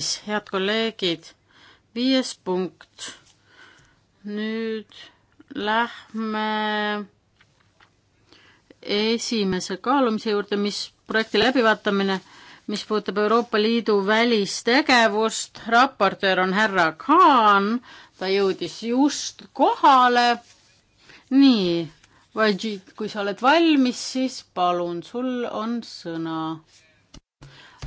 siis, head kolleegid, viies punkt. nüüd lähme esimese kaalumise juurde, mis projekti läbivaatamine, mis puudutab Euroopa Liidu välistegevust. raportöör on härra Kaan, ta jõudis just kohale. nii, Vajid, kui sa oled valmis, siis palun, sul on sõna.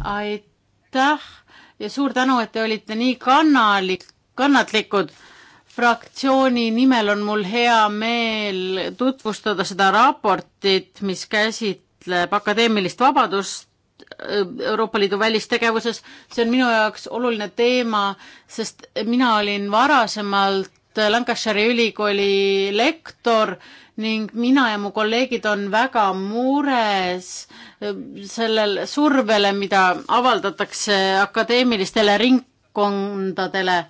aitäh ja suur tänu, et te olite nii kannalik, kannatlikud. fraktsiooni nimel on mul hea meel tutvustada seda raportit, mis käsitleb akadeemilist vabadust äh, Euroopa Liidu välistegevuses. see on minu jaoks oluline teema, sest mina olin varasemalt Lancashire'i ülikooli lektor ning mina ja mu kolleegid on väga mures eh, sellel survele, mida avaldatakse akadeemilistele ringkondadele.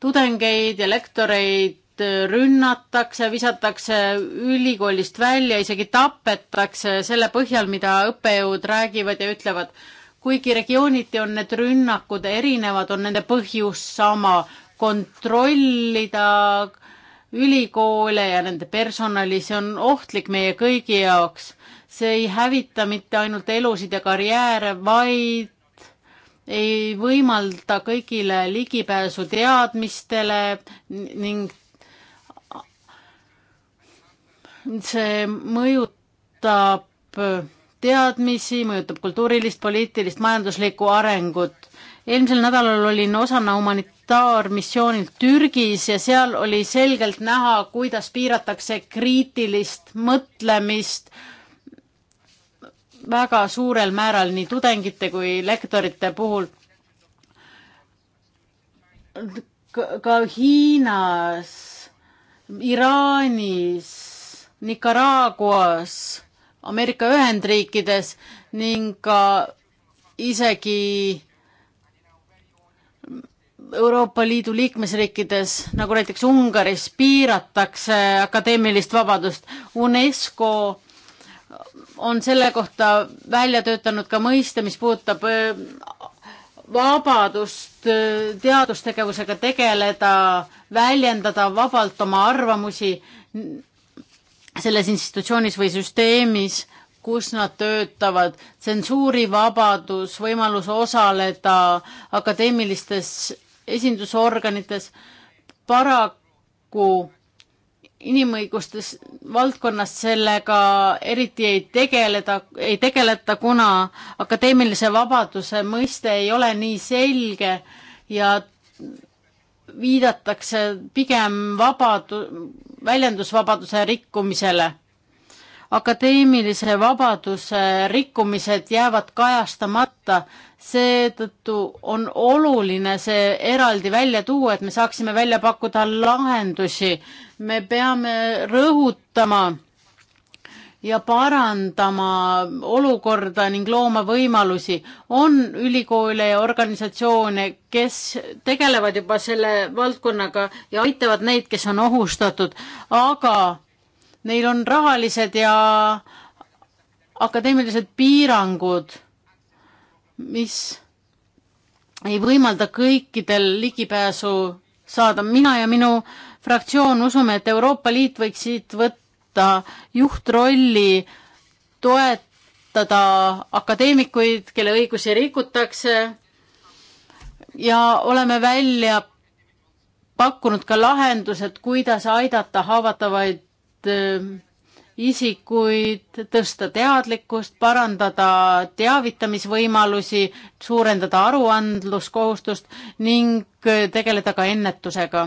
tudengeid ja lektoreid eh, rünnatakse, visatakse ülikoolist välja, isegi tapetakse selle põhjal, mida õppejõud räägivad ja ütlevad. kuigi regiooniti on need rünnakud erinevad, on nende põhjus sama kontrollida ülikoole ja nende personali, see on ohtlik meie kõigi jaoks. see ei hävita mitte ainult elusid ja karjääre, vaid ei võimalda kõigile ligipääsu teadmistele ning see mõjutab teadmisi, mõjutab kultuurilist, poliitilist, majanduslikku arengut. eelmisel nädalal olin osana humanit-, humanitaarmissioonilt Türgis ja seal oli selgelt näha, kuidas piiratakse kriitilist mõtlemist väga suurel määral nii tudengite kui lektorite puhul. ka Hiinas, Iraanis, Nicaraguas, Ameerika Ühendriikides ning ka isegi Euroopa Liidu liikmesriikides, nagu näiteks Ungaris, piiratakse akadeemilist vabadust. UNESCO on selle kohta välja töötanud ka mõiste, mis puudutab äh, vabadust äh, teadustegevusega tegeleda, väljendada vabalt oma arvamusi selles institutsioonis või süsteemis, kus nad töötavad, tsensuurivabadus, võimalus osaleda akadeemilistes esindusorganites. paraku inimõigustes valdkonnas sellega eriti ei tegeleda, ei tegeleta, kuna akadeemilise vabaduse mõiste ei ole nii selge ja viidatakse pigem vabadu-, väljendusvabaduse rikkumisele. akadeemilise vabaduse rikkumised jäävad kajastamata, seetõttu on oluline see eraldi välja tuua, et me saaksime välja pakkuda lahendusi. me peame rõhutama ja parandama olukorda ning looma võimalusi. on ülikoole ja organisatsioone, kes tegelevad juba selle valdkonnaga ja aitavad neid, kes on ohustatud, aga neil on rahalised ja akadeemilised piirangud mis ei võimalda kõikidel ligipääsu saada. mina ja minu fraktsioon usume, et Euroopa Liit võiks siit võtta juhtrolli toetada akadeemikuid, kelle õigusi rikutakse ja oleme välja pakkunud ka lahendused, kuidas aidata haavatavaid isikuid, tõsta teadlikkust, parandada teavitamisvõimalusi, suurendada aruandluskohustust ning tegeleda ka ennetusega.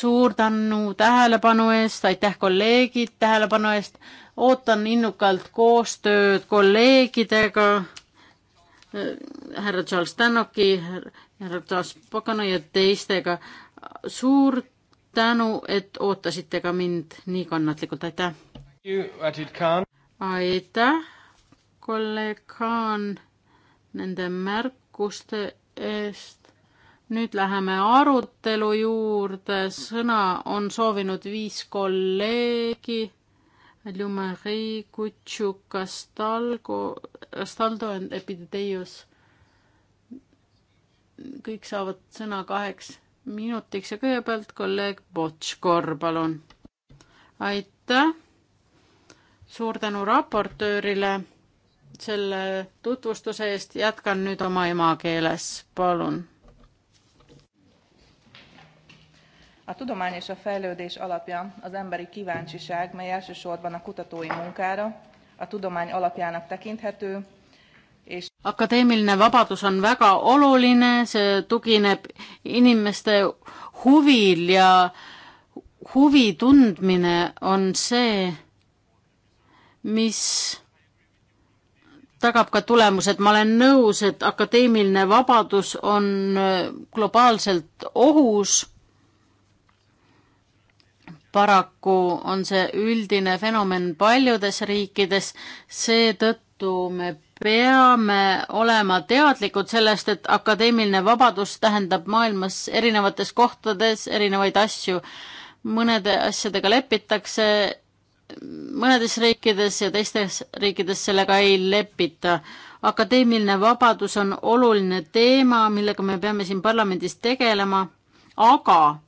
suur tänu tähelepanu eest, aitäh kolleegid tähelepanu eest, ootan innukalt koostööd kolleegidega, härra Charles Tannoki, härra Charles Pagano ja teistega. suur tänu, et ootasite ka mind nii kannatlikult, aitäh! aitäh, kolleeg Haan, nende märkuste eest. nüüd läheme arutelu juurde, sõna on soovinud viis kolleegi. Ljumari, Kutšuk, Kastalgo, Kastaldo ja Epideteios. kõik saavad sõna kaheks minutiks ja kõigepealt kolleeg Botškor, palun. aitäh. suur tänu raportöörile selle tutvustuse eest, jätkan nüüd oma emakeeles, palun. A tudományos a fejlődés alapja az emberi kíváncsiság, mely elsősorban a kutatói munkára, a tudomány alapjának tekinthető, akadeemiline vabadus on väga oluline, see tugineb inimeste huvil ja huvi tundmine on see, mis tagab ka tulemused, ma olen nõus, et akadeemiline vabadus on äh, globaalselt ohus. paraku on see üldine fenomen paljudes riikides, seetõttu me peame olema teadlikud sellest, et akadeemiline vabadus tähendab maailmas erinevates kohtades erinevaid asju. mõnede asjadega lepitakse mõnedes riikides ja teistes riikides sellega ei lepita. akadeemiline vabadus on oluline teema, millega me peame siin parlamendis tegelema, aga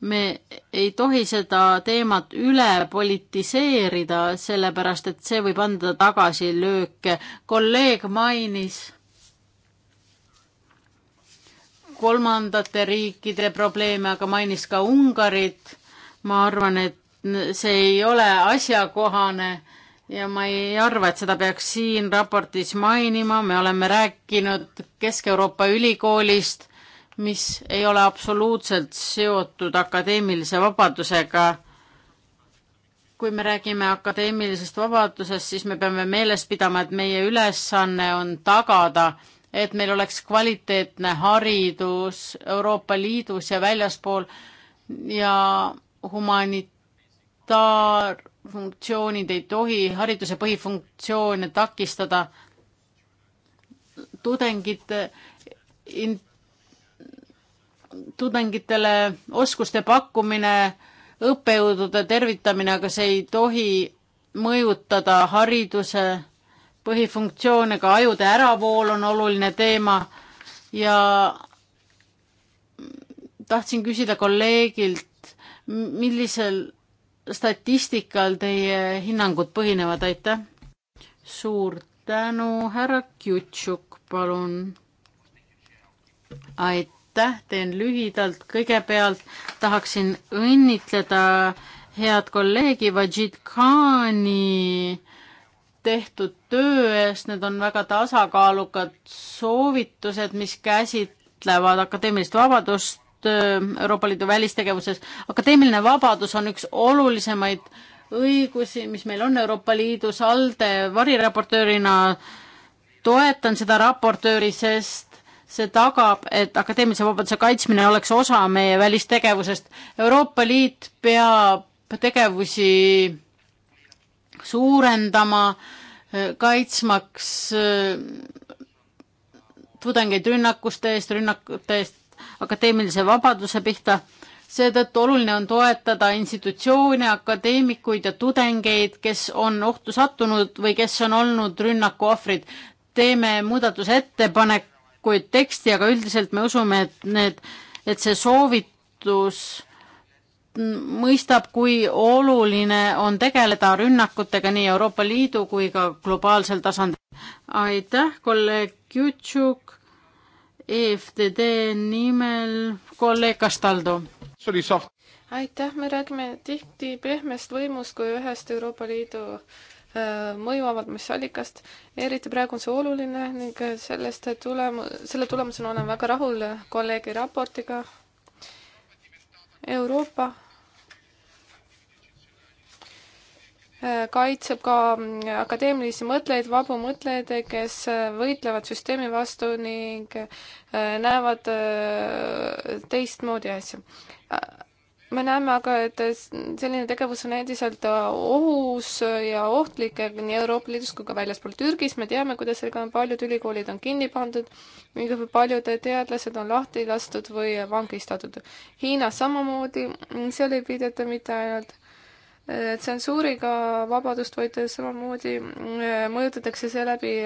me ei tohi seda teemat üle politiseerida, sellepärast et see võib anda tagasilööke. kolleeg mainis kolmandate riikide probleeme, aga mainis ka Ungarit. ma arvan, et see ei ole asjakohane ja ma ei arva, et seda peaks siin raportis mainima, me oleme rääkinud Kesk-Euroopa Ülikoolist mis ei ole absoluutselt seotud akadeemilise vabadusega. kui me räägime akadeemilisest vabadusest, siis me peame meeles pidama, et meie ülesanne on tagada, et meil oleks kvaliteetne haridus Euroopa Liidus ja väljaspool ja humanitaarfunktsioonid ei tohi hariduse põhifunktsioone takistada. tudengid in-, tudengitele oskuste pakkumine, õppejõudude tervitamine, aga see ei tohi mõjutada hariduse põhifunktsioone, ka ajude äravool on oluline teema ja tahtsin küsida kolleegilt, millisel statistikal teie hinnangud põhinevad, aitäh! suur tänu, härra Kjutšuk, palun! aitäh! aitäh, teen lühidalt, kõigepealt tahaksin õnnitleda head kolleegi Vajid Khani tehtud töö eest, need on väga tasakaalukad soovitused, mis käsitlevad akadeemilist vabadust äh, Euroopa Liidu välistegevuses. akadeemiline vabadus on üks olulisemaid õigusi, mis meil on Euroopa Liidus, ALDE variraportöörina toetan seda raportööri, sest see tagab, et akadeemilise vabaduse kaitsmine oleks osa meie välistegevusest. Euroopa Liit peab tegevusi suurendama, kaitsmaks äh, tudengeid rünnakuste eest, rünnakute eest akadeemilise vabaduse pihta. seetõttu oluline on toetada institutsioone, akadeemikuid ja tudengeid, kes on ohtu sattunud või kes on olnud rünnaku ohvrid. teeme muudatusettepaneku valikuid teksti, aga üldiselt me usume, et need, et see soovitus mõistab, kui oluline on tegeleda rünnakutega nii Euroopa Liidu kui ka globaalsel tasandil. aitäh, kolleeg Jutšuk, EFTD nimel kolleeg Kastaldo. aitäh, me räägime tihti pehmest võimust kui ühest Euroopa Liidu äh, Äh, mõjuavaldamisallikast. eriti praegu on see oluline ning sellest tulem-, selle tulemusena olen väga rahul kolleegi raportiga. Euroopa äh, kaitseb ka äh, akadeemilisi mõtlejaid, vabu mõtlejaid, kes võitlevad süsteemi vastu ning näevad teistmoodi asju me näeme aga, et selline tegevus on endiselt äh, ohus ja ohtlik nii Euroopa Liidus kui ka väljaspool Türgis. me teame, kuidas sellega on, paljud ülikoolid on kinni pandud, paljud teadlased on lahti lastud või vangistatud. Hiinas samamoodi, seal ei pidata mitte ainult äh, tsensuuriga vabadust, vaid samamoodi äh, mõjutatakse seeläbi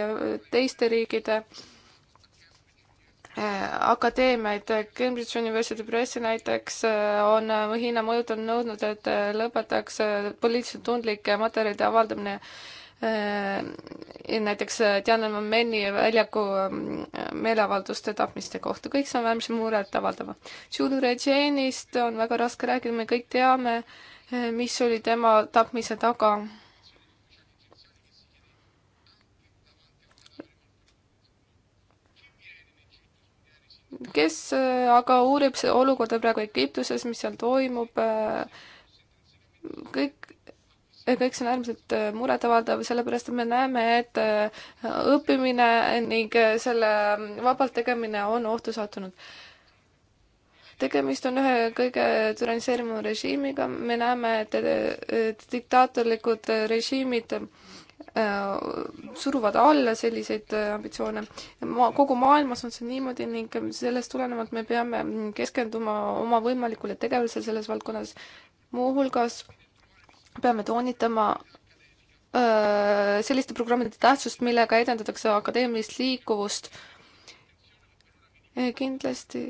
teiste riikide äh, Äh, akadeemiaid. Äh, Cambridge University Press näiteks äh, on Hiina mõjutanud nõudnud, et lõpetaks poliitiliselt tundlike materjalide avaldamine näiteks Tiananmeni väljaku ähm, meeleavalduste tapmiste kohta, kõik see on vähemalt muret avaldama. Zulu Regenist on väga raske rääkida, me kõik teame, mis oli tema tapmise taga kes äh, aga uurib olukorda praegu Egiptuses, mis seal toimub, äh, kõik, kõik see on äärmiselt äh, muretavaldav, sellepärast et me näeme, et õppimine ning selle ähm, vabalt tegemine on ohtu sattunud. tegemist on ühe kõige türaniseerima režiimiga, me näeme, et diktaatorlikud režiimid Äh, suruvad alla selliseid äh, ambitsioone. ma, kogu maailmas on see niimoodi ning sellest tulenevalt me peame keskenduma oma võimalikule tegevusele selles valdkonnas. muuhulgas peame toonitama öö, äh, selliste programmide tähtsust, millega edendatakse akadeemilist liikuvust. kindlasti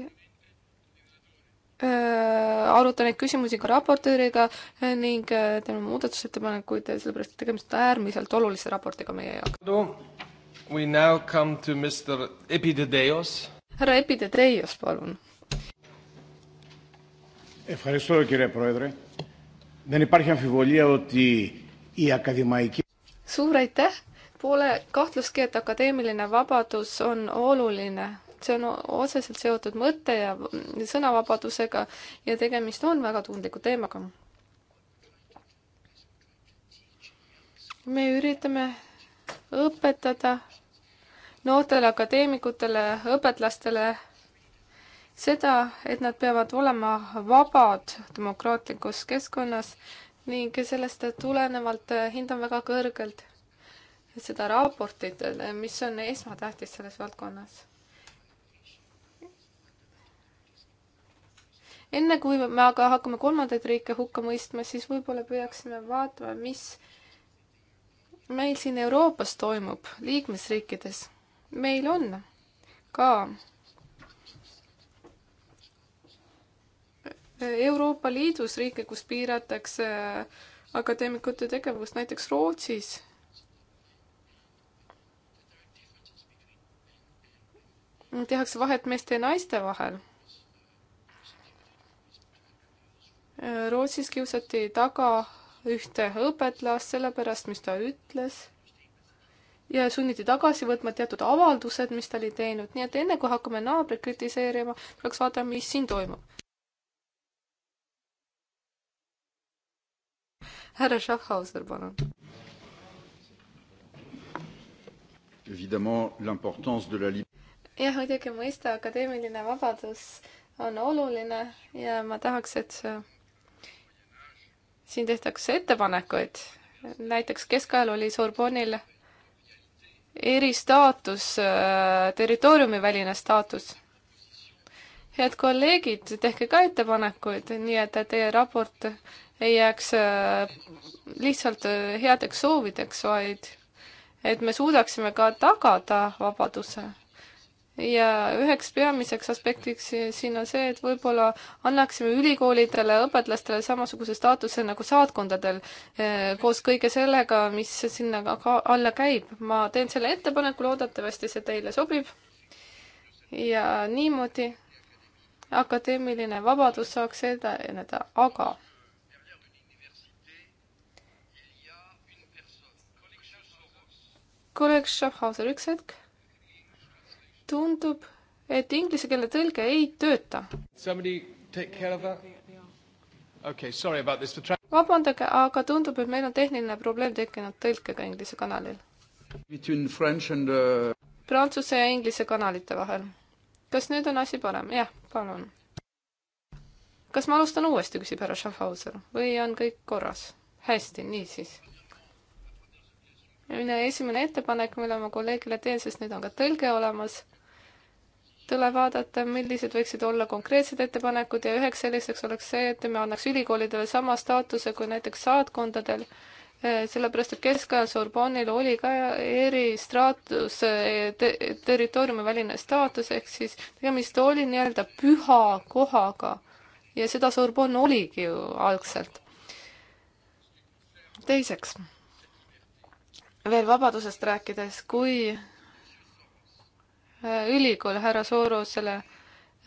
Äh, aruta neid küsimusi ka raportööriga äh, ning äh, teeme muudatusettepanekuid, sellepärast et tegemist on äärmiselt olulise raportiga meie jaoks. We now come to Mr Epidedeios. härra Epidedeios, palun. Ευχαριστώ κύριε Πρόεδρε. Δεν υπάρχει αμφιβολία ότι η ακαδημαϊκή... Suur aitäh! Pole kahtlustki, et akadeemiline vabadus on oluline see on otseselt seotud mõtte ja sõnavabadusega ja tegemist on väga tundliku teemaga. me üritame õpetada noortele akadeemikutele, õpetlastele seda, et nad peavad olema vabad demokraatlikus keskkonnas ning sellest tulenevalt hindan väga kõrgelt seda raportit, mis on esmatähtis selles valdkonnas. enne kui me aga hakkame kolmandaid riike hukka mõistma, siis võib-olla peaksime vaatama, mis meil siin Euroopas toimub, liikmesriikides. meil on ka Euroopa Liidus riike, kus piiratakse akadeemikute tegevust, näiteks Rootsis. tehakse vahet meeste ja naiste vahel Rootsis kiusati taga ühte õpetlast selle pärast, mis ta ütles ja sunniti tagasi võtma teatud avaldused, mis ta oli teinud, nii et enne kui hakkame naabrit kritiseerima, tuleks vaadata, mis siin toimub. härra Schaffhauser, palun. jah, muidugi mõista akadeemiline vabadus on oluline ja ma tahaks, et see siin tehtakse ettepanekuid. näiteks keskajal oli Sorbonnil eristaatus, äh, territooriumiväline staatus. head kolleegid, tehke ka ettepanekuid, nii et teie raport ei jääks äh, lihtsalt äh, headeks soovideks, vaid et me suudaksime ka tagada vabaduse ja üheks peamiseks aspektiks siin on see, et võib-olla annaksime ülikoolidele, õpetlastele samasuguse staatuse nagu saatkondadel eh, koos kõige sellega, mis sinna ka alla käib. ma teen selle ettepaneku, loodetavasti see teile sobib. ja niimoodi akadeemiline vabadus saaks edeneda, aga kolleeg Schaffhauser, üks hetk tundub, et inglise keele tõlge ei tööta. Okay, vabandage, aga tundub, et meil on tehniline probleem tekkinud tõlkega inglise kanalil. The... Uh, Prantsuse ja inglise kanalite vahel. kas nüüd on asi parem? jah, palun. kas ma alustan uuesti, küsib härra Schaffhauser või on kõik korras? hästi, niisiis. minu esimene ettepanek, mille ma kolleegile teen, sest nüüd on ka tõlge olemas tuleb vaadata, millised võiksid olla konkreetsed ettepanekud ja üheks selliseks oleks see, et me annaks ülikoolidele sama staatuse kui näiteks saatkondadel, eh, sellepärast et keskajal Sorbonnil oli ka eri straatus eh, te,, territooriumiväline staatus, ehk siis tegemist oli nii-öelda püha kohaga ja seda Sorbonne oligi ju algselt. teiseks, veel vabadusest rääkides, kui ülikool härra Sorosele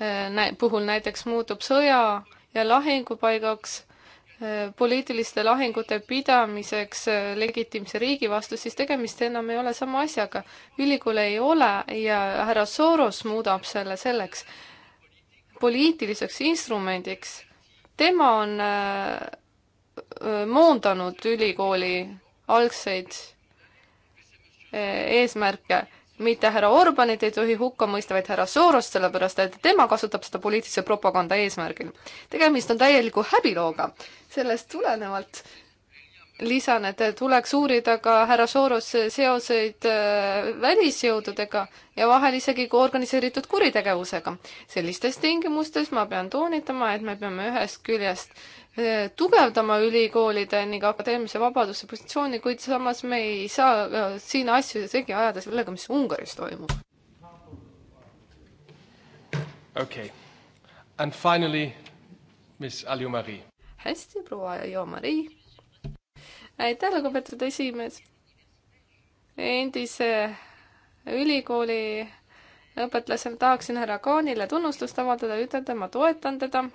eh, puhul näiteks muutub sõja ja lahingupaigaks eh, poliitiliste lahingute pidamiseks eh, legitiimse riigi vastu, siis tegemist enam ei ole sama asjaga. ülikool ei ole ja härra Soros muudab selle selleks poliitiliseks instrumendiks. tema on moondanud ülikooli algseid eesmärke mitte härra Orbanit ei tohi hukka mõista, vaid härra Soros, sellepärast et tema kasutab seda poliitilise propaganda eesmärgil. tegemist on täieliku häbilooga. sellest tulenevalt lisan, et tuleks uurida ka härra Soros seoseid äh, välisjõududega ja vahel isegi ka organiseeritud kuritegevusega. sellistes tingimustes ma pean toonitama, et me peame ühest küljest Eh, tugevdama ülikoolide ning akadeemilise vabaduse positsiooni, kuid samas me ei saa eh, siin asju segi ajada sellega, mis Ungaris toimub. okei okay., and finally, Miss Alju-Mari. hästi, proua Alju-Mari. aitäh, lugupeetud esimees. endise ülikooli õpetlasena tahaksin härra Kaanile tunnustust avaldada, ütelda, ma toetan teda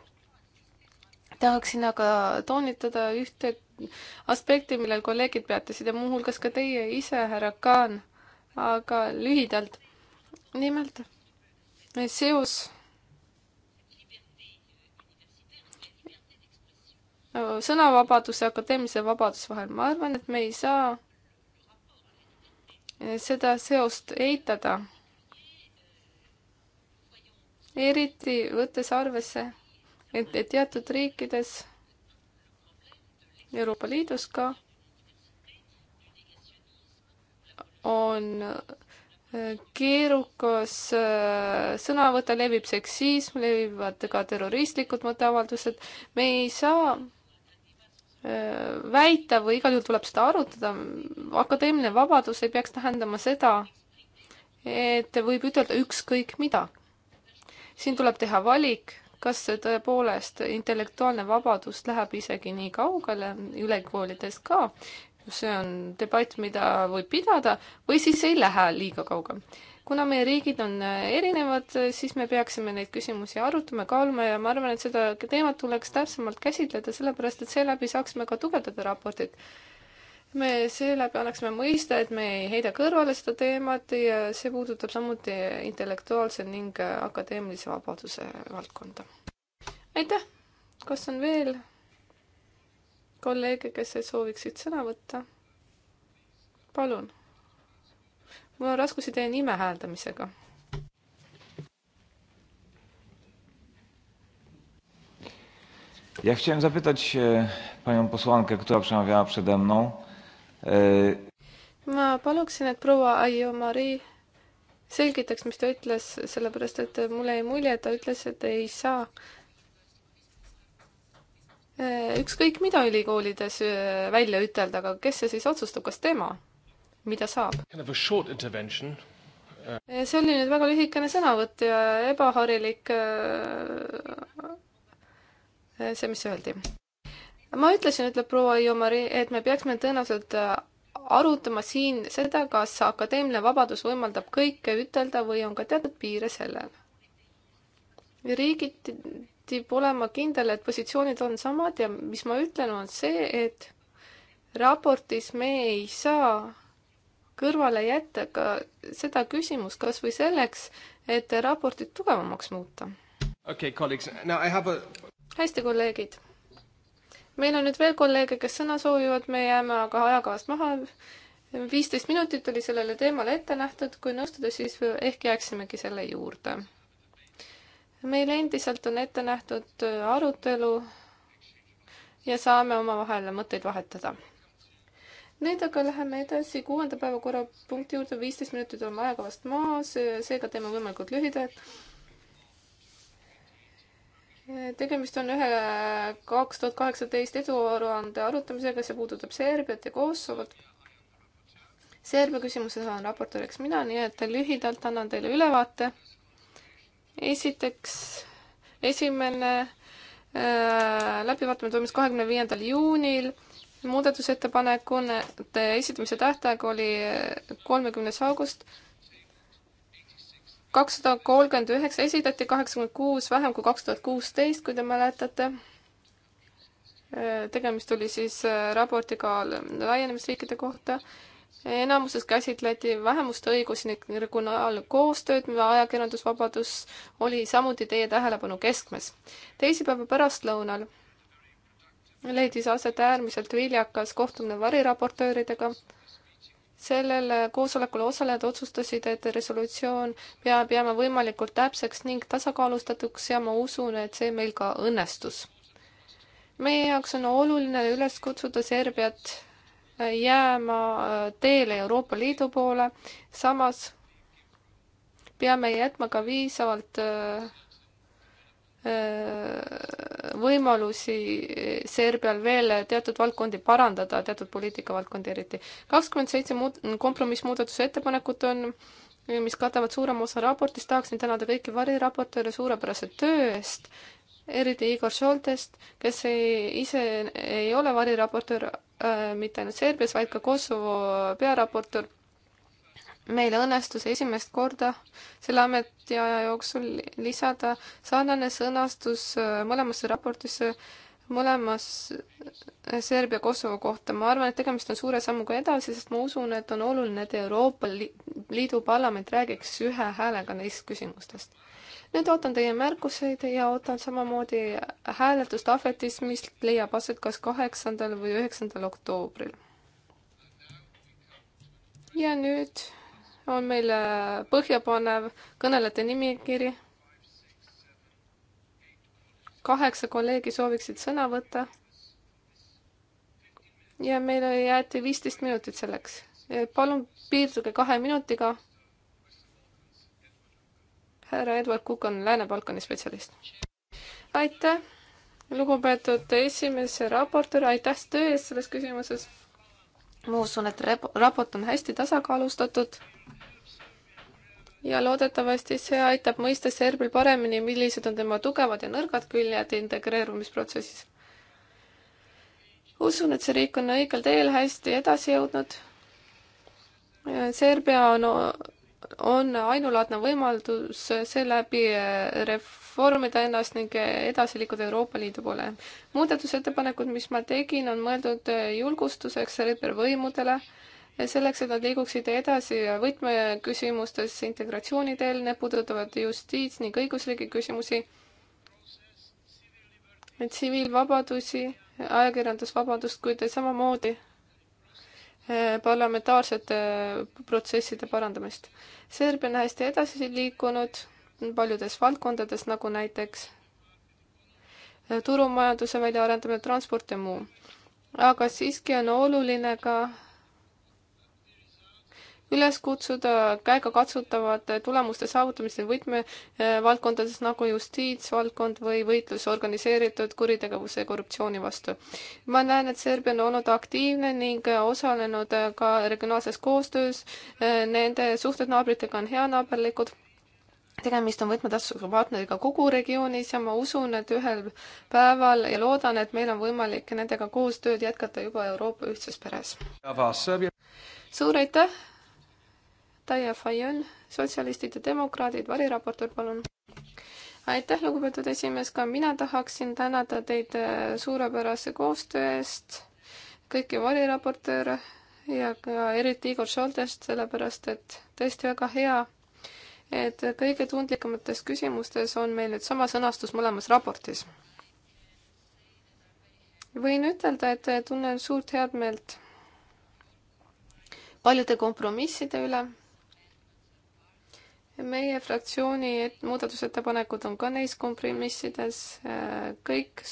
tahaksin aga toonitada ühte aspekti, millel kolleegid peatasid ja muuhulgas ka teie ise, härra Kaan, aga lühidalt. nimelt seos sõnavabaduse ja akadeemilise vabaduse vahel, ma arvan, et me ei saa seda seost eitada. eriti võttes arvesse et, et teatud riikides, Euroopa Liidus ka, on äh, keerukas äh, sõnavõte, levib seksism, levivad ka terroristlikud mõtteavaldused. me ei saa äh, väita või igal juhul tuleb seda arutada, akadeemiline vabadus ei peaks tähendama seda, et võib ütelda ükskõik mida. siin tuleb teha valik kas tõepoolest intellektuaalne vabadus läheb isegi nii kaugele ülikoolides ka, see on debatt, mida võib pidada, või siis ei lähe liiga kaugele. kuna meie riigid on erinevad, siis me peaksime neid küsimusi arutama, kaaluma ja ma arvan, et seda teemat tuleks täpsemalt käsitleda, sellepärast et seeläbi saaksime ka tugevdada raportit me seeläbi annaksime mõista, et me ei heida kõrvale seda teemat ja see puudutab samuti intellektuaalse ning akadeemilise vabaduse valdkonda. aitäh! kas on veel kolleege, kes sooviksid sõna võtta? palun. mul on raskusi teie nime hääldamisega Ja chciałem zapytać e, panią posłankę, która przemawiała przede mną. Äh, ma paluksin, et proua Aio Marii selgitaks, mis ta ütles, sellepärast et mulle jäi mulje, et ta ütles, et ei saa äh, ükskõik mida ülikoolides äh, välja ütelda, aga kes see siis otsustab, kas tema, mida saab? see oli nüüd väga lühikene sõnavõtt ja ebaharilik see, mis öeldi ma ütlesin, ütleb proua Iomari, et me peaksime tõenäoliselt äh, arutama siin seda, kas akadeemiline vabadus võimaldab kõike ütelda või on ka teatud piire sellel. riigiti pole ma kindel, et positsioonid on samad ja mis ma ütlen, on see, et raportis me ei saa kõrvale jätta ka seda küsimust, kas või selleks, et raportit tugevamaks muuta. okei okay,, kolleegid, now I have a hästi, kolleegid meil on nüüd veel kolleege, kes sõna soovivad, me jääme aga ajakavast maha. viisteist minutit oli sellele teemale ette nähtud, kui nõustuda, siis ehk jääksimegi selle juurde. meil endiselt on ette nähtud arutelu ja saame omavahel mõtteid vahetada. nüüd aga läheme edasi kuuenda päevakorrapunkti juurde, viisteist minutit on ajakavast maas, seega teeme võimalikult lühidalt tegemist on ühe kaks tuhat kaheksateist eduaruande arutamisega, see puudutab Serbiat ja Kosovot. Serbia küsimuses olen raportööriks mina, nii et lühidalt annan teile ülevaate. esiteks, esimene äh, läbivaatamine toimus kahekümne viiendal juunil muudatusettepanekute esitamise tähtaeg oli äh, kolmekümnes august kakssada kolmkümmend üheksa esitati, kaheksakümmend kuus vähem kui kaks tuhat kuusteist, kui te mäletate. tegemist oli siis äh, raportiga laienemisriikide kohta. enamuses käsitleti vähemuste õigusi ning regionaalkoostööd, mille ajakirjandusvabadus oli samuti teie tähelepanu keskmes. teisipäeva pärastlõunal leidis aset äärmiselt viljakas kohtumine variraportööridega sellel koosolekul osalejad otsustasid, et resolutsioon peab jääma võimalikult täpseks ning tasakaalustatuks ja ma usun, et see meil ka õnnestus. meie jaoks on oluline üles kutsuda Serbiat äh, jääma äh, teele Euroopa Liidu poole, samas peame jätma ka viisavalt äh, võimalusi eh, Serbial veel teatud valdkondi parandada, teatud poliitikavaldkondi eriti. kakskümmend seitse muud-, kompromissmuudatuse ettepanekut on, mis katavad suurema osa raportist, tahaksin tänada kõiki variraportööre suurepärase töö eest, eriti Igor Šoltest, kes ei, ise ei ole variraportöör äh, mitte ainult Serbias, vaid ka Kosovo pearaportöör meil õnnestus esimest korda selle ametiaja jooksul lisada sarnane sõnastus äh, mõlemasse raportisse mõlemas äh, Serbia Kosovo kohta. ma arvan, et tegemist on suure sammuga edasi, sest ma usun, et on oluline, et Euroopa Liidu parlament räägiks ühe häälega neist küsimustest. nüüd ootan teie märkuseid ja ootan samamoodi hääletust ahvetis, mis leiab aset kas kaheksandal või üheksandal oktoobril. ja nüüd on meil põhjapanev kõnelejate nimekiri. kaheksa kolleegi sooviksid sõna võtta. ja meile jäeti viisteist minutit selleks. palun piirduge kahe minutiga. härra Edward Cook on Lääne-Balkani spetsialist. aitäh, lugupeetud esimese raportöör, aitäh töö eest selles küsimuses ma usun, et rep-, raport on hästi tasakaalustatud ja loodetavasti see aitab mõista Serbil paremini, millised on tema tugevad ja nõrgad küljed integreerumisprotsessis. usun, et see riik on õigel teel hästi edasi jõudnud. Serbia on on ainulaadne võimaldus seeläbi reformida ennast ning edasi liikuda Euroopa Liidu poole. muudatusettepanekud, mis ma tegin, on mõeldud julgustuseks repervõimudele, selleks, et nad liiguksid edasi võtmeküsimustes integratsiooni teel, need puudutavad justiits- ning õigusriigi küsimusi, tsiviilvabadusi, ajakirjandusvabadust, kuid samamoodi Eh, parlamentaarsete eh, protsesside parandamist. Serbia on hästi edasi liikunud paljudes valdkondades, nagu näiteks eh, turumajanduse väljaarendamine, transport ja muu. aga siiski on oluline ka üles kutsuda käegakatsutavate tulemuste saavutamise võtmevaldkondades nagu justiitsvaldkond või võitlus organiseeritud kuritegevuse ja korruptsiooni vastu. ma näen, et Serbia on olnud aktiivne ning osalenud ka regionaalses koostöös. Nende suhted naabritega on heanaaberlikud tegemist on võtmetähtsusega partneriga kogu regioonis ja ma usun, et ühel päeval ja loodan, et meil on võimalik nendega koostööd jätkata juba Euroopa ühtses peres. suur aitäh Taia Fajon, sotsialistid ja demokraadid, variraportöör, palun. aitäh, lugupeetud esimees, ka mina tahaksin tänada teid äh, suurepärase koostöö eest, kõiki variraportööre ja ka eriti Igor Šoltest, sellepärast et tõesti väga hea, et kõige tundlikumates küsimustes on meil nüüd sama sõnastus mõlemas raportis. võin ütelda, et tunnen suurt headmeelt paljude kompromisside üle meie fraktsiooni muudatusettepanekud on ka neis kompromissides äh, kõik.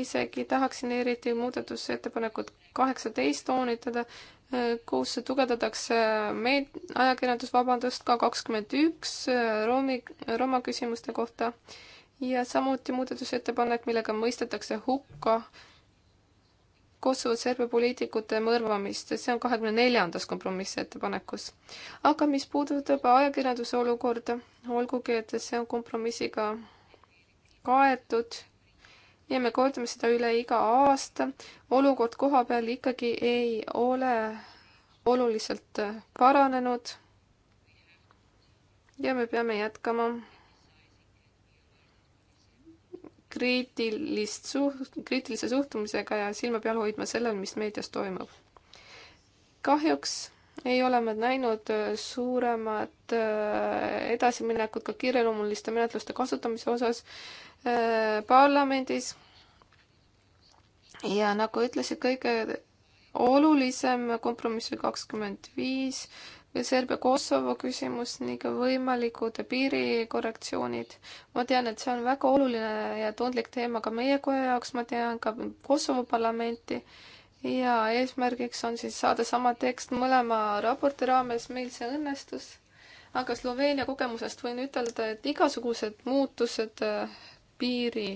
isegi tahaksin eriti muudatusettepanekut kaheksateist toonitada, äh, kus tugevdatakse meed-, ajakirjandusvabandust ka kakskümmend üks äh, Romi, Roma küsimuste kohta ja samuti muudatusettepanek, millega mõistetakse hukka äh, Kosovo Serbia poliitikute mõrvamist, see on kahekümne neljandas kompromissettepanekus. aga mis puudutab ajakirjanduse olukorda, olgugi et see on kompromissiga kaetud ja me kordame seda üle iga aasta, olukord koha peal ikkagi ei ole oluliselt paranenud. ja me peame jätkama kriitilist suht-, kriitilise suhtumisega ja silma peal hoidma sellel, mis meedias toimub. kahjuks ei ole me näinud äh, suuremat äh, edasiminekut ka kiireloomuliste menetluste kasutamise osas äh, parlamendis. ja nagu ütlesid, kõige olulisem kompromiss oli kakskümmend viis, Serbia-Kosovo küsimus ning võimalikud piirikorrektsioonid. ma tean, et see on väga oluline ja tundlik teema ka meie koja jaoks, ma tean ka Kosovo parlamenti ja eesmärgiks on siis saada sama tekst mõlema raporti raames, meil see õnnestus. aga Sloveenia kogemusest võin ütelda, et igasugused muutused äh, piiri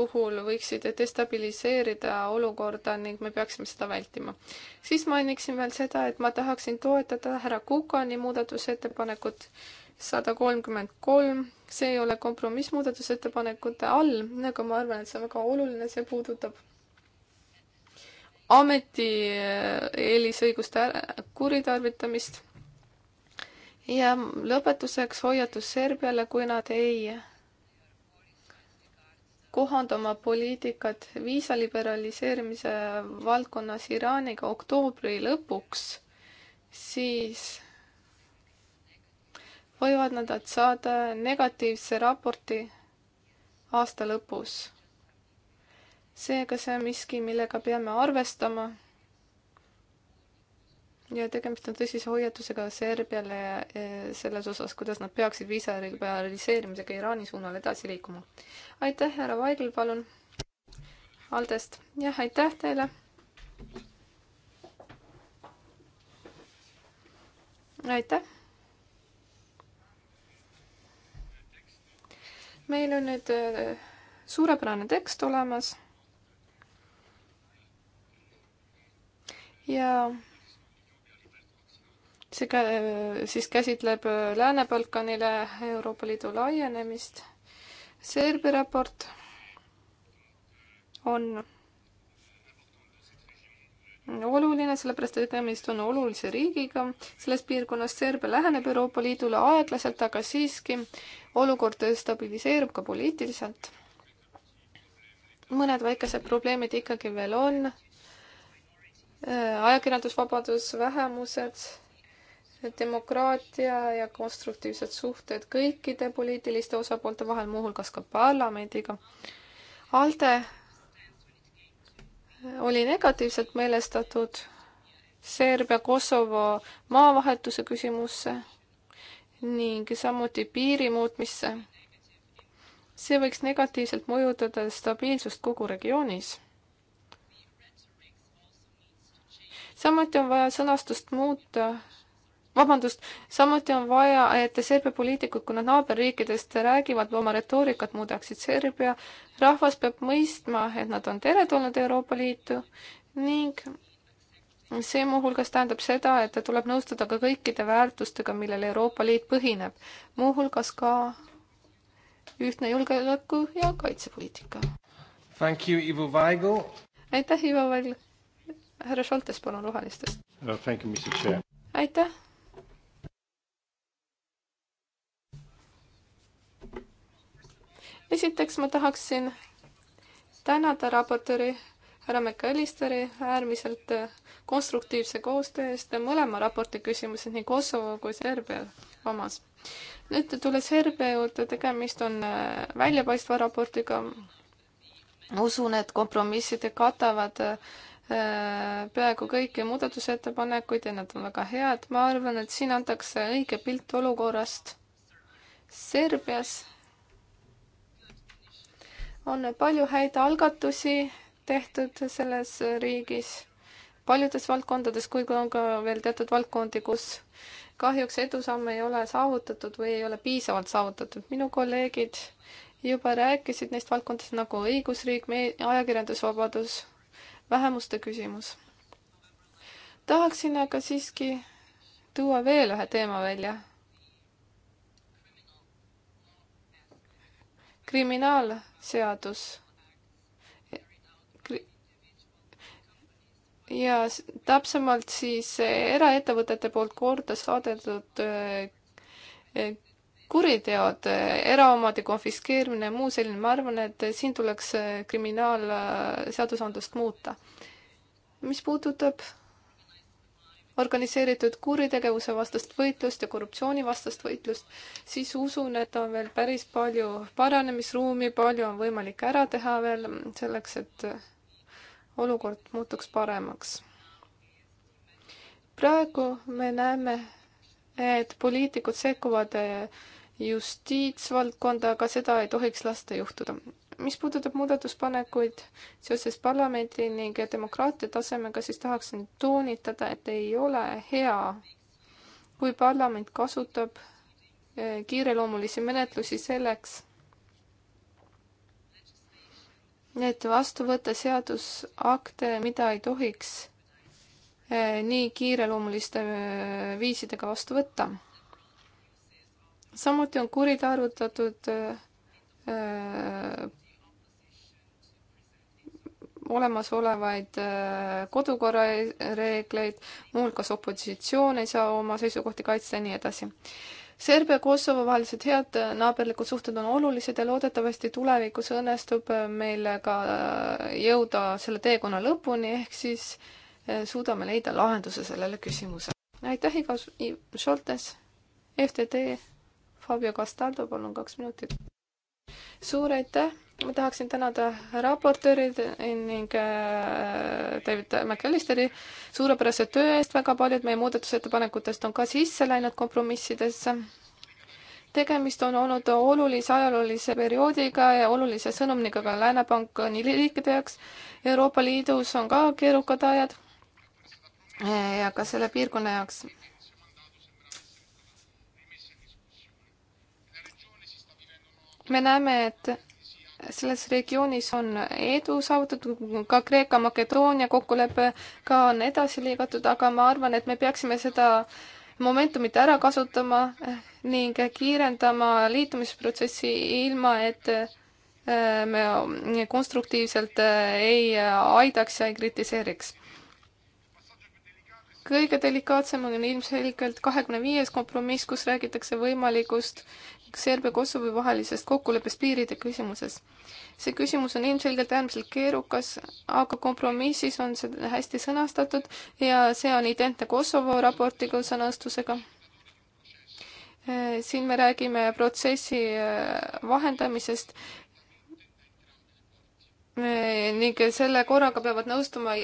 puhul võiksid destabiliseerida olukorda ning me peaksime seda vältima. siis mainiksin veel seda, et ma tahaksin toetada härra Kukani muudatusettepanekut sada kolmkümmend kolm, see ei ole kompromiss muudatusettepanekute all, aga ma arvan, et see on väga oluline, see puudutab ameti eh, eelisõiguste kuritarvitamist. ja lõpetuseks hoiatus Serbiale, kui nad ei kohandama poliitikat viisa liberaliseerimise valdkonnas Iraaniga oktoobri lõpuks, siis võivad nad saada negatiivse raporti aasta lõpus. seega see on miski, millega peame arvestama ja tegemist on tõsise hoiatusega Serbiale eh, selles osas, kuidas nad peaksid viisa liberaliseerimisega Iraani suunal edasi liikuma. aitäh, härra Vaigel, palun. Aldest, jah, aitäh teile. aitäh. meil on nüüd eh, suurepärane tekst olemas. ja see kä-, siis käsitleb Lääne-Balkanile Euroopa Liidu laienemist. Serbia raport on oluline, sellepärast et tegemist on olulise riigiga. selles piirkonnas Serbia läheneb Euroopa Liidule aeglaselt, aga siiski olukord stabiliseerub ka poliitiliselt. mõned väikesed probleemid ikkagi veel on. ajakirjandusvabadus, vähemused demokraatia ja konstruktiivsed suhted kõikide poliitiliste osapoolte vahel, muuhulgas ka parlamendiga. ALDE oli negatiivselt meelestatud Serbia-Kosovo maavahetuse küsimusse ning samuti piiri muutmisse. see võiks negatiivselt mõjutada stabiilsust kogu regioonis. samuti on vaja sõnastust muuta vabandust, samuti on vaja, et Serbia poliitikud, kui nad naaberriikidest räägivad, oma retoorikat muudaksid. Serbia rahvas peab mõistma, et nad on teretulnud Euroopa Liitu ning see muuhulgas tähendab seda, et tuleb nõustuda ka kõikide väärtustega, millel Euroopa Liit põhineb, muuhulgas ka ühtne julgeoleku- ja kaitsepoliitika. Thank you, Ivo Vaigel. aitäh, Ivo Vaigel. härra Šoltes, palun rohelistest uh,. Thank you, Mr Chair. aitäh esiteks ma tahaksin tänada raportööri härra McAllisteri äärmiselt konstruktiivse koostöö eest mõlema raporti küsimuses, nii Kosovo kui Serbia omas. nüüd tulles Serbia juurde, tegemist on äh, väljapaistva raportiga. usun, et kompromissid katavad äh, peaaegu kõiki muudatusettepanekuid ja nad on väga head. ma arvan, et siin antakse õige pilt olukorrast Serbias on palju häid algatusi tehtud selles riigis paljudes valdkondades, kuid on ka veel teatud valdkondi, kus kahjuks edusamme ei ole saavutatud või ei ole piisavalt saavutatud. minu kolleegid juba rääkisid neist valdkondadest nagu õigusriik, ajakirjandusvabadus, vähemuste küsimus. tahaksin aga siiski tuua veel ühe teema välja kriminaalseadus ja täpsemalt siis eh, eraettevõtete poolt korda saadetud eh, eh, kuriteod, eraomade konfiskeerimine ja muu selline, ma arvan, et siin tuleks kriminaalseadusandlust muuta. mis puudutab organiseeritud kuritegevuse vastast võitlust ja korruptsioonivastast võitlust, siis usun, et on veel päris palju paranemisruumi, palju on võimalik ära teha veel selleks, et olukord muutuks paremaks. praegu me näeme, et poliitikud sekkuvad justiitsvaldkonda, aga seda ei tohiks lasta juhtuda mis puudutab muudatuspanekuid seoses parlamendi ning demokraatia tasemega, siis tahaksin toonitada, et ei ole hea, kui parlament kasutab eh, kiireloomulisi menetlusi selleks, et vastu võtta seadusakte, mida ei tohiks eh, nii kiireloomuliste eh, viisidega vastu võtta. samuti on kuritarvutatud olemasolevaid äh, kodukorrareegleid, e-, muuhulgas opositsioon ei saa oma seisukohti kaitsta ja nii edasi. Serbia ja Kosovo vahelised head äh, naaberlikud suhted on olulised ja loodetavasti tulevikus õnnestub äh, meil ka jõuda selle teekonna lõpuni, ehk siis suudame leida lahenduse sellele küsimusele. aitäh, Igo Šoltes, FTT, Fabio Castaldo, palun kaks minutit suur aitäh, ma tahaksin tänada raportööri ning äh, David McAllisteri suurepärase töö eest, väga paljud meie muudatusettepanekutest on ka sisse läinud kompromissidesse tegemist on olnud olulise ajaloolise perioodiga ja olulise sõnumiga ka Läänepank nii riikide jaoks. Euroopa Liidus on ka keerukad ajad äh, ja ka selle piirkonna jaoks. me näeme, et selles regioonis on edu saavutatud, ka Kreeka-Makedoonia kokkuleppega on edasi liigatud, aga ma arvan, et me peaksime seda momentumit ära kasutama ning kiirendama liitumisprotsessi ilma, et äh, me konstruktiivselt äh, ei aidaks ja ei kritiseeriks. kõige delikaatsem on ilmselgelt kahekümne viies kompromiss, kus räägitakse võimalikust Serbia-Kosovo vahelisest kokkuleppest piiride küsimuses. see küsimus on ilmselgelt äärmiselt keerukas, aga kompromissis on see hästi sõnastatud ja see on identne Kosovo raportiga sõnastusega. Eh, siin me räägime protsessi eh, vahendamisest eh, ning selle korraga peavad nõustuma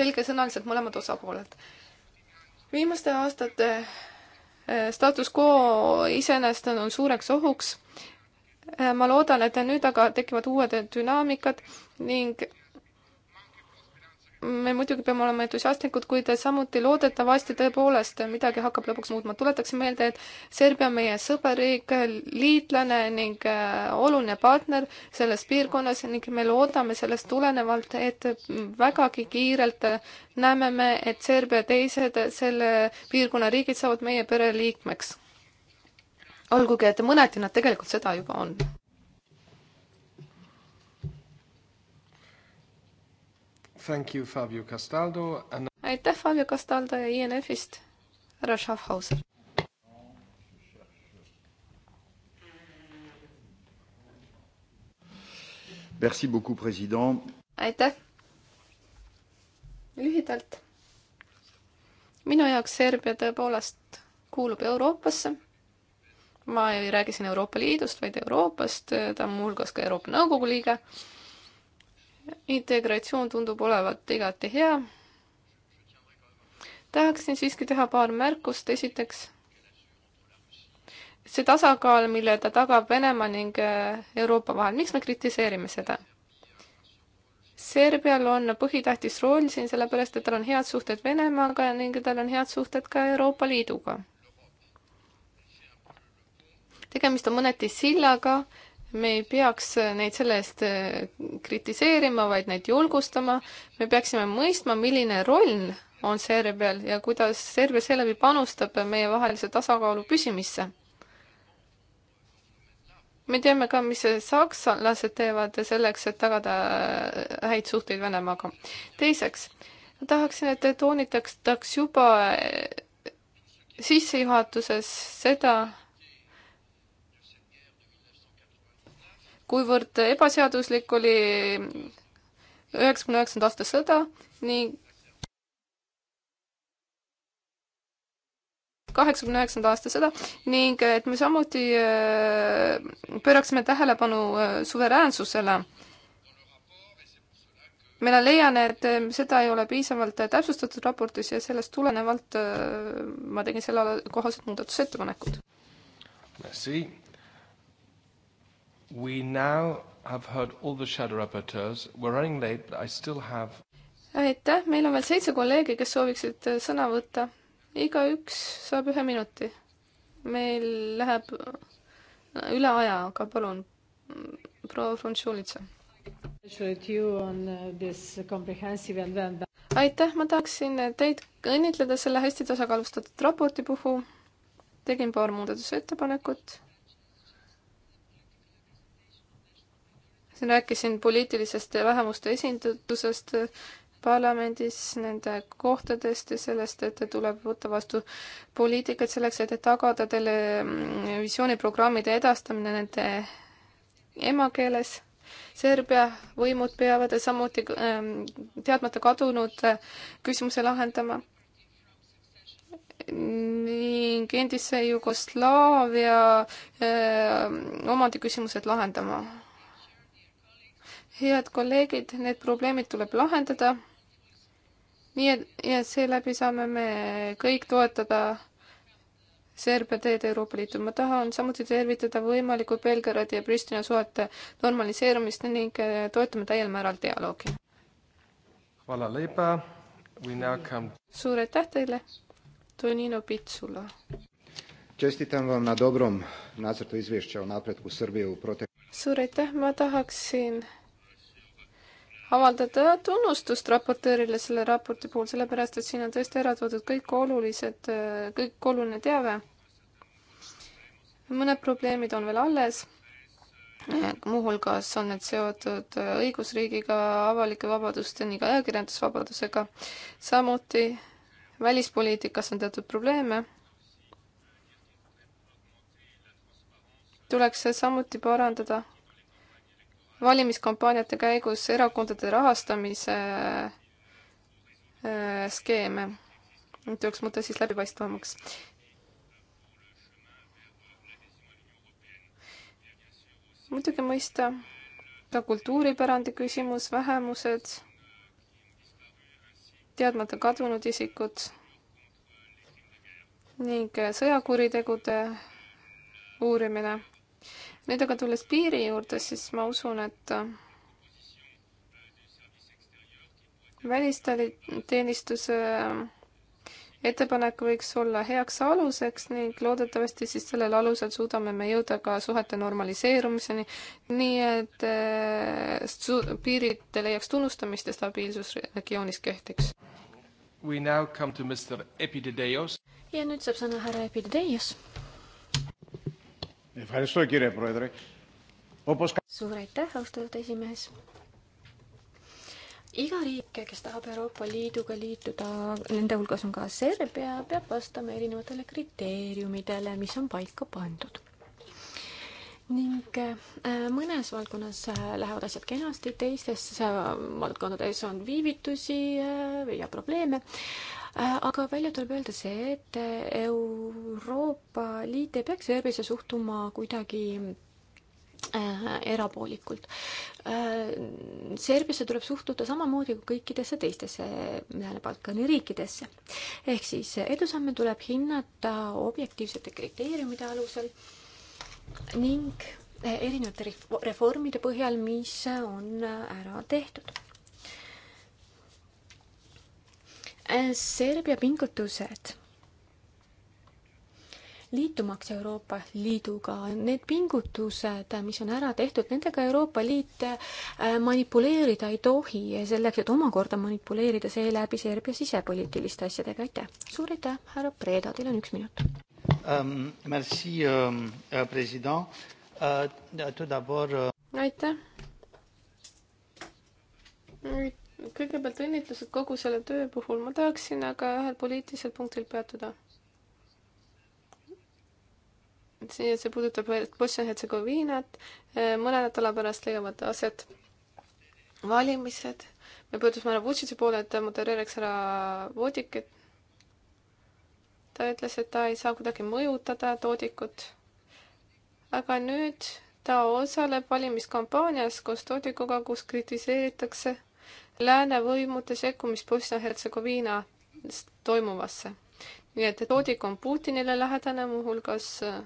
selgesõnaliselt mõlemad osapooled. viimaste aastate Eh, status quo iseenesest on suureks ohuks. Eh, ma loodan, et nüüd aga tekivad uued dünaamikad ning me muidugi peame olema entusiastlikud, kuid samuti loodetavasti tõepoolest midagi hakkab lõpuks muutma. tuletaksin meelde, et Serbia on meie sõberriik, liitlane ning äh, oluline partner selles piirkonnas ning me loodame sellest tulenevalt, et vägagi kiirelt näeme me, et Serbia ja teised selle piirkonna riigid saavad meie pereliikmeks. olgugi, et mõneti nad tegelikult seda juba on. Thank you, Fabio Castaldo And.... aitäh, Fabio Castaldo ja INF-ist, härra Schaffhauser. Merci beaucoup, president. aitäh. lühidalt. minu jaoks Serbia tõepoolest kuulub Euroopasse. ma ei räägi siin Euroopa Liidust, vaid Euroopast, ta on muuhulgas ka Euroopa Nõukogu liige integratsioon tundub olevat igati hea. tahaksin siiski teha paar märkust, esiteks see tasakaal, mille ta tagab Venemaa ning äh, Euroopa vahel, miks me kritiseerime seda? Serbial on põhitähtis roll siin sellepärast, et tal on head suhted Venemaaga ning tal on head suhted ka Euroopa Liiduga. tegemist on mõneti sillaga me ei peaks neid selle eest äh, kritiseerima, vaid neid julgustama. me peaksime mõistma, milline roll on Serbial ja kuidas Serbia seeläbi panustab meievahelise tasakaalu püsimisse. me teame ka, mis sakslased teevad selleks, et tagada äh, häid suhteid Venemaaga. teiseks, tahaksin, et te toonitataks juba äh, sissejuhatuses seda, kuivõrd ebaseaduslik oli üheksakümne üheksanda aasta sõda ning kaheksakümne üheksanda aasta sõda ning et me samuti äh, pööraksime tähelepanu äh, suveräänsusele. mina leian, et äh, seda ei ole piisavalt täpsustatud raportis ja sellest tulenevalt ma tegin selle kohased muudatusettepanekud. Merci We now have heard all the shadow rapporteurs. We are running late, but I still have. aitäh, meil on veel seitse kolleegi, kes sooviksid äh, sõna võtta. igaüks saab ühe minuti. meil läheb äh, üle aja, aga palun, mm, proua Frunzulitsa. aitäh, ma tahaksin teid õnnitleda selle hästi tasakaalustatud raporti puhul. tegin paar muudatusettepanekut siin rääkisin poliitilisest vähemuste esindatusest parlamendis, nende kohtadest ja sellest, et tuleb võtta vastu poliitikat selleks, et tagada televisiooniprogrammide mm, edastamine nende emakeeles. Serbia võimud peavad samuti ähm, teadmata kadunud küsimuse lahendama ning endise Jugoslaavia ähm, omandiküsimused lahendama head kolleegid, need probleemid tuleb lahendada. nii et, ja seeläbi saame me kõik toetada Serbia teed Euroopa Liitu. ma tahan samuti tervitada võimalikku Belgradi ja Pristina suhete normaliseerumist ning äh, toetame täiel määral dialoogi. suur aitäh teile, Tonino Pitsula. Čestitam vam na dobrom nacrtu izvješća o napretku Srbije u proteklih. Suur aitäh, ma tahaksin avaldada tunnustust raportöörile selle raporti puhul, sellepärast et siin on tõesti ära toodud kõik olulised, kõik oluline teave. mõned probleemid on veel alles, muuhulgas on need seotud õigusriigiga, avalike vabadusteni, ka ajakirjandusvabadusega, samuti välispoliitikas on teatud probleeme tuleks samuti parandada valimiskampaaniate käigus erakondade rahastamise äh, skeeme, et oleks muuta siis läbipaistvamaks. muidugi mõista ka kultuuripärandi küsimus, vähemused, teadmata kadunud isikud ning äh, sõjakuritegude uurimine nüüd aga tulles piiri juurde, siis ma usun, et välisteenistuse ettepanek võiks olla heaks aluseks ning loodetavasti siis sellel alusel suudame me jõuda ka suhete normaliseerumiseni, nii et äh, eh, piirid leiaks tunnustamist ja stabiilsus regioonis kehtiks. ja nüüd saab sõna härra Epideios suur aitäh, austatud esimees iga riik, kes tahab Euroopa Liiduga liituda, nende hulgas on ka Serbia, peab vastama erinevatele kriteeriumidele, mis on paika pandud. ning äh, mõnes valdkonnas äh, lähevad asjad kenasti, teistes äh, valdkondades on viivitusi ja probleeme, Äh, aga välja tuleb öelda see, et Euroopa Liit ei peaks Serbiasse suhtuma kuidagi äh, erapoolikult. Äh, Serbiasse tuleb suhtuda samamoodi kui kõikidesse teistesse Lääne-Balkani riikidesse. ehk siis edusamme tuleb hinnata objektiivsete kriteeriumide alusel ning erinevate reformide põhjal, mis on ära tehtud Serbia pingutused liitumaks Euroopa Liiduga, need pingutused, mis on ära tehtud, nendega Euroopa Liit äh, manipuleerida ei tohi, selleks et omakorda manipuleerida seeläbi Serbia sisepoliitiliste asjadega, aitäh. suur aitäh, härra Preda, teil on üks minut um,. Merci um,, ähm, president uh,. Äh, tout d'abord uh.... aitäh kõigepealt õnnitlused kogu selle töö puhul, ma tahaksin aga ühel poliitilisel punktil peatuda. see, see puudutab Bosnia-Hertsegoviinat, eh, mõne nädala pärast leiavad aset valimised, me pöördusime härra Vutšitši poole, et ta modereeriks härra Voodikit. ta ütles, et ta ei saa kuidagi mõjutada Toodikut. aga nüüd ta osaleb valimiskampaanias koos Toodikuga, kus kritiseeritakse lääne võimude sekkumist Bosnia-Hertsegoviina toimuvasse. nii et Toodik on Putinile lähedane, muuhulgas äh,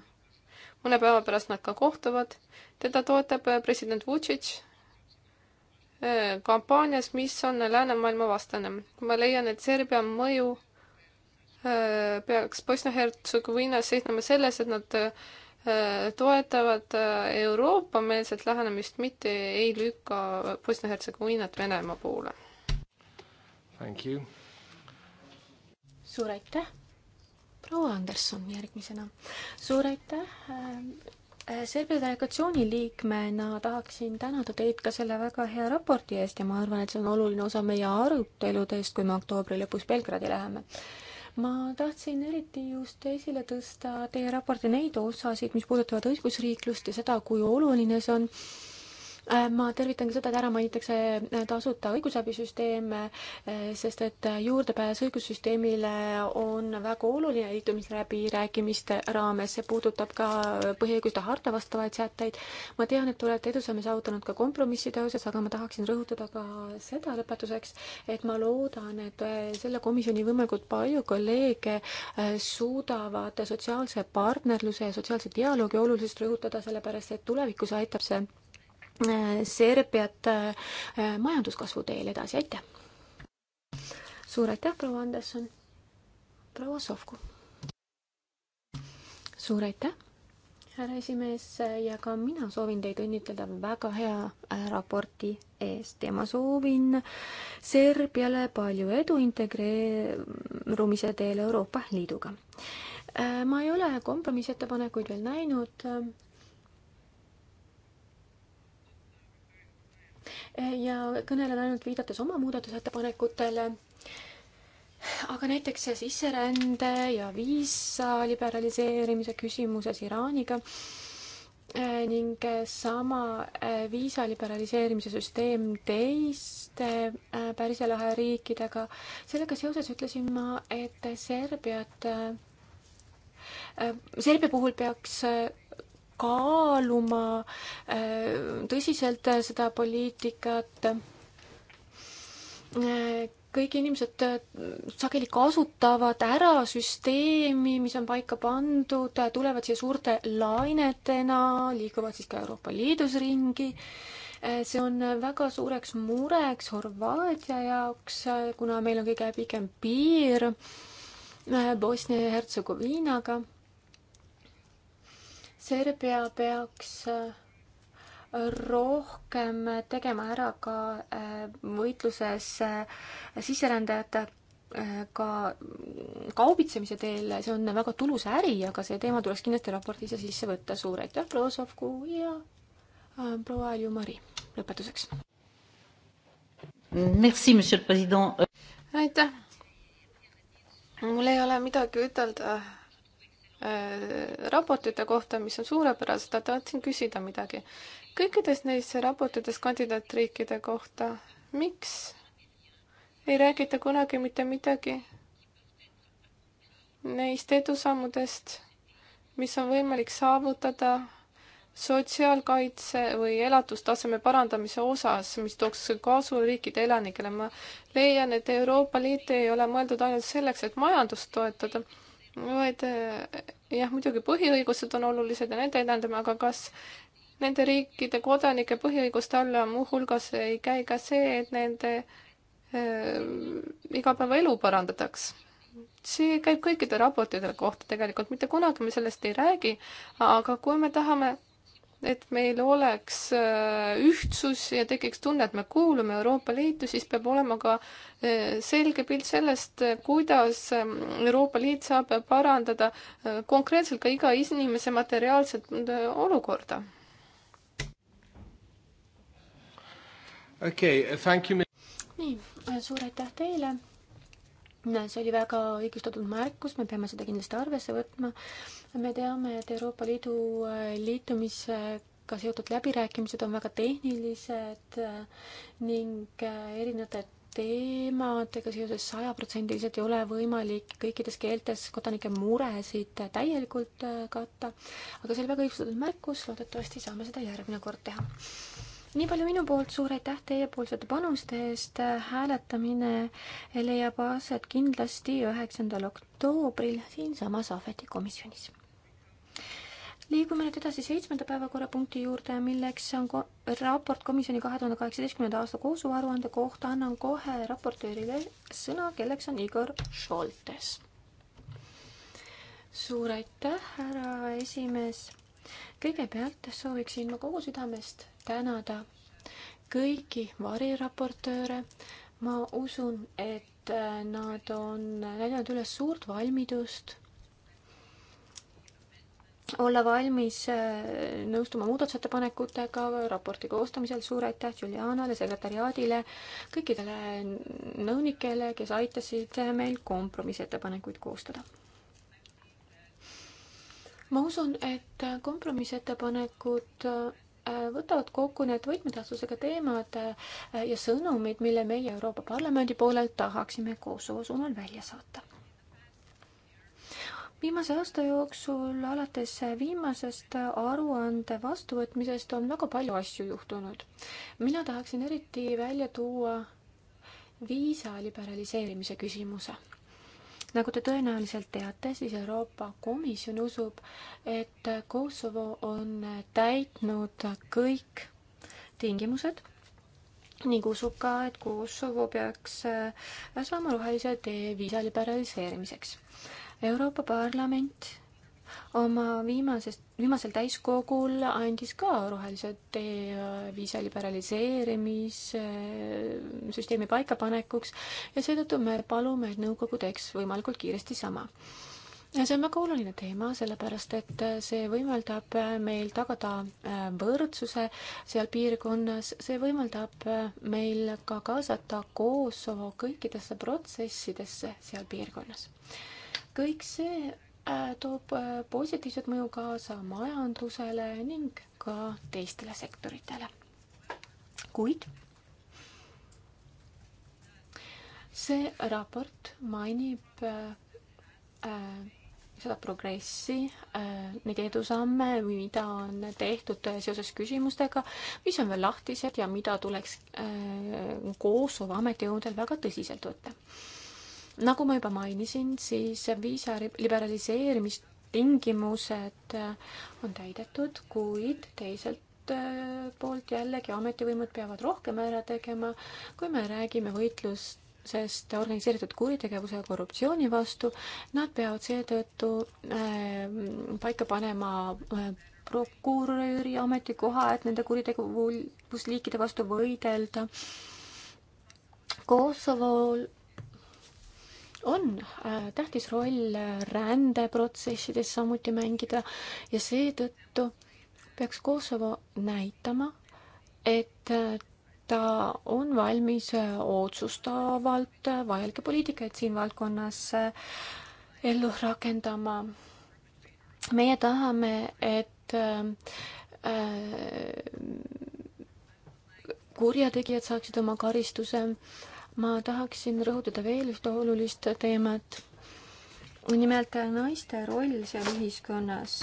mõne päeva pärast nad ka kohtuvad. teda toetab äh, president Vučić äh, kampaanias, mis on läänemaailma vastane. ma leian, et Serbia mõju peaks Bosnia-Hertsegoviinas seisnema selles, et nad Äh, toetavad äh, Euroopa-meelset lähenemist, mitte ei lükka Bosnia-Hertsegoviinat Venemaa poole. suur aitäh, proua Anderson järgmisena. suur aitäh äh, Serbia delegatsiooni liikmena tahaksin tänada teid ka selle väga hea raporti eest ja ma arvan, et see on oluline osa meie aruteludest, kui me oktoobri lõpus Belgradi läheme ma tahtsin eriti just esile tõsta teie raporti neid osasid, mis puudutavad õigusriiklust ja seda, kui oluline see on Äh, ma tervitangi seda, et ära mainitakse äh, tasuta õigusabisüsteem, äh, sest et juurdepääs õigussüsteemile on väga oluline liitumisläbirääkimiste raames, see puudutab ka põhiõiguste harta vastavaid sätteid. ma tean, et te olete edusamme saavutanud ka kompromisside osas, aga ma tahaksin rõhutada ka seda lõpetuseks, et ma loodan, et selle komisjoni võimalikult palju kolleege suudavad sotsiaalse partnerluse ja sotsiaalse dialoogi olulisust rõhutada, sellepärast et tulevikus aitab see Äh, Serbiat äh, majanduskasvu teel edasi, aitäh! suur aitäh, proua Anderson! proua Sovku! suur aitäh, härra esimees, ja ka mina soovin teid õnnitleda väga hea äh, raporti eest ja ma soovin Serbiale palju edu integreerumise teel Euroopa Liiduga ma ei ole kompromissettepanekuid veel näinud, ja kõnelen ainult viidates oma muudatusettepanekutele aga näiteks sisserände ja viisa liberaliseerimise küsimuses Iraaniga eh, ning sama eh, viisa liberaliseerimise süsteem teiste eh, Pärsia lahe riikidega. sellega seoses ütlesin ma, et Serbiat, Serbia puhul peaks kaaluma äh, tõsiselt seda poliitikat. kõik inimesed äh, sageli kasutavad ära süsteemi, mis on paika pandud, tulevad siia suurte lainetena, liiguvad siis ka Euroopa Liidus ringi äh, see on väga suureks mureks Horvaatia jaoks, kuna meil on kõige pikem piir Bosnia ja Hertsegoviinaga Serbia peaks äh, rohkem tegema ära ka äh, võitluses äh, sisserändajate ka kaubitsemise teel, see on väga tulus äri, aga see teema tuleks kindlasti raportisse sisse võtta. suur aitäh, proua Sovku ja proua Alju-Mari lõpetuseks. Merci, monsieur le president. aitäh. mul ei ole midagi ütelda Äh, raportite kohta, mis on suurepärased, aga tahtsin küsida midagi. kõikides neis raportites kandidaatriikide kohta, miks ei räägita kunagi mitte midagi neist edusammudest, mis on võimalik saavutada sotsiaalkaitse või elatustaseme parandamise osas, mis tooks kasu riikide elanikele. ma leian, et Euroopa Liit ei ole mõeldud ainult selleks, et majandust toetada vaid eh, jah, muidugi põhiõigused on olulised ja nende edendame, aga kas nende riikide kodanike põhiõiguste alla muuhulgas ei käi ka see, et nende äh, igapäevaelu parandataks? see käib kõikide raportide kohta tegelikult, mitte kunagi me sellest ei räägi, aga kui me tahame et meil oleks äh, ühtsus ja tekiks tunne, et me kuulume Euroopa Liitu, siis peab olema ka äh, selge pilt sellest, äh, kuidas ähm, Euroopa Liit saab parandada konkreetselt ka iga inimese materiaalset olukorda. okei okay,, thank you. nii, suur aitäh teile see oli väga õigustatud märkus, me peame seda kindlasti arvesse võtma. me teame, et Euroopa Liidu äh, liitumisega seotud läbirääkimised on väga tehnilised äh, ning äh, erinevate teemadega seoses sajaprotsendiliselt ei ole võimalik kõikides keeltes kodanike muresid täielikult katta. aga see oli väga õigustatud märkus, loodetavasti saame seda järgmine kord teha nii palju minu poolt, suur aitäh teiepoolsete panuste eest, hääletamine leiab aset kindlasti üheksandal oktoobril siinsamas Ahveti komisjonis liigume nüüd edasi seitsmenda päevakorrapunkti juurde, milleks on ko raport komisjoni kahe tuhande kaheksateistkümnenda aasta koosuaruande kohta. annan kohe raportöörile sõna, kelleks on Igor Šoltes. suur aitäh, härra esimees. kõigepealt sooviksin ma kogu südamest tänada kõiki variraportööre. ma usun, et äh, nad on näidanud üles suurt valmidust olla valmis äh, nõustuma muudatusettepanekutega raporti koostamisel, suur aitäh Julianale, sekretäriaadile, kõikidele nõunikele, kes aitasid meil kompromissettepanekuid koostada. ma usun, et kompromissettepanekud Äh, võtavad kokku need võtmetähtsusega teemad äh, ja sõnumid, mille meie Euroopa Parlamendi poolelt tahaksime Kosovo suunal välja saata. viimase aasta jooksul, alates viimasest aruande vastuvõtmisest, on väga palju asju juhtunud. mina tahaksin eriti välja tuua viisa liberaliseerimise küsimuse nagu te tõenäoliselt teate, siis Euroopa Komisjon usub, et Kosovo on täitnud kõik tingimused ning usub ka, et Kosovo peaks äh, saama rohelise tee viisa liberaliseerimiseks. Euroopa Parlament oma viimasest, viimasel täiskogul andis ka rohelise tee äh, viisa liberaliseerimise äh, süsteemi paikapanekuks ja seetõttu me palume, et nõukogu teeks võimalikult kiiresti sama. ja see on väga oluline teema, sellepärast et äh, see võimaldab meil tagada võrdsuse seal piirkonnas, see võimaldab meil ka kaasata Kosovo kõikidesse protsessidesse seal piirkonnas. kõik see Äh, toob äh, positiivset mõju kaasa majandusele ning ka teistele sektoritele. kuid see raport mainib äh, seda progressi, neid edusamme, mida on tehtud seoses küsimustega, mis on veel lahtised ja mida tuleks Kosovo ametijõududel väga tõsiselt võtta nagu ma juba mainisin, siis viisa liberaliseerimistingimused äh, on täidetud, kuid teiselt äh, poolt jällegi ametivõimud peavad rohkem ära tegema, kui me räägime võitlust sest organiseeritud kuritegevuse ja korruptsiooni vastu, nad peavad seetõttu äh, paika panema äh, prokuröri ametikoha, et nende kuritegevusliikide vastu võidelda. Kosovol on äh, tähtis roll äh, rändeprotsessides samuti mängida ja seetõttu peaks Kosovo näitama, et äh, ta on valmis otsustavalt vajalikke poliitikaid siin valdkonnas ellu rakendama. meie tahame, et kurjategijad saaksid oma karistuse ma tahaksin rõhutada veel ühte olulist teemat, nimelt naiste roll seal ühiskonnas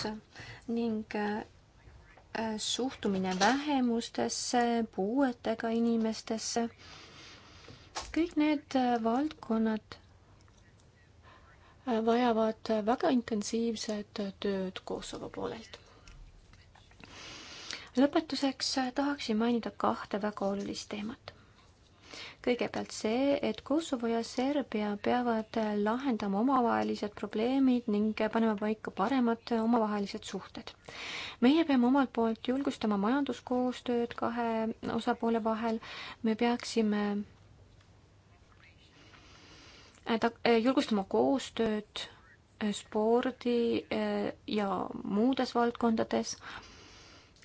ning äh, suhtumine vähemustesse, puuetega inimestesse. kõik need äh, valdkonnad äh, vajavad väga intensiivset tööd Kosovo poolelt. lõpetuseks tahaksin mainida kahte väga olulist teemat kõigepealt see, et Kosovo ja Serbia peavad lahendama omavahelised probleemid ning panema paika paremad omavahelised suhted. meie peame omalt poolt julgustama majanduskoostööd kahe osapoole vahel, me peaksime äh, ta-, äh, julgustama koostööd äh, spordi ja muudes valdkondades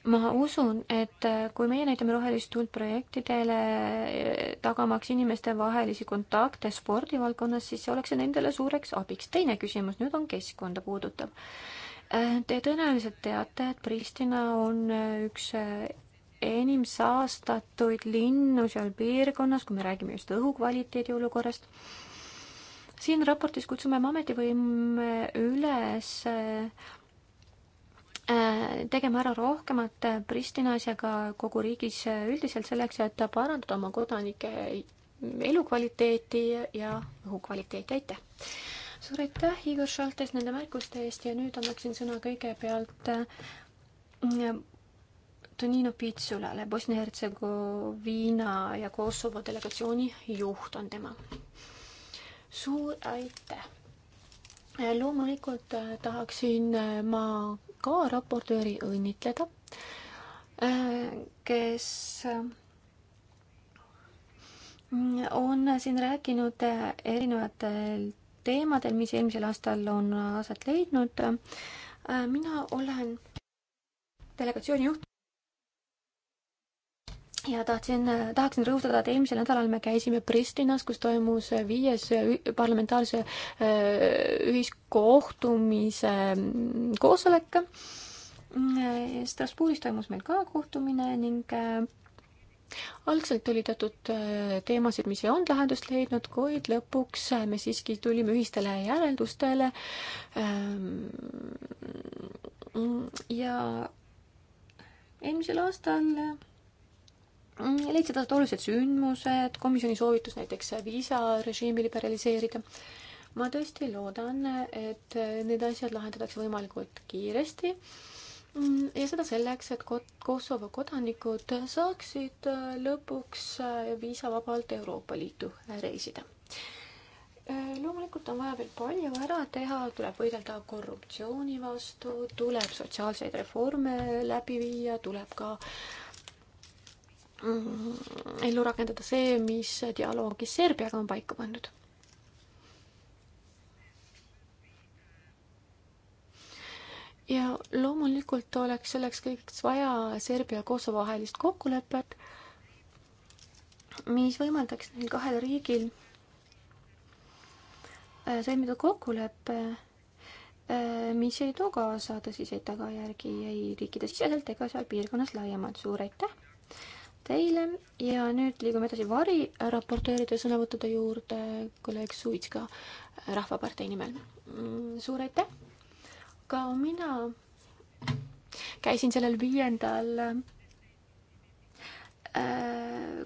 ma usun, et äh, kui meie näitame rohelist tuld projektidele, äh, tagamaks inimestevahelisi kontakte spordivaldkonnas, siis see oleks nendele suureks abiks. teine küsimus nüüd on keskkonda puudutav. Äh, te tõenäoliselt teate, et Pristina on üks enim saastatuid linnu seal piirkonnas, kui me räägime just õhukvaliteedi olukorrast. siin raportis kutsume me ametivõime üles Äh, tegema ära rohkemat äh, Pristinas ja ka kogu riigis äh, üldiselt selleks, et parandada oma kodanike elukvaliteeti ja õhukvaliteeti, aitäh! suur aitäh, Igor Šoltes, nende märkuste eest ja nüüd annaksin sõna kõigepealt Tonino Pitsulale, Bosnia-Hertsegoviina ja Kosovo delegatsiooni juht on tema. suur aitäh! loomulikult tahaksin ma ka raportööri õnnitleda, kes on siin rääkinud erinevatel teemadel, mis eelmisel aastal on aset leidnud. mina olen delegatsiooni juht ja tahtsin, äh, tahaksin rõhutada, et eelmisel nädalal me käisime Pristinas, kus toimus äh, viies äh, parlamentaarse ühiskohtumise mm, koosolek. Mm, Strasbourgis toimus meil ka kohtumine ning algselt oli teatud teemasid, mis ei olnud lahendust leidnud, kuid lõpuks me siiski tulime ühistele järeldustele. Ähm, mm, ja eelmisel aastal Mm, leidsid aset olulised sündmused, komisjoni soovitus näiteks viisarežiimi liberaliseerida. ma tõesti loodan, et need asjad lahendatakse võimalikult kiiresti mm, ja seda selleks, et Kosovo kodanikud saaksid lõpuks viisavabalt Euroopa Liitu reisida. Äh, loomulikult on vaja veel palju ära teha, tuleb võidelda korruptsiooni vastu, tuleb sotsiaalseid reforme läbi viia, tuleb ka äh, Mm-hmm. ellu rakendada see, mis dialoogis Serbiaga on paika pandud. ja loomulikult oleks selleks kõigeks vaja Serbia ja Kosovo vahelist kokkulepet, mis võimaldaks neil kahel riigil äh, sõlmida kokkulepe, äh, mis ei too kaasa tõsiseid tagajärgi ei riikide siseselt ega seal piirkonnas laiemalt. suur aitäh! teile ja nüüd liigume edasi variraportööride sõnavõttude juurde kolleeg Suitska Rahvapartei nimel. Mm, suur aitäh! ka mina käisin sellel viiendal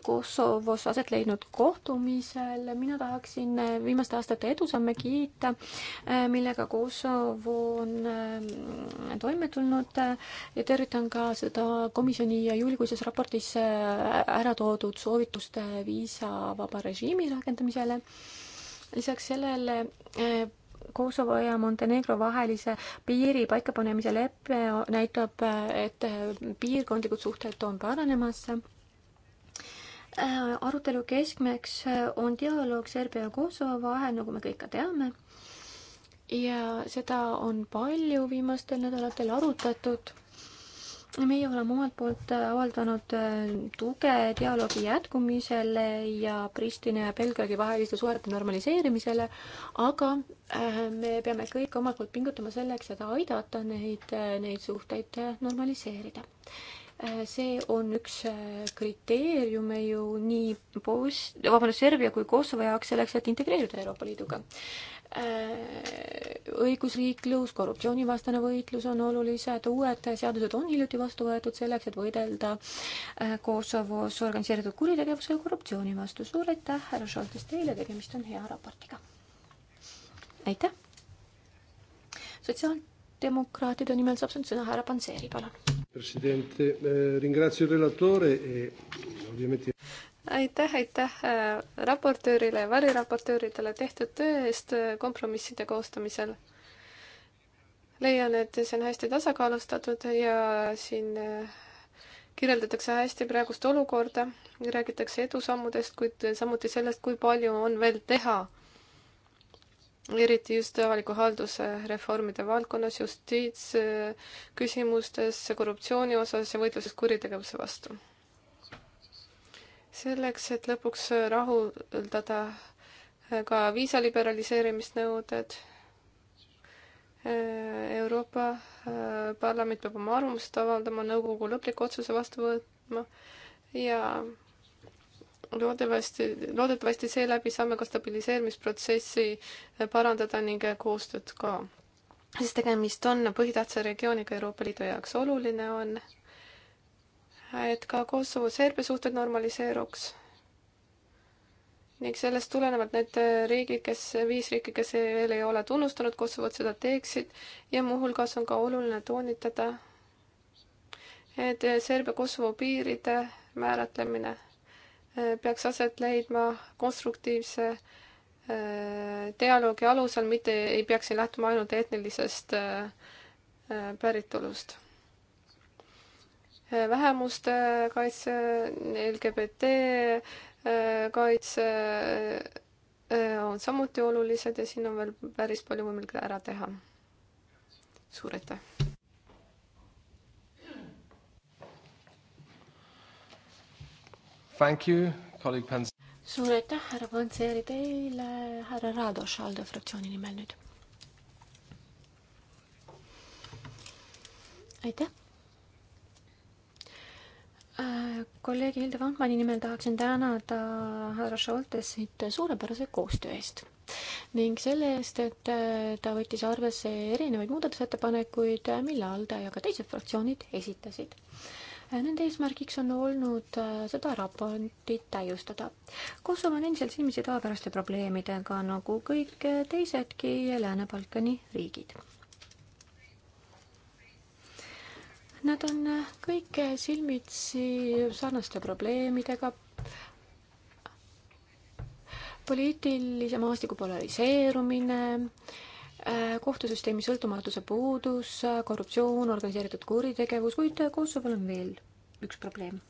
Kosovos aset leidnud kohtumisel. mina tahaksin viimaste aastate edusamme kiita, millega Kosovo on ähm, toime tulnud ja tervitan ka seda komisjoni juulikuises raportis äh, ära toodud soovitust viisavaba režiimi rakendamisele. lisaks sellele äh, Kosovo ja Montenegro vahelise piiri paikapanemise lepe näitab, äh, et piirkondlikud suhted on paranemas Äh, arutelu keskmeks äh, on dialoog Serbia ja Kosovo vahel, nagu me kõik ka teame. ja seda on palju viimastel nädalatel arutatud meie oleme omalt poolt äh, avaldanud tuge dialoogi jätkumisele ja Pristina ja Belgradi vaheliste suhete normaliseerimisele, aga me peame kõik omalt poolt pingutama selleks, et aidata neid, neid suhteid normaliseerida. Äh, see on üks äh, kriteeriume ju nii Bos-, vabandust, Serbia kui Kosovo jaoks selleks, et integreeruda Euroopa Liiduga. Äh, õigusriiklus, korruptsioonivastane võitlus on olulised, uued seadused on hiljuti vastu võetud selleks, et võidelda Kosovos organiseeritud kuritegevuse ja korruptsiooni vastu. suur aitäh, härra Šoltes, teile, tegemist on hea raportiga. aitäh! sotsiaaldemokraatide nimel saab sõna härra Panseri, palun Presidente, eh, ringrazio relatore e ovviamente aitäh, aitäh äh, raportöörile ja variraportööridele tehtud töö eest äh, kompromisside koostamisel. leian, et see on hästi tasakaalustatud ja siin äh, kirjeldatakse hästi praegust olukorda, räägitakse edusammudest, kuid samuti sellest, kui palju on veel teha eriti just avaliku halduse reformide valdkonnas, justiitsküsimustes, korruptsiooni osas ja võitluses kuritegevuse vastu. selleks, et lõpuks rahuldada ka viisa liberaliseerimisnõuded, Euroopa äh, Parlament peab oma arvamust avaldama, nõukogu lõpliku otsuse vastu võtma ja loodetavasti, loodetavasti seeläbi saame ka stabiliseerimisprotsessi eh, parandada ning eh, koostööd ka. sest tegemist on põhitähtsa regiooniga Euroopa Liidu jaoks. oluline on, et ka Kosovo-Serbia suhted normaliseeruks ning sellest tulenevalt need eh, riigid, kes, viis riiki, kes veel ei ole tunnustanud Kosovot, seda teeksid ja muuhulgas on ka oluline toonitada, et Serbia-Kosovo piiride määratlemine Äh, peaks aset leidma konstruktiivse äh, dialoogi alusel, mitte ei peaks siin lähtuma ainult etnilisest äh, päritolust. vähemuste kaitse, LGBT kaitse on samuti olulised ja siin on veel päris palju võimalik ära teha. suur aitäh! Thank you, kolleeg Pants. suur aitäh, härra Pantseri, teile härra Radoš Aldo fraktsiooni nimel nüüd. aitäh äh,. kolleeg Hilde Vankmani nimel tahaksin tänada härra Šoltesit suurepärase koostöö eest ning selle eest, et äh, ta võttis arvesse erinevaid muudatusettepanekuid, mille Alde ja ka teised fraktsioonid esitasid Nende eesmärgiks on olnud äh, seda raportit täiustada. Kosovo on endiselt silmitsi tavapäraste probleemidega, nagu kõik teisedki Lääne-Balkani riigid. Nad on kõik silmitsi sarnaste probleemidega, poliitilise maastiku polariseerumine, Äh, kohtusüsteemi sõltumatuse puudus, äh, korruptsioon, organiseeritud kuritegevus, kuid äh, Kosovol on veel üks probleem.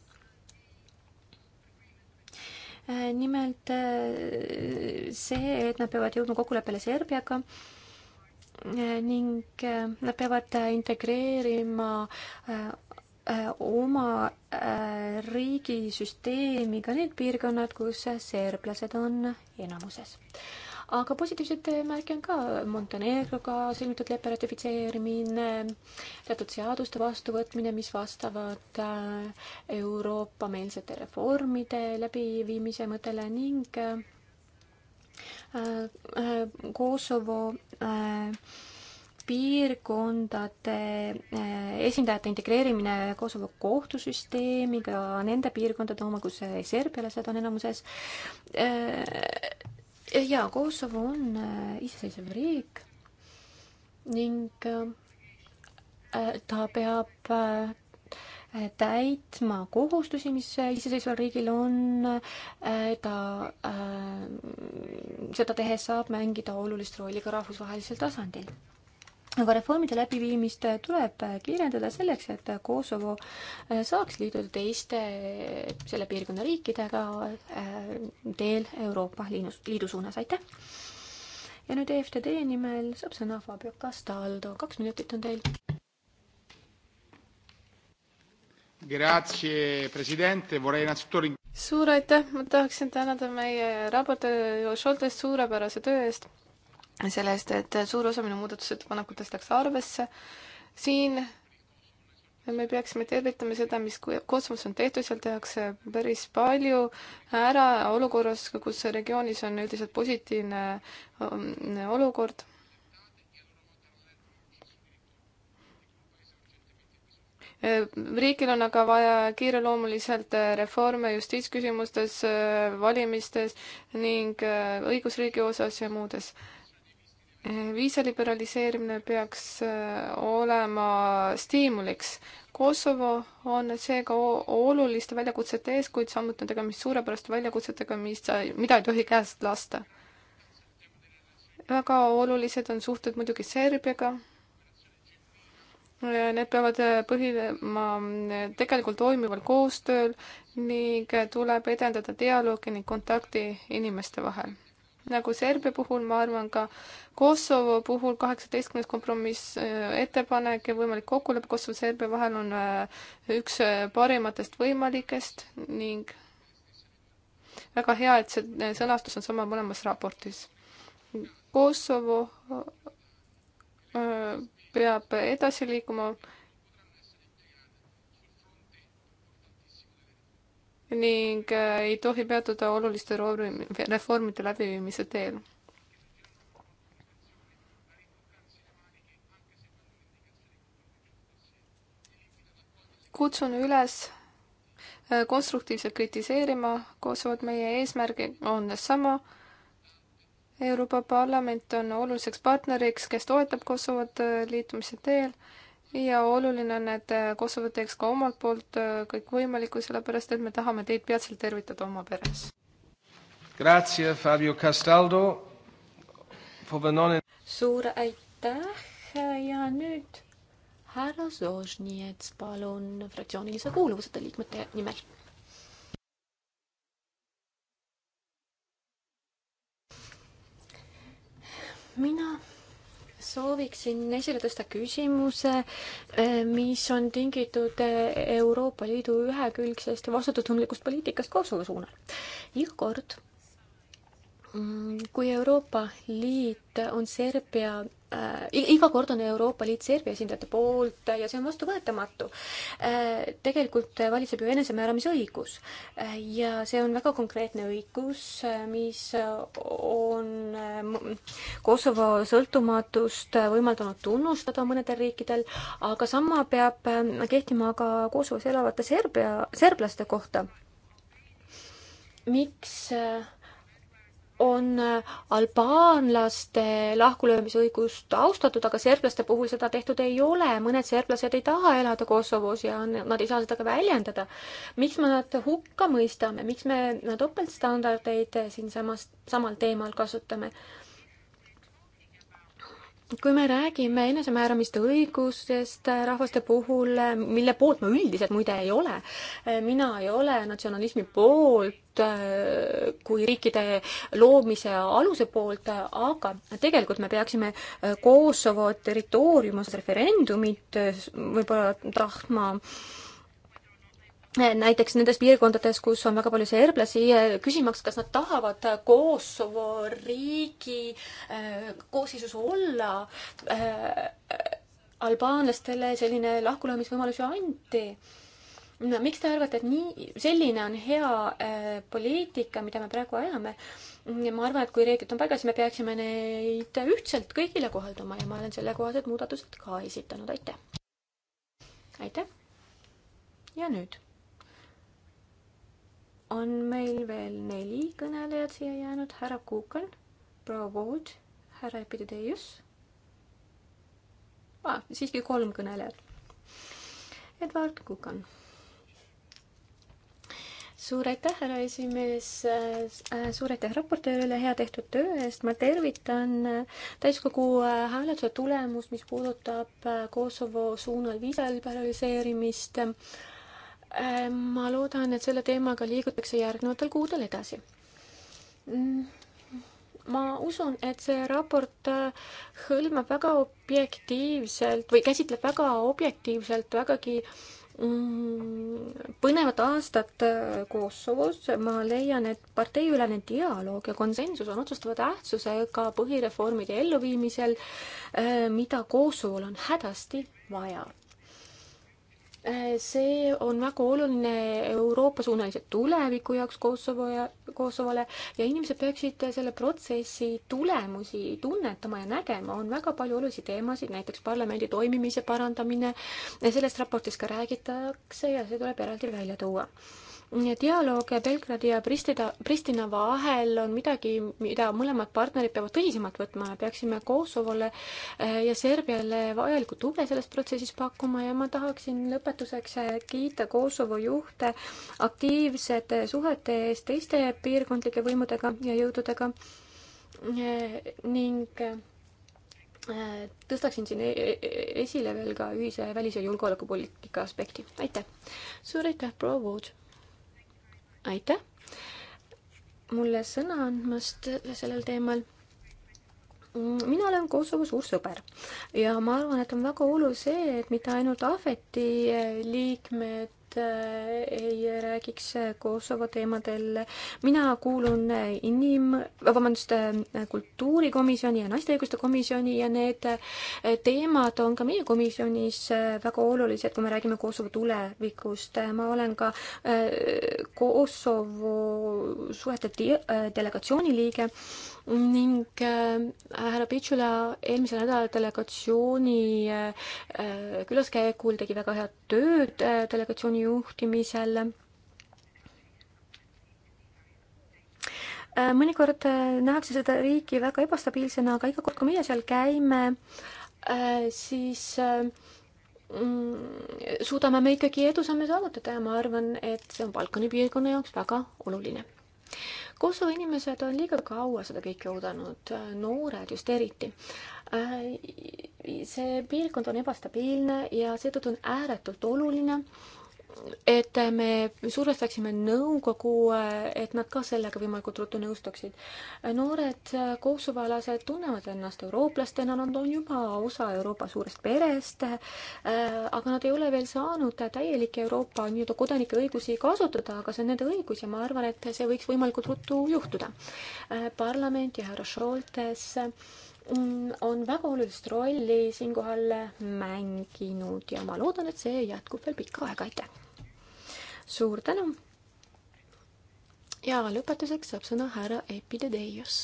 nimelt see, et nad peavad jõudma kokkuleppele Serbiaga ning nad peavad integreerima oma riigisüsteemi ka need piirkonnad, kus serblased on enamuses aga positiivseid märke on ka Montenegroga sõlmitud leppe ratifitseerimine, teatud seaduste vastuvõtmine, mis vastavad äh, Euroopa-meelsete reformide läbiviimise mõttele ning äh, äh, Kosovo piirkondade esindajate integreerimine Kosovo kohtusüsteemiga, nende piirkondade oma, kus serbialased on enamuses, Eh, jaa, Kosovo on äh, iseseisev riik ning äh, äh, ta peab täitma kohustusi, mis iseseisval riigil on, ta, seda tehes saab mängida olulist rolli ka rahvusvahelisel tasandil aga reformide läbiviimist tuleb kiirendada selleks, et Kosovo äh, saaks liituda teiste selle piirkonna riikidega äh, teel Euroopa Liidus, Liidu suunas, aitäh! ja nüüd EFTD nimel saab sõna Fabio Castaldo, kaks minutit on teil. suur aitäh, ma tahaksin tänada meie raportööri Šoltest suurepärase töö eest selle eest, et suur osa minu muudatusettepanekutest läks arvesse. siin me peaksime tervitama seda, mis kosmos on tehtud, seal tehakse päris palju ära olukorras, kus regioonis on üldiselt positiivne um, olukord. riigil on aga vaja kiireloomuliselt reforme justiitsküsimustes, valimistes ning õigusriigi osas ja muudes viisaliberaliseerimine peaks äh, olema stiimuliks. Kosovo on seega oluliste väljakutsete ees, kuid samuti on tegemist suurepäraste väljakutsetega, mis, mida ei tohi käest lasta. väga olulised on suhted muidugi Serbiaga. Äh, need peavad äh, põhinema tegelikult toimival koostööl ning tuleb edendada dialoogi ning kontakti inimeste vahel nagu Serbia puhul, ma arvan ka Kosovo puhul kaheksateistkümnes kompromiss äh, ettepanek ja võimalik kokkulepe Kosovo ja Serbia vahel on äh, üks äh, parimatest võimalikest ning väga hea, et see sõnastus on sama mõlemas raportis. Kosovo peab edasi liikuma ning äh, ei tohi peatuda oluliste reformide läbiviimise teel. kutsun üles äh, konstruktiivselt kritiseerima, Kosovot meie eesmärgi on sama. Euroopa Parlament on oluliseks partneriks, kes toetab Kosovot äh, liitumise teel ja oluline on, et äh, Kosovo teeks ka omalt poolt äh, kõik võimalikku, sellepärast et me tahame teid peatselt tervitada oma peres. Grazie, Fabio Castaldo. suur aitäh ja nüüd härra Zožnjets, palun fraktsioonilise kuuluvuseta liikmete nimel. mina sooviksin esile tõsta küsimuse, eh, mis on tingitud eh, Euroopa Liidu ühekülgsest ja vastutustundlikust poliitikast Kosovo suunal. iga kord, mm, kui Euroopa Liit on Serbia Äh, iga kord on Euroopa Liit Serbia esindajate poolt ja see on vastuvõetamatu. Äh, tegelikult valitseb ju enesemääramisõigus äh, ja see on väga konkreetne õigus, mis on Kosovo sõltumatust võimaldanud tunnustada mõnedel riikidel, aga sama peab kehtima ka Kosovos elavate Serbia, serblaste kohta. miks äh, on äh, albaanlaste lahkulöömisõigust austatud, aga serblaste puhul seda tehtud ei ole. mõned serblased ei taha elada Kosovos ja nad ei saa seda ka väljendada. miks me nad hukka mõistame, miks me topeltstandardeid äh, siinsamas, samal teemal kasutame? kui me räägime enesemääramiste õigusest äh, rahvaste puhul, äh, mille poolt ma üldiselt muide ei ole, äh, mina ei ole natsionalismi poolt kui riikide loomise aluse poolt, aga tegelikult me peaksime Kosovo territooriumis referendumit võib-olla tahtma äh, näiteks nendes piirkondades, kus on väga palju serblasi, eh, küsimaks, kas nad tahavad Kosovo riigi eh, koosseisus olla. Eh, albaanlastele selline lahkulöömisvõimalus ju anti no miks te arvate, et nii, selline on hea äh, poliitika, mida me praegu ajame? ma arvan, et kui reeglid on paigas, siis me peaksime neid ühtselt kõigile kohaldama ja ma olen sellekohased muudatused ka esitanud, aitäh! aitäh! ja nüüd on meil veel neli kõnelejat siia jäänud, härra Kuukan, proua Vood, härra Epideteius ah,. siiski kolm kõnelejat. Edward Kukan suur aitäh, härra esimees, äh, suur aitäh raportöörile hea tehtud töö eest, ma tervitan äh, täiskogu äh, hääletuse tulemust, mis puudutab Kosovo suunal viisa liberaliseerimist Äh, ma loodan, et selle teemaga liigutakse järgnevatel kuudel edasi. Mm, ma usun, et see raport äh, hõlmab väga objektiivselt või käsitleb väga objektiivselt vägagi mm, põnevat aastat äh, Kosovos. ma leian, et parteiülene dialoog ja konsensus on otsustava tähtsusega põhireformide elluviimisel, mida Kosovol on hädasti vaja Äh, see on väga oluline Euroopa-suunalise tuleviku jaoks Kosovo ja Kosovole ja inimesed peaksid selle protsessi tulemusi tunnetama ja nägema, on väga palju olulisi teemasid, näiteks parlamendi toimimise parandamine, sellest raportis ka räägitakse ja see tuleb eraldi välja tuua dialoog Belgradi ja Pristina, Pristina vahel on midagi, mida mõlemad partnerid peavad tõsisemalt võtma ja peaksime Kosovole eh, ja Serbiale vajalikku tuge selles protsessis pakkuma ja ma tahaksin lõpetuseks eh, kiita Kosovo juhte aktiivsete suhete eest teiste piirkondlike võimudega ja jõududega eh, ning tõstaksin siin e-, e-, e-, esile veel ka ühise välis- ja julgeolekupoliitika aspekti. aitäh! suur aitäh, proua Wood! aitäh mulle sõna andmast sellel teemal mina olen Kosovo suur sõber ja ma arvan, et on väga oluline see, et mitte ainult ahveti liikmed Eh, ei räägiks eh, Kosovo teemadel. mina kuulun eh, inim-, vabandust, kultuurikomisjoni ja naiste õiguste komisjoni ja need teemad on ka meie komisjonis väga olulised, kui me räägime Kosovo tulevikust. ma olen ka Kosovo suhete delegatsiooni liige ning härra Pitsula eelmise nädala delegatsiooni külaskäigul tegi väga head tööd delegatsiooni juhtimisel. Äh, mõnikord äh, nähakse seda riiki väga ebastabiilsena, aga iga kord, kui meie seal käime, äh, siis mm, suudame me ikkagi edusamme saavutada ja ma arvan, et see on Balkani piirkonna jaoks väga oluline. Kosovo inimesed on liiga kaua seda kõike oodanud, noored just eriti. see piirkond on ebastabiilne ja seetõttu on ääretult oluline, et me survestaksime nõukogu, et nad ka sellega võimalikult ruttu nõustuksid. noored kosovoalased tunnevad ennast eurooplastena, nad on juba osa Euroopa suurest perest, aga nad ei ole veel saanud täielikke Euroopa nii-öelda kodanike õigusi kasutada, aga see on nende õigus ja ma arvan, et see võiks võimalikult ruttu juhtuda. parlament ja härra Šoltes on väga olulist rolli siinkohal mänginud ja ma loodan, et see jätkub veel pikka aega, aitäh! suur tänu! ja lõpetuseks saab sõna härra Epidedeios.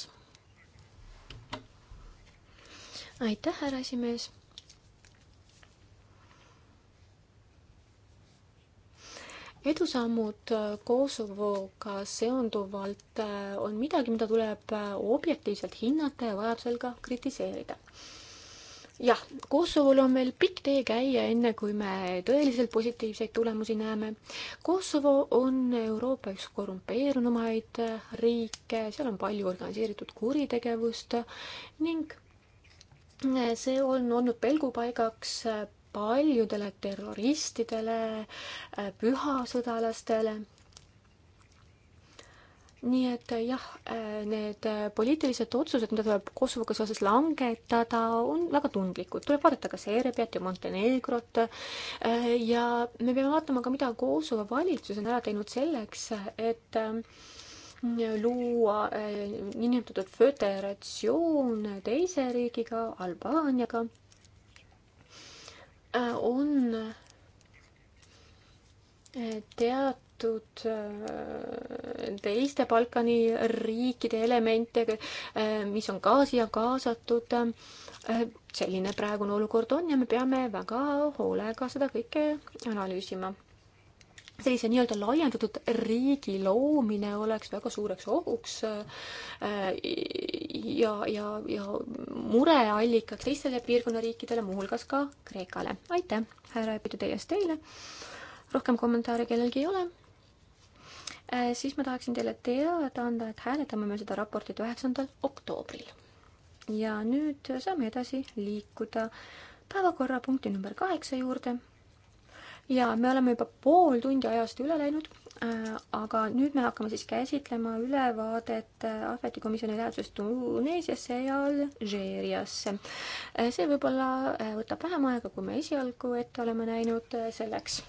aitäh, härra esimees edusammud äh, Kosovoga seonduvalt äh, on midagi, mida tuleb äh, objektiivselt hinnata ja vajadusel ka kritiseerida. jah, Kosovol on veel pikk tee käia, enne kui me tõeliselt positiivseid tulemusi näeme. Kosovo on Euroopa üks korrumpeerunumaid riike, seal on palju organiseeritud kuritegevust ning see on olnud pelgupaigaks paljudele terroristidele, äh, pühasõdalastele. nii et äh, jah, äh, need poliitilised otsused, mida tuleb Kosovoga seoses langetada, on väga tundlikud, tuleb vaadata ka Serbiat ja Montenegrot. ja me peame vaatama ka, mida Kosovo valitsus on ära teinud selleks, et luua niinimetatud föderatsioon teise riigiga, Albaaniaga Äh, on äh, teatud äh, teiste Balkani riikide elemente, mis on ka siia kaasatud. selline praegune olukord on ja me peame väga hoolega seda kõike analüüsima. sellise nii-öelda laiendatud riigi loomine oleks väga suureks ohuks ja, ja, ja mureallikaks teistele piirkonna riikidele, muuhulgas ka Kreekale. aitäh, härra Epidu teiest teile. rohkem kommentaare kellelgi ei ole äh,. siis ma tahaksin teile teada anda, et hääletame me seda raportit üheksandal oktoobril. ja nüüd saame edasi liikuda päevakorrapunkti number kaheksa juurde ja me oleme juba pool tundi ajast üle läinud, äh, aga nüüd me hakkame siis käsitlema ülevaadet äh, ahvetikomisjoni lähedusest Tuneesiasse ja Alžeeriasse. Äh, see võib-olla võtab vähem aega, kui me esialgu ette oleme näinud selleks.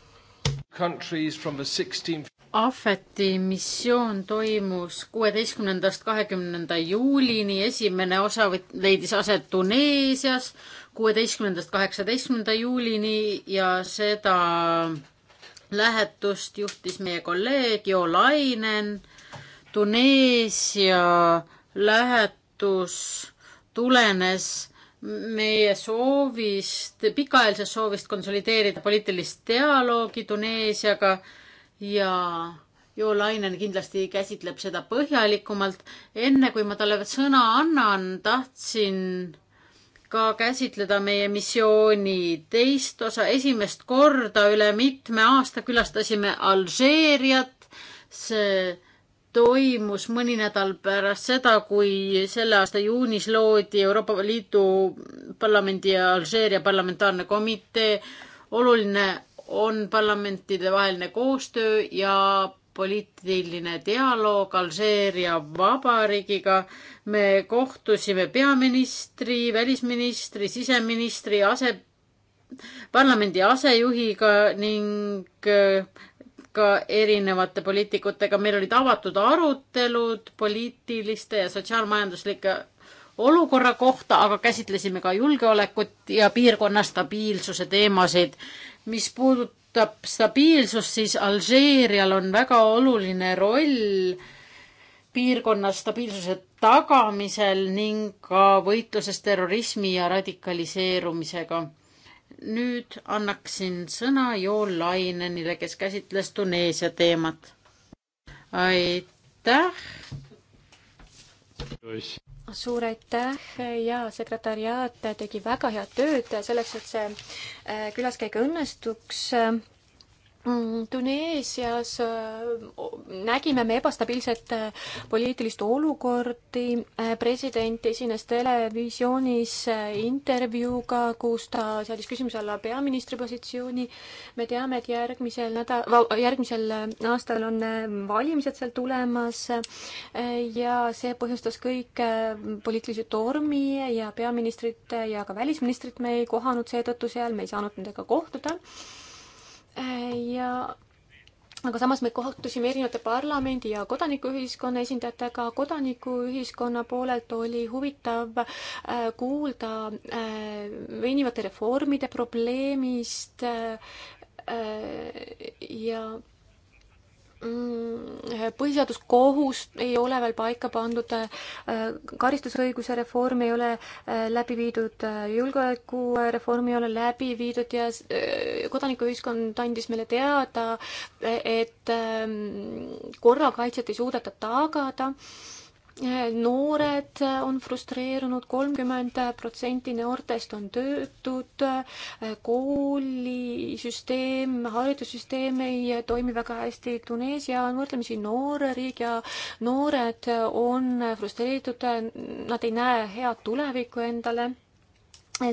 Ahveti missioon toimus kuueteistkümnendast kahekümnenda juulini, esimene osa leidis aset Tuneesias kuueteistkümnendast kaheksateistkümnenda juulini ja seda lähetust juhtis meie kolleeg Jo Lainen. Tuneesia lähetus tulenes meie soovist, pikaajalisest soovist konsolideerida poliitilist dialoogi Tuneesiaga ja Jo Lainen kindlasti käsitleb seda põhjalikumalt. enne kui ma talle sõna annan, tahtsin ka käsitleda meie missiooni teist osa. esimest korda üle mitme aasta külastasime Alžeeriat. see toimus mõni nädal pärast seda, kui selle aasta juunis loodi Euroopa Liidu Parlamendi ja Alžeeria parlamentaarne komitee. oluline on parlamentidevaheline koostöö ja poliitiline dialoog Alžeeria Vabariigiga. me kohtusime peaministri, välisministri, siseministri, ase, parlamendi asejuhiga ning äh, ka erinevate poliitikutega. meil olid avatud arutelud poliitiliste ja sotsiaalmajanduslike olukorra kohta, aga käsitlesime ka julgeolekut ja piirkonna stabiilsuse teemasid. mis puudutab puudutab stabiilsust, siis Alžeerial on väga oluline roll piirkonna stabiilsuse tagamisel ning ka võitluses terrorismi ja radikaliseerumisega. nüüd annaksin sõna Jo Lainenile, kes käsitles Tuneesia teemat. aitäh suur aitäh ja sekretäriaat tegi väga head tööd selleks, et see äh, külaskäik õnnestuks Mm, Tuneesias äh, nägime me ebastabiilset äh, poliitilist olukordi, äh, president esines televisioonis intervjuuga, kus ta seadis küsimuse alla peaministri positsiooni. me teame, et järgmisel nädal, järgmisel aastal on valimised seal tulemas ja see põhjustas kõik poliitilisi tormi ja peaministrit ja ka välisministrit me ei kohanud seetõttu seal, me ei saanud nendega kohtuda Äh, ja aga samas me kohtusime erinevate parlamendi ja kodanikuühiskonna esindajatega. kodanikuühiskonna poolelt oli huvitav äh, kuulda venivate äh, reformide probleemist ja Mm, põhiseaduskohus ei ole veel paika pandud, äh, karistusõiguse reform ei ole äh, läbi viidud, äh, julgeolekureform ei ole läbi viidud ja kodanikuühiskond andis meile teada, et korrakaitset ei suudeta tagada noored on frustreerunud, kolmkümmend protsenti noortest on töötud, koolisüsteem, haridussüsteem ei toimi väga hästi, Tuneesia on võrdlemisi noor riik ja noored on frustreeritud, nad ei näe head tulevikku endale.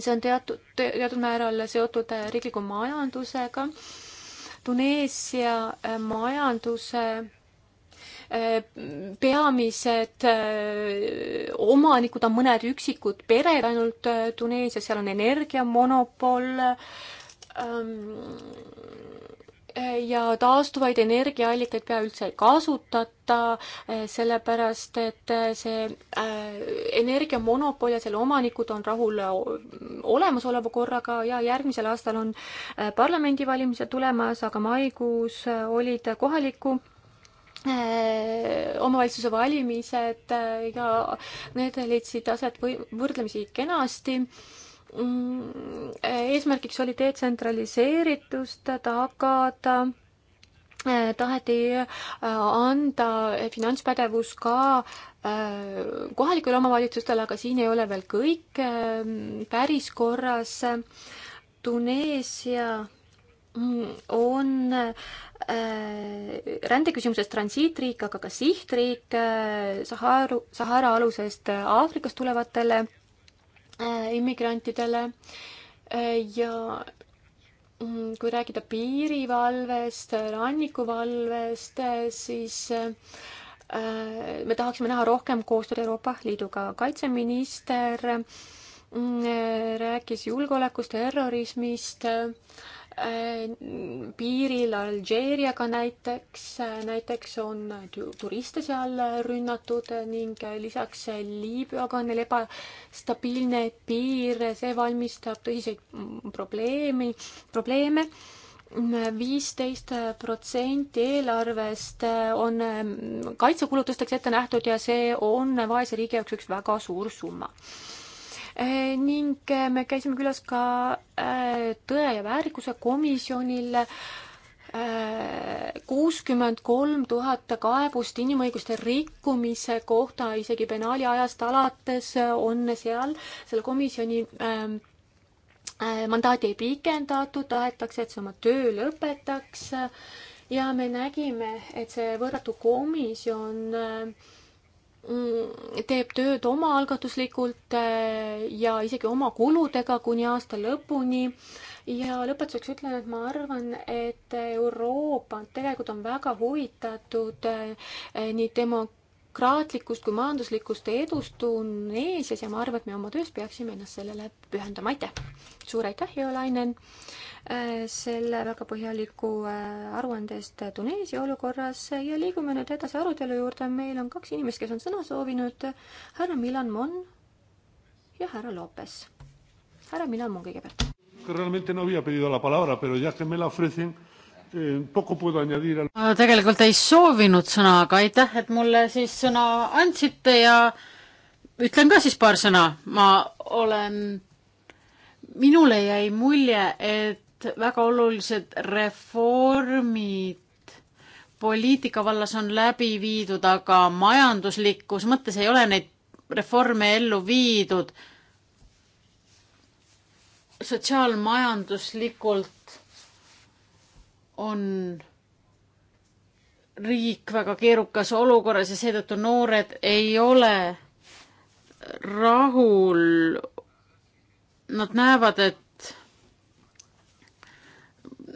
see on teatud, teatud määral seotud riikliku majandusega. Tuneesia majanduse peamised äh, omanikud on mõned üksikud pered ainult äh, Tuneesias, seal on energiamonopol ähm, ja taastuvaid energiaallikaid pea üldse ei kasutata, äh, sellepärast et see energiamonopol ja selle omanikud on rahul olemasoleva korraga ja järgmisel aastal on parlamendivalimised tulemas, aga maikuus olid kohaliku Äh, omavalitsuse valimised ja äh, need leidsid aset või võrdlemisi kenasti. Mm, eesmärgiks oli detsentraliseeritust tagada äh, taheti anda finantspädevus ka kohalikele omavalitsustele, aga siin ei ole veel kõik päris korras. Tuneesia on äh, rändeküsimuses transiitriik, aga ka sihtriik äh, Sahara, Sahara alusest Aafrikast tulevatele äh, immigrantidele ja mm, kui rääkida piirivalvest, rannikuvalvest, siis me tahaksime näha rohkem koostööd Euroopa Liiduga. kaitseminister mm, rääkis julgeolekust, terrorismist äh,, Äh, piiril Alžeeriaga näiteks, äh, näiteks on turiste seal rünnatud ning äh, lisaks Liibüaga on neil ebastabiilne piir, see valmistab tõsiseid probleemi, probleeme. viisteist protsenti eelarvest on kaitsekulutusteks ette nähtud ja see on vaese riigi jaoks üks väga suur summa Eh, ning eh, me käisime külas ka eh, Tõe ja väärikuse komisjonil kuuskümmend kolm tuhat kaebust inimõiguste rikkumise kohta isegi penaali ajast alates on seal selle komisjoni ähm, mandaati ei pikendatud, tahetakse, et see oma töö lõpetaks ja me nägime, et see võrratu komisjon äh, Mm, teeb tööd omaalgatuslikult äh, ja isegi oma kuludega kuni aasta lõpuni. ja lõpetuseks ütlen, et ma arvan, et Euroopa tegelikult on väga huvitatud äh, nii demo-, demokraatlikust kui majanduslikust edust on ees ja ma arvan, et me oma töös peaksime ennast sellele pühendama, aitäh! suur aitäh, Jüri Lainen, äh, selle väga põhjaliku äh, aruande eest Tuneesia olukorras ja liigume nüüd edasi arutelu juurde, meil on kaks inimest, kes on sõna soovinud, härra Milan Mon ja härra Lopes. härra Milan Mon kõigepealt. Realmente no había pedido la palabra, pero ya que me la ofrecen Eh, ma tegelikult ei soovinud sõna, aga aitäh, et mulle siis sõna andsite ja ütlen ka siis paar sõna. ma olen, minule jäi mulje, et väga olulised reformid poliitika vallas on läbi viidud, aga majanduslikus mõttes ei ole neid reforme ellu viidud. sotsiaalmajanduslikult on riik väga keerukas olukorras ja seetõttu noored ei ole rahul. Nad näevad, et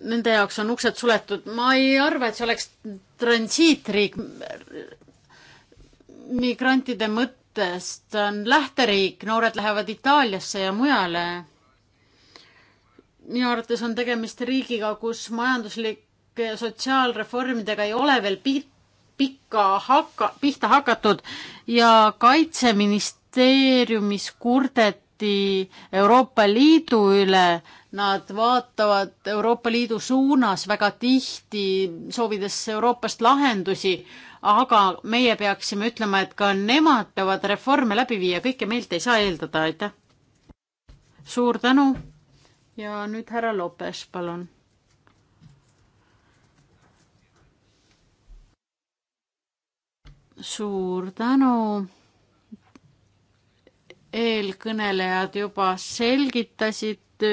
nende jaoks on uksed suletud. ma ei arva, et see oleks transiitriik migrantide mõttest. on lähteriik, noored lähevad Itaaliasse ja mujale minu arvates on tegemist riigiga, kus majanduslike ja sotsiaalreformidega ei ole veel pi-, pikka hakka, pihta hakatud ja kaitseministeeriumis kurdeti Euroopa Liidu üle, nad vaatavad Euroopa Liidu suunas väga tihti, soovides Euroopast lahendusi, aga meie peaksime ütlema, et ka nemad peavad reforme läbi viia, kõike meilt ei saa eeldada, aitäh! suur tänu! ja nüüd härra Lopes, palun. suur tänu. eelkõnelejad juba selgitasid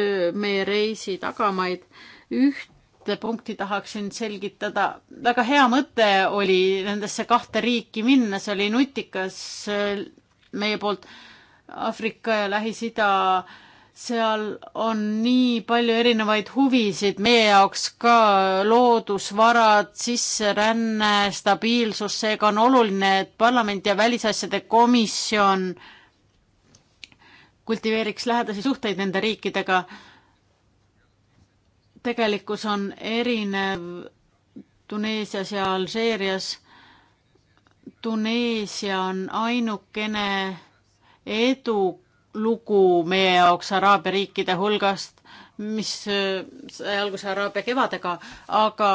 meie reisi tagamaid. ühte punkti tahaksin selgitada. väga hea mõte oli nendesse kahte riiki minna, see oli nutikas meie poolt Aafrika ja Lähis-Ida äh, seal on nii palju erinevaid huvisid meie jaoks ka loodusvarad, sisseränne, stabiilsus, seega on oluline, et parlament ja välisasjade komisjon kultiveeriks lähedasi suhteid nende riikidega. tegelikkus on erinev Tuneesias ja Alžeerias. Tuneesia on ainukene edu lugu meie jaoks Araabia riikide hulgast, mis äh, sai alguse Araabia kevadega, aga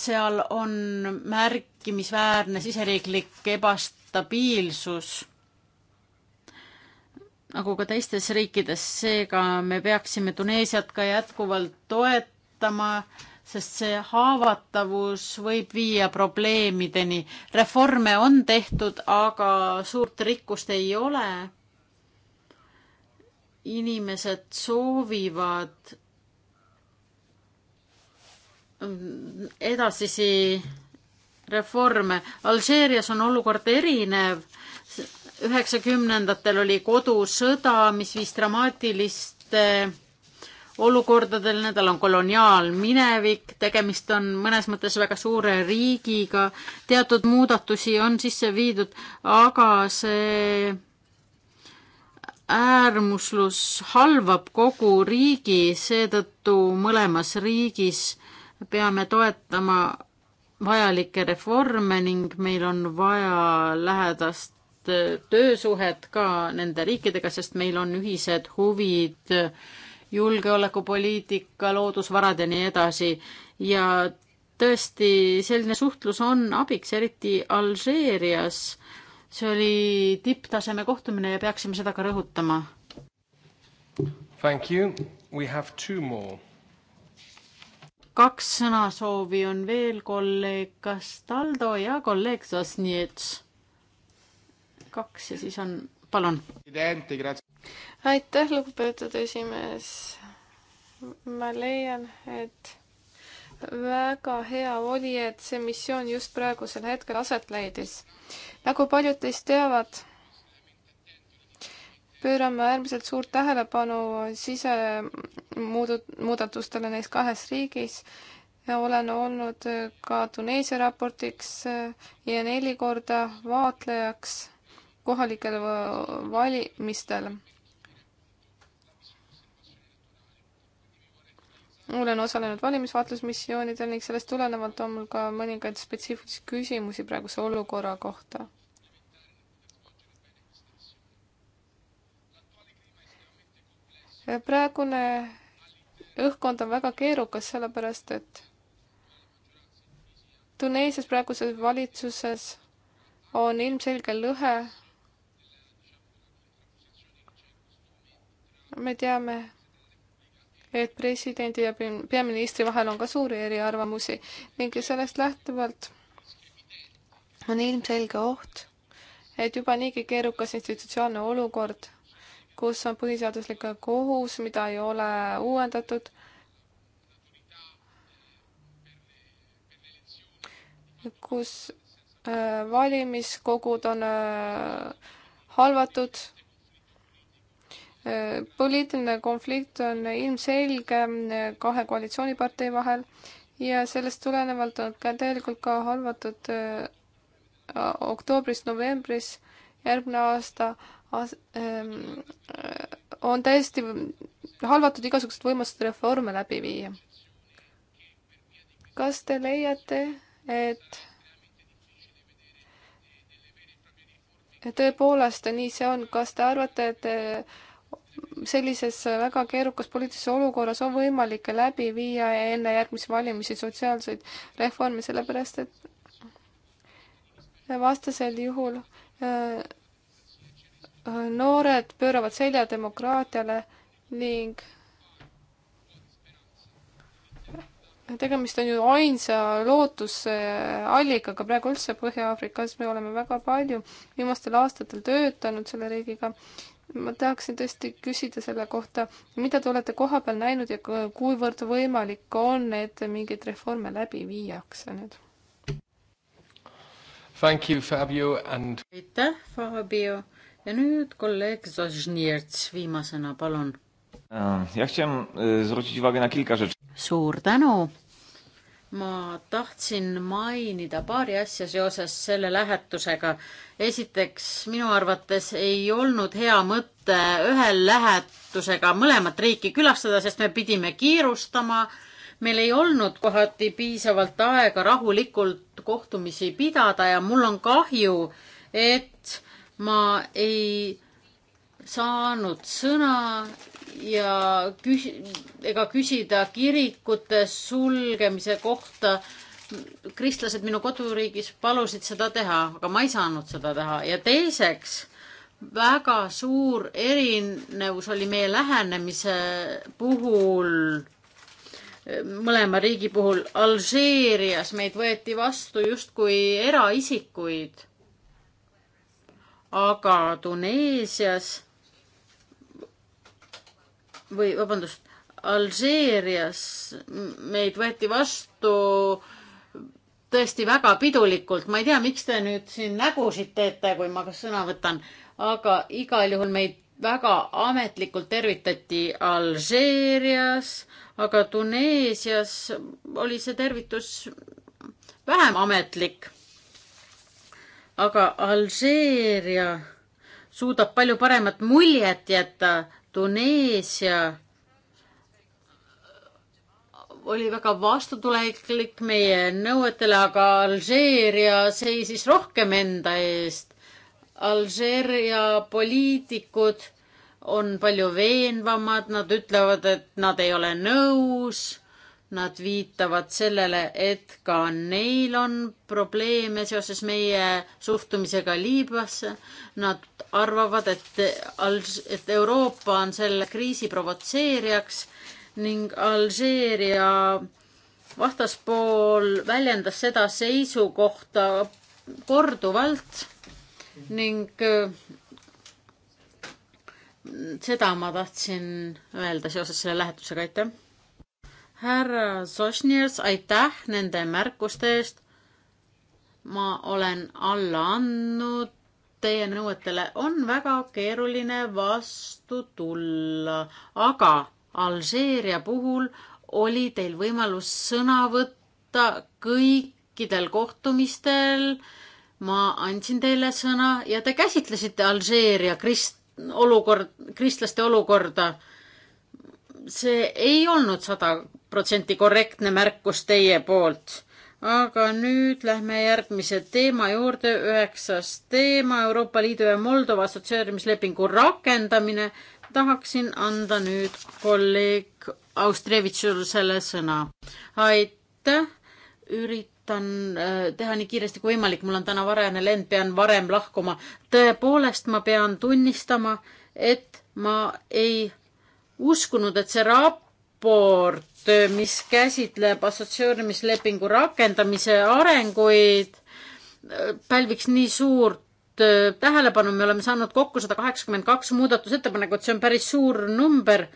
seal on märkimisväärne siseriiklik ebastabiilsus nagu ka teistes riikides, seega me peaksime Tuneesiat ka jätkuvalt toetama, sest see haavatavus võib viia probleemideni. reforme on tehtud, aga suurt rikkust ei ole inimesed soovivad edasisi reforme. Alžeerias on olukord erinev. üheksakümnendatel oli kodusõda, mis viis dramaatiliste olukordadel, nendel on koloniaalminevik, tegemist on mõnes mõttes väga suure riigiga, teatud muudatusi on sisse viidud, aga see äärmuslus halvab kogu riigi, seetõttu mõlemas riigis peame toetama vajalikke reforme ning meil on vaja lähedast äh, töösuhet ka nende riikidega, sest meil on ühised huvid, julgeolekupoliitika, loodusvarad ja nii edasi. ja tõesti, selline suhtlus on abiks, eriti Alžeerias see oli tipptaseme kohtumine ja peaksime seda ka rõhutama. Thank you, we have two more. kaks sõnasoovi on veel kolleeg Castaldo ja kolleeg Zasniets. kaks ja siis on, palun. aitäh, lugupeetud esimees. ma leian, et väga hea oli, et see missioon just praegusel hetkel aset leidis nagu paljud teist teavad, pöörame äärmiselt suurt tähelepanu sisemuudatustele neis kahes riigis ja olen olnud ka Tuneesia raportiks ja neli korda vaatlejaks kohalikel valimistel. olen osalenud valimisvaatlusmissioonidel ning sellest tulenevalt on mul ka mõningaid spetsiifilisi küsimusi praeguse olukorra kohta praegune õhkkond on väga keerukas, sellepärast et Tuneesias praeguses valitsuses on ilmselge lõhe. me teame, et presidendi ja peaministri vahel on ka suuri eriarvamusi ning sellest lähtuvalt on ilmselge oht, et juba niigi keerukas institutsionaalne olukord kus on põhiseaduslik kohus, mida ei ole uuendatud. kus äh, valimiskogud on äh, halvatud. Äh, poliitiline konflikt on ilmselge kahe koalitsioonipartei vahel ja sellest tulenevalt on ka tegelikult ka halvatud oktoobris-novembris järgmine aasta as-, ähm, äh, on täiesti halvatud igasugused võimalused reforme läbi viia. kas te leiate, et tõepoolest nii see on, kas te arvate, et äh, sellises väga keerukas poliitilises olukorras on võimalik läbi viia enne järgmisi valimisi sotsiaalseid reforme, sellepärast et vastasel juhul äh, noored pööravad selja demokraatiale ning tegemist on ju ainsa lootusallikaga praegu üldse Põhja-Aafrikas, me oleme väga palju viimastel aastatel töötanud selle riigiga. ma tahaksin tõesti küsida selle kohta, mida te olete kohapeal näinud ja kuivõrd võimalik on, et mingeid reforme läbi viiakse nüüd? aitäh, Fabio and... Eita, Fabio ja nüüd kolleeg Zosnjerts viimasena, palun. Äh, suur tänu. ma tahtsin mainida paari asja seoses selle lähetusega. esiteks, minu arvates ei olnud hea mõte ühel lähetusega mõlemat riiki külastada, sest me pidime kiirustama. meil ei olnud kohati piisavalt aega rahulikult kohtumisi pidada ja mul on kahju, et ma ei saanud sõna ja küsi-, ega küsida kirikute sulgemise kohta. kristlased minu koduriigis palusid seda teha, aga ma ei saanud seda teha ja teiseks väga suur erinevus oli meie lähenemise puhul, mõlema riigi puhul. Alžeerias meid võeti vastu justkui eraisikuid aga Tuneesias või vabandust, Alžeerias meid võeti vastu tõesti väga pidulikult, ma ei tea, miks te nüüd siin nägusid teete, kui ma sõna võtan, aga igal juhul meid väga ametlikult tervitati Alžeerias, aga Tuneesias oli see tervitus vähem ametlik aga Alžeeria suudab palju paremat muljet jätta. Tuneesia oli väga vastutuleklik meie nõuetele, aga Alžeeria seisis rohkem enda eest. Alžeeria poliitikud on palju veenvamad, nad ütlevad, et nad ei ole nõus Nad viitavad sellele, et ka neil on probleeme seoses meie suhtumisega Liibüasse. Nad arvavad, et, et Euroopa on selle kriisi provotseerijaks ning Alžeeria vastaspool väljendas seda seisukohta korduvalt ning äh, seda ma tahtsin öelda seoses selle lähetusega, aitäh härra Sosnjers, aitäh nende märkuste eest. ma olen alla andnud teie nõuetele, on väga keeruline vastu tulla, aga Alžeeria puhul oli teil võimalus sõna võtta kõikidel kohtumistel. ma andsin teile sõna ja te käsitlesite Alžeeria krist-, olukord, kristlaste olukorda see ei olnud sada protsenti korrektne märkus teie poolt. aga nüüd lähme järgmise teema juurde, üheksas teema Euroopa Liidu ja Moldova assotsieerimislepingu rakendamine. tahaksin anda nüüd kolleeg Austrevitšusele sõna. aitäh, üritan äh, teha nii kiiresti kui võimalik, mul on täna varajane lend, pean varem lahkuma. tõepoolest, ma pean tunnistama, et ma ei uskunud, et see raport, mis käsitleb assotsieerimislepingu rakendamise arenguid, pälviks nii suurt äh, tähelepanu, me oleme saanud kokku sada kaheksakümmend kaks muudatusettepanekut, see on päris suur number,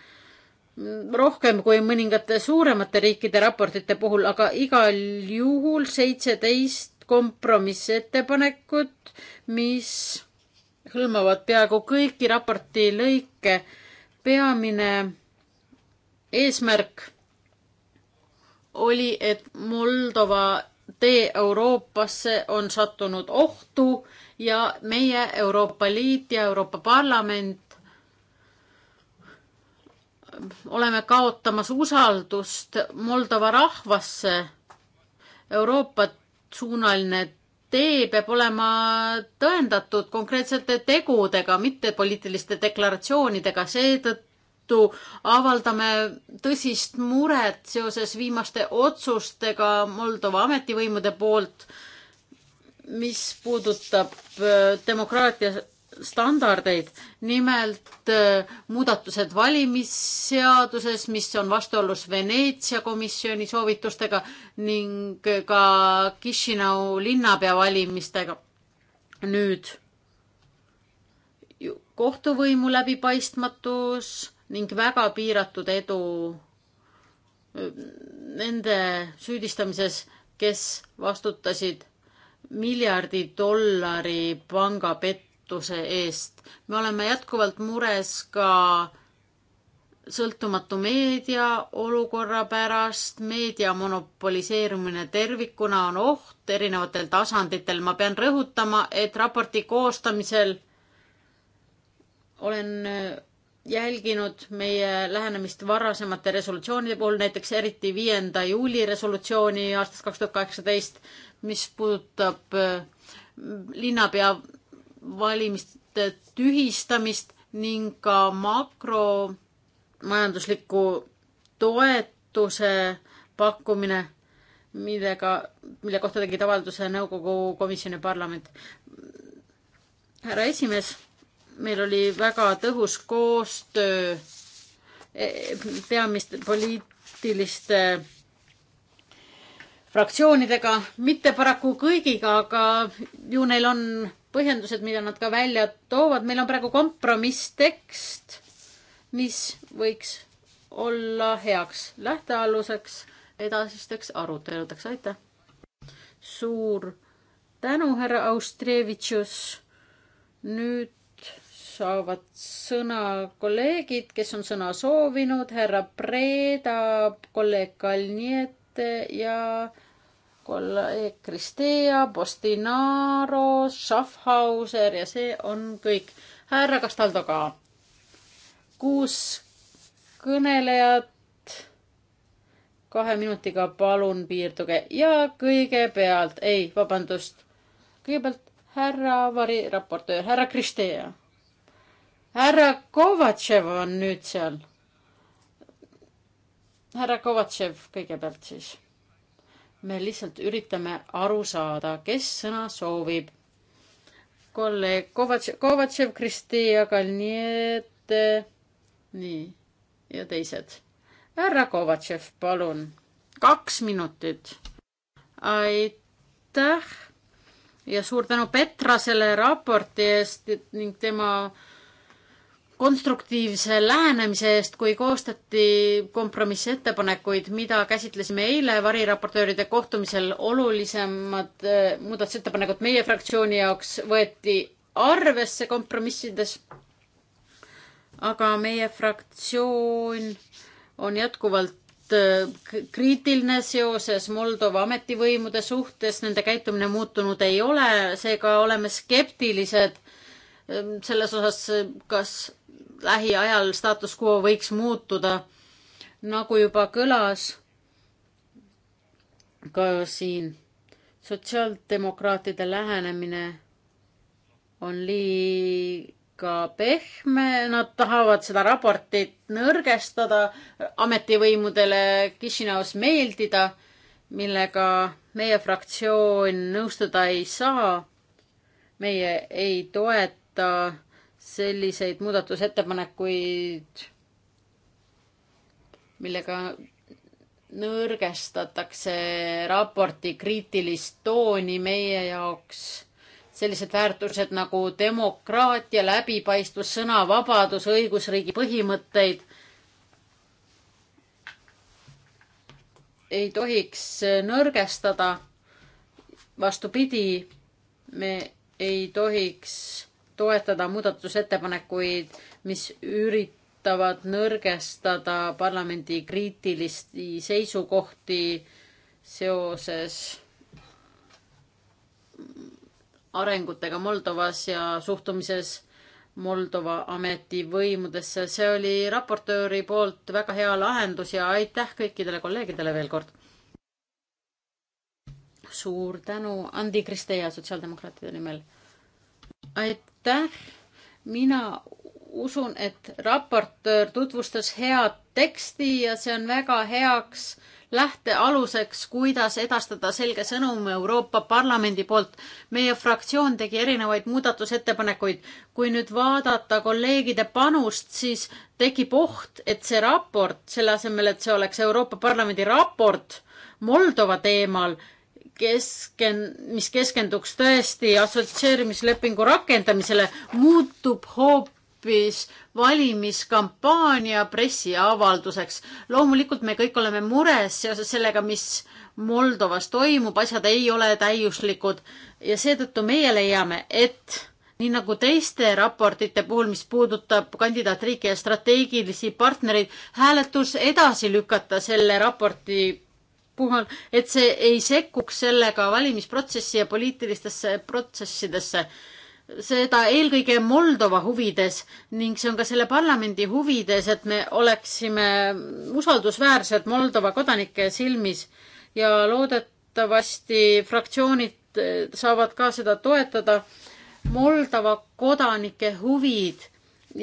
rohkem kui mõningate suuremate riikide raportite puhul, aga igal juhul seitseteist kompromissettepanekut, mis hõlmavad peaaegu kõiki raporti lõike peamine eesmärk oli, et Moldova tee Euroopasse on sattunud ohtu ja meie Euroopa Liit ja Euroopa Parlament oleme kaotamas usaldust Moldova rahvasse. Euroopa suunaline tee peab olema tõendatud konkreetsete tegudega, mitte poliitiliste deklaratsioonidega, seetõttu avaldame tõsist muret seoses viimaste otsustega Moldova ametivõimude poolt, mis puudutab äh, demokraatia standardeid, nimelt äh, muudatused valimisseaduses, mis on vastuolus Veneetsia komisjoni soovitustega ning ka Kišinau linnapea valimistega. nüüd kohtuvõimu läbipaistmatus ning väga piiratud edu äh, nende süüdistamises, kes vastutasid miljardi dollari pangapettusest sõltumatuse eest. me oleme jätkuvalt mures ka sõltumatu meedia olukorra pärast, meedia monopoliseerumine tervikuna on oht erinevatel tasanditel. ma pean rõhutama, et raporti koostamisel olen äh, jälginud meie lähenemist varasemate resolutsioonide puhul, näiteks eriti viienda juuli resolutsiooni aastast kaks tuhat kaheksateist, mis puudutab äh, linnapea valimiste tühistamist ning ka makromajandusliku toetuse pakkumine, millega, mille kohta tegid avalduse nõukogu komisjon ja parlament. härra esimees, meil oli väga tõhus koostöö e, peamiste poliitiliste fraktsioonidega, mitte paraku kõigiga, aga ju neil on põhjendused, mida nad ka välja toovad, meil on praegu kompromisstekst, mis võiks olla heaks lähtealuseks edasisteks aruteludeks, aitäh! suur tänu, härra Austrevitšus. nüüd saavad sõna kolleegid, kes on sõna soovinud, härra Preeda, kolleeg Kalniete ja kolleeg Kristea, Postinaro, Schaffhauser ja see on kõik. härra Castaldo ka. kuus kõnelejat. kahe minutiga palun piirduge ja kõigepealt, ei, vabandust, kõigepealt härra variraportöör, härra Kristea. härra Kovatšev on nüüd seal. härra Kovatšev kõigepealt siis me lihtsalt üritame aru saada, kes sõna soovib. kolleeg Kovatšev, Kovatšev, Kristia Kalniete, nii, ja teised. härra Kovatšev, palun, kaks minutit. aitäh ja suur tänu Petrasele raporti eest ning tema konstruktiivse lähenemise eest, kui koostati kompromissettepanekuid, mida käsitlesime eile variraportööride kohtumisel. olulisemad eh, muudatusettepanekud meie fraktsiooni jaoks võeti arvesse kompromissides. aga meie fraktsioon on jätkuvalt eh, kriitiline seoses Moldova ametivõimude suhtes, nende käitumine muutunud ei ole, seega oleme skeptilised eh, selles osas, kas lähiajal staatus quo võiks muutuda. nagu juba kõlas ka siin, sotsiaaldemokraatide lähenemine on liiga pehme, nad tahavad seda raportit nõrgestada, ametivõimudele Kišinevas meeldida, millega meie fraktsioon nõustuda ei saa. meie ei toeta selliseid muudatusettepanekuid, millega nõrgestatakse raporti kriitilist tooni meie jaoks, sellised väärtused nagu demokraatia, läbipaistvus, sõnavabadus, õigusriigi põhimõtteid ei tohiks nõrgestada. vastupidi, me ei tohiks toetada muudatusettepanekuid, mis üritavad nõrgestada parlamendi kriitilist seisukohti seoses arengutega Moldovas ja suhtumises Moldova ametivõimudesse. see oli raportööri poolt väga hea lahendus ja aitäh kõikidele kolleegidele veel kord. suur tänu Andi Kristeja sotsiaaldemokraatide nimel. aitäh aitäh. mina usun, et raportöör tutvustas head teksti ja see on väga heaks lähtealuseks, kuidas edastada selge sõnum Euroopa Parlamendi poolt. meie fraktsioon tegi erinevaid muudatusettepanekuid. kui nüüd vaadata kolleegide panust, siis tekib oht, et see raport, selle asemel, et see oleks Euroopa Parlamendi raport Moldova teemal, kesken-, mis keskenduks tõesti assotsieerimislepingu rakendamisele, muutub hoopis valimiskampaania pressiavalduseks. loomulikult me kõik oleme mures seoses sellega, mis Moldovas toimub, asjad ei ole täiuslikud ja seetõttu meie leiame, et nii nagu teiste raportite puhul, mis puudutab kandidaatriike ja strateegilisi partnereid, hääletus edasi lükata selle raporti puhul, et see ei sekkuks sellega valimisprotsessi ja poliitilistesse protsessidesse. seda eelkõige Moldova huvides ning see on ka selle parlamendi huvides, et me oleksime usaldusväärsed Moldova kodanike silmis ja loodetavasti fraktsioonid eh, saavad ka seda toetada. Moldova kodanike huvid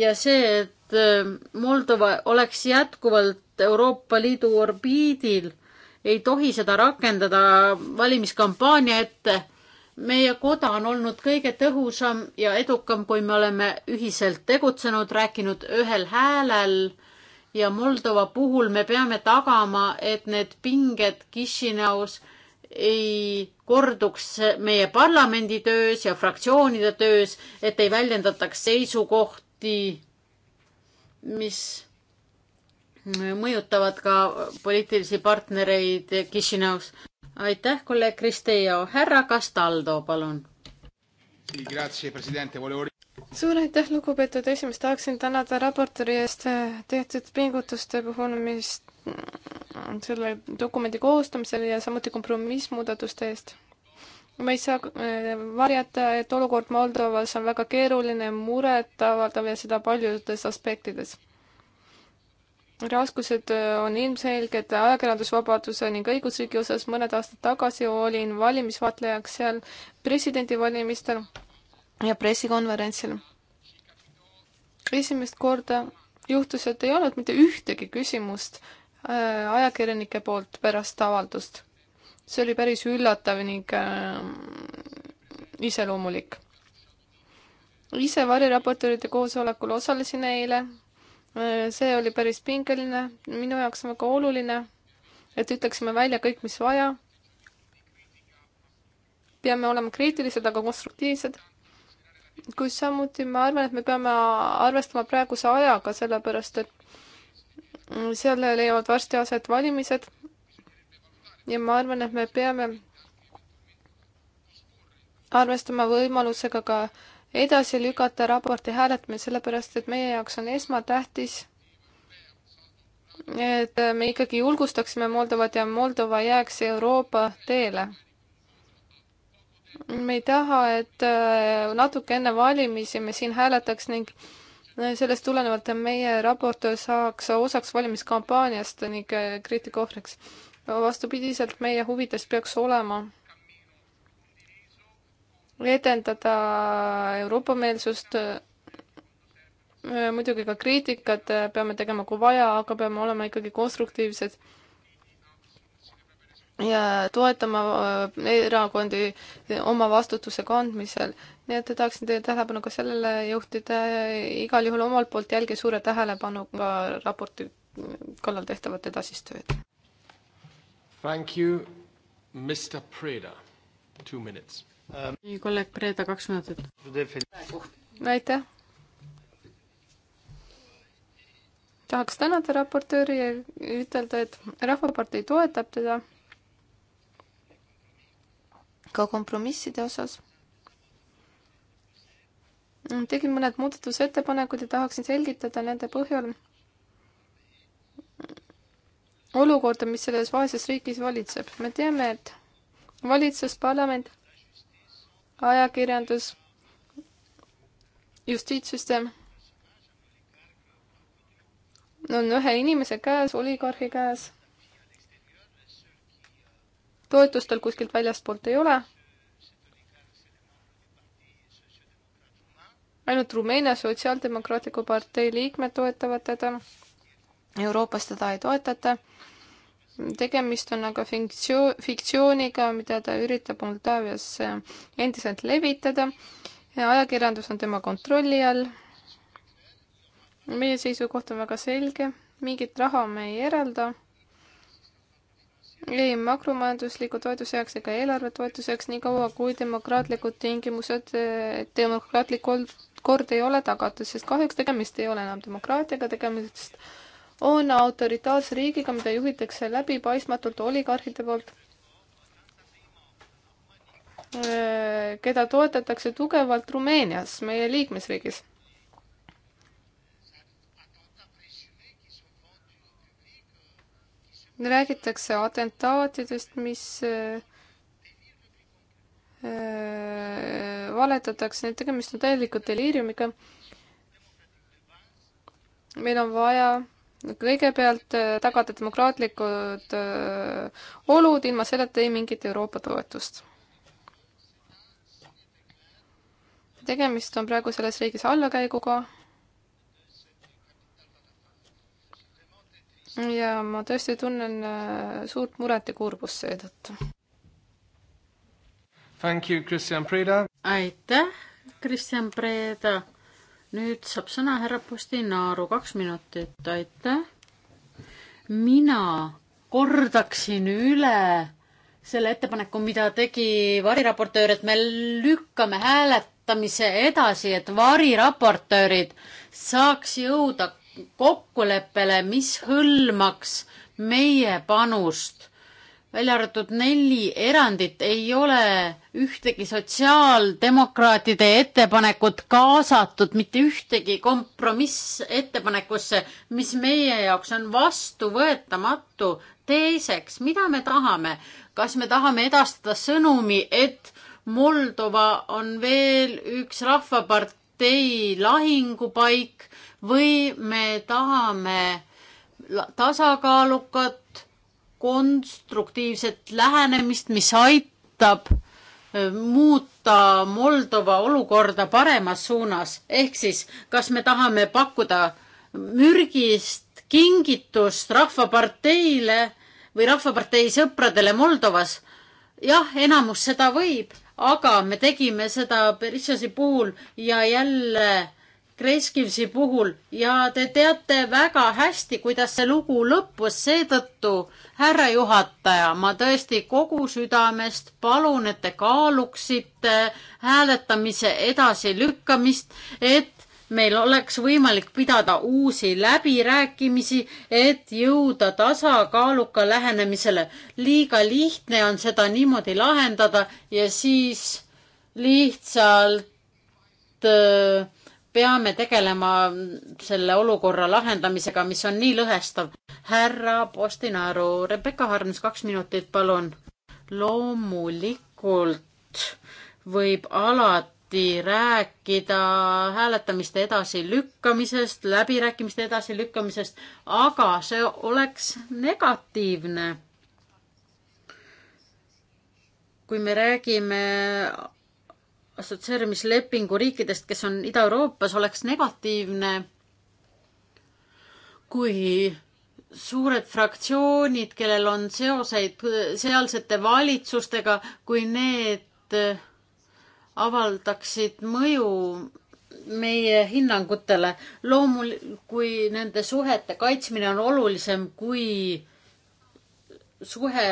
ja see, et eh, Moldova oleks jätkuvalt Euroopa Liidu orbiidil ei tohi seda rakendada valimiskampaania ette. meie koda on olnud kõige tõhusam ja edukam, kui me oleme ühiselt tegutsenud, rääkinud ühel häälel ja Moldova puhul me peame tagama, et need pinged Kišinevus ei korduks meie parlamendi töös ja fraktsioonide töös, et ei väljendataks seisukohti, mis mõjutavad ka poliitilisi partnereid Kišinõus. aitäh, kolleeg Kristeio. härra Castaldo, palun. suur aitäh, lugupeetud esimees, tahaksin tänada raportööri eest tehtud pingutuste puhul, mis selle dokumendi koostamisel ja samuti kompromissmuudatuste eest ma ei saa eh, varjata, et olukord Moldovas on väga keeruline, muret avaldav ja seda paljudes aspektides raskused äh, on ilmselged ajakirjandusvabaduse ning õigusriigi osas. mõned aastad tagasi olin valimisvaatlejaks seal presidendivalimistel ja pressikonverentsil. esimest korda juhtus, et ei olnud mitte ühtegi küsimust äh, ajakirjanike poolt pärast avaldust. see oli päris üllatav ning äh, iseloomulik. ise variraportööride koosolekul osalesin eile see oli päris pingeline, minu jaoks on väga oluline, et ütleksime välja kõik, mis vaja. peame olema kriitilised, aga konstruktiivsed. kuid samuti ma arvan, et me peame arvestama praeguse ajaga, sellepärast et seal leiavad varsti aset valimised. ja ma arvan, et me peame arvestama võimalusega ka äh, edasi lükata raporti hääletamine, sellepärast et meie jaoks on esmatähtis, et me ikkagi julgustaksime Moldovat ja Moldova jääks Euroopa teele. me ei taha, et äh, natuke enne valimisi me siin hääletaks ning äh, sellest tulenevalt meie raport saaks osaks valimiskampaaniast ning äh, kriitika ohvriks. vastupidiselt meie huvides peaks olema edendada Euroopa-meelsust, muidugi ka kriitikat peame tegema, kui vaja, aga peame olema ikkagi konstruktiivsed ja toetama äh, erakondi oma vastutuse kandmisel. nii et tahaksin teie tähelepanu ka sellele juhtida ja igal juhul omalt poolt jälgin suure tähelepanuga raporti kallal tehtavat edasist tööd. Thank you, Mr Preda, two minutes nii, kolleeg Preeda, kaks minutit. aitäh. tahaks tänada raportööri ja ütelda, et Rahvapartei toetab teda ka kompromisside osas. tegin mõned muudatusettepanekud ja tahaksin selgitada nende põhjal olukorda, mis selles vaeses riigis valitseb. me teame, et valitsus, parlament ajakirjandus, justiitssüsteem on ühe inimese käes, oligarhi käes. toetust tal kuskilt väljastpoolt ei ole. ainult Rumeenia Sotsiaaldemokraatliku Partei liikmed toetavad teda. Euroopas teda ei toetata tegemist on aga fiktsio-, fiktsiooniga, mida ta üritab Moldaavias äh, endiselt levitada. ajakirjandus on tema kontrolli all. meie seisukoht on väga selge, mingit raha me ei eralda. ei makromajandusliku toetuse jaoks ega eelarvetoetuse jaoks, niikaua kui demokraatlikud tingimused, äh, demokraatlik kord ei ole tagatud, sest kahjuks tegemist ei ole enam demokraatiaga, tegemist on autoritaarse riigiga, mida juhitakse läbipaistmatult oligarhide poolt, äh, keda toetatakse tugevalt Rumeenias, meie liikmesriigis. räägitakse atentaatidest, mis äh, äh, valetatakse, nii et tegemist on täieliku deliiriumiga. meil on vaja kõigepealt äh, tagada demokraatlikud äh, olud, ilma selleta ei mingit Euroopa toetust. tegemist on praegu selles riigis allakäiguga. ja ma tõesti tunnen äh, suurt muret ja kurbust seetõttu. aitäh, Kristjan Preda nüüd saab sõna härra Postinaaru, kaks minutit, aitäh. mina kordaksin üle selle ettepaneku, mida tegi variraportöör, et me lükkame hääletamise edasi, et variraportöörid saaks jõuda kokkuleppele, mis hõlmaks meie panust välja arvatud neli erandit, ei ole ühtegi sotsiaaldemokraatide ettepanekut kaasatud mitte ühtegi kompromissettepanekusse, mis meie jaoks on vastuvõetamatu. teiseks, mida me tahame, kas me tahame edastada sõnumi, et Moldova on veel üks rahvapartei lahingupaik või me tahame tasakaalukat konstruktiivset lähenemist, mis aitab äh, muuta Moldova olukorda paremas suunas, ehk siis kas me tahame pakkuda mürgist kingitust Rahvaparteile või Rahvapartei sõpradele Moldovas. jah, enamus seda võib, aga me tegime seda Berissasi puhul ja jälle Kreskivsi puhul ja te teate väga hästi, kuidas see lugu lõppes, seetõttu, härra juhataja, ma tõesti kogu südamest palun, et te kaaluksite hääletamise edasilükkamist, et meil oleks võimalik pidada uusi läbirääkimisi, et jõuda tasakaaluka lähenemisele. liiga lihtne on seda niimoodi lahendada ja siis lihtsalt äh, peame tegelema selle olukorra lahendamisega, mis on nii lõhestav. härra Postinaru, Rebecca Harms, kaks minutit, palun. loomulikult võib alati rääkida hääletamiste edasilükkamisest, läbirääkimiste edasilükkamisest, aga see oleks negatiivne. kui me räägime assotsieerimislepingu riikidest, kes on Ida-Euroopas, oleks negatiivne, kui suured fraktsioonid, kellel on seoseid sealsete valitsustega, kui need avaldaksid mõju meie hinnangutele. loomul-, kui nende suhete kaitsmine on olulisem kui suhe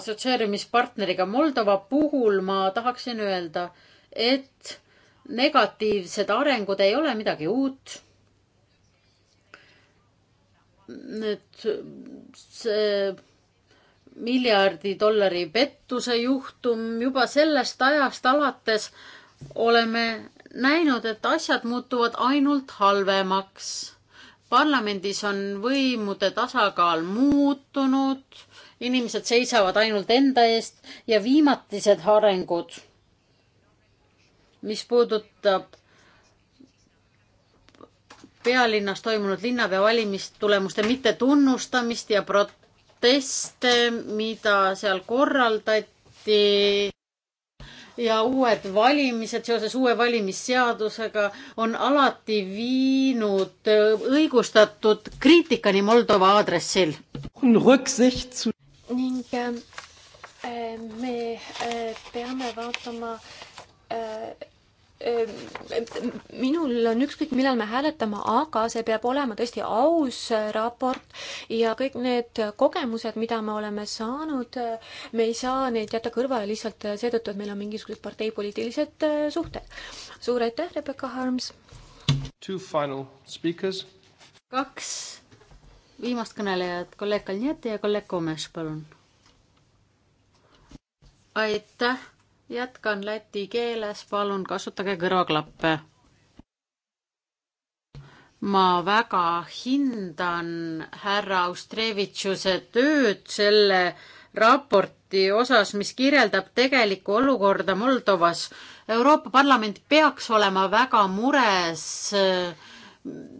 assotsieerimispartneriga Moldova puhul ma tahaksin öelda, et negatiivsed arengud ei ole midagi uut. et see miljardi dollari pettuse juhtum juba sellest ajast alates oleme näinud, et asjad muutuvad ainult halvemaks. parlamendis on võimude tasakaal muutunud, inimesed seisavad ainult enda eest ja viimatised arengud mis puudutab pealinnas toimunud linnapea valimistulemuste mittetunnustamist ja proteste, mida seal korraldati ja uued valimised seoses uue valimisseadusega on alati viinud õigustatud kriitikani Moldova aadressil. ning äh, me äh, peame vaatama äh, minul on ükskõik, millal me hääletame, aga see peab olema tõesti aus raport ja kõik need kogemused, mida me oleme saanud, me ei saa neid jätta kõrvale lihtsalt seetõttu, et meil on mingisugused parteipoliitilised äh, suhted. suur aitäh, Rebecca Harms! kaks viimast kõnelejat, kolleeg Kalniete ja kolleeg Komes, palun! aitäh! jätkan läti keeles, palun kasutage kõrvaklappe. ma väga hindan härra Austrevitšuse tööd selle raporti osas, mis kirjeldab tegelikku olukorda Moldovas. Euroopa Parlament peaks olema väga mures äh,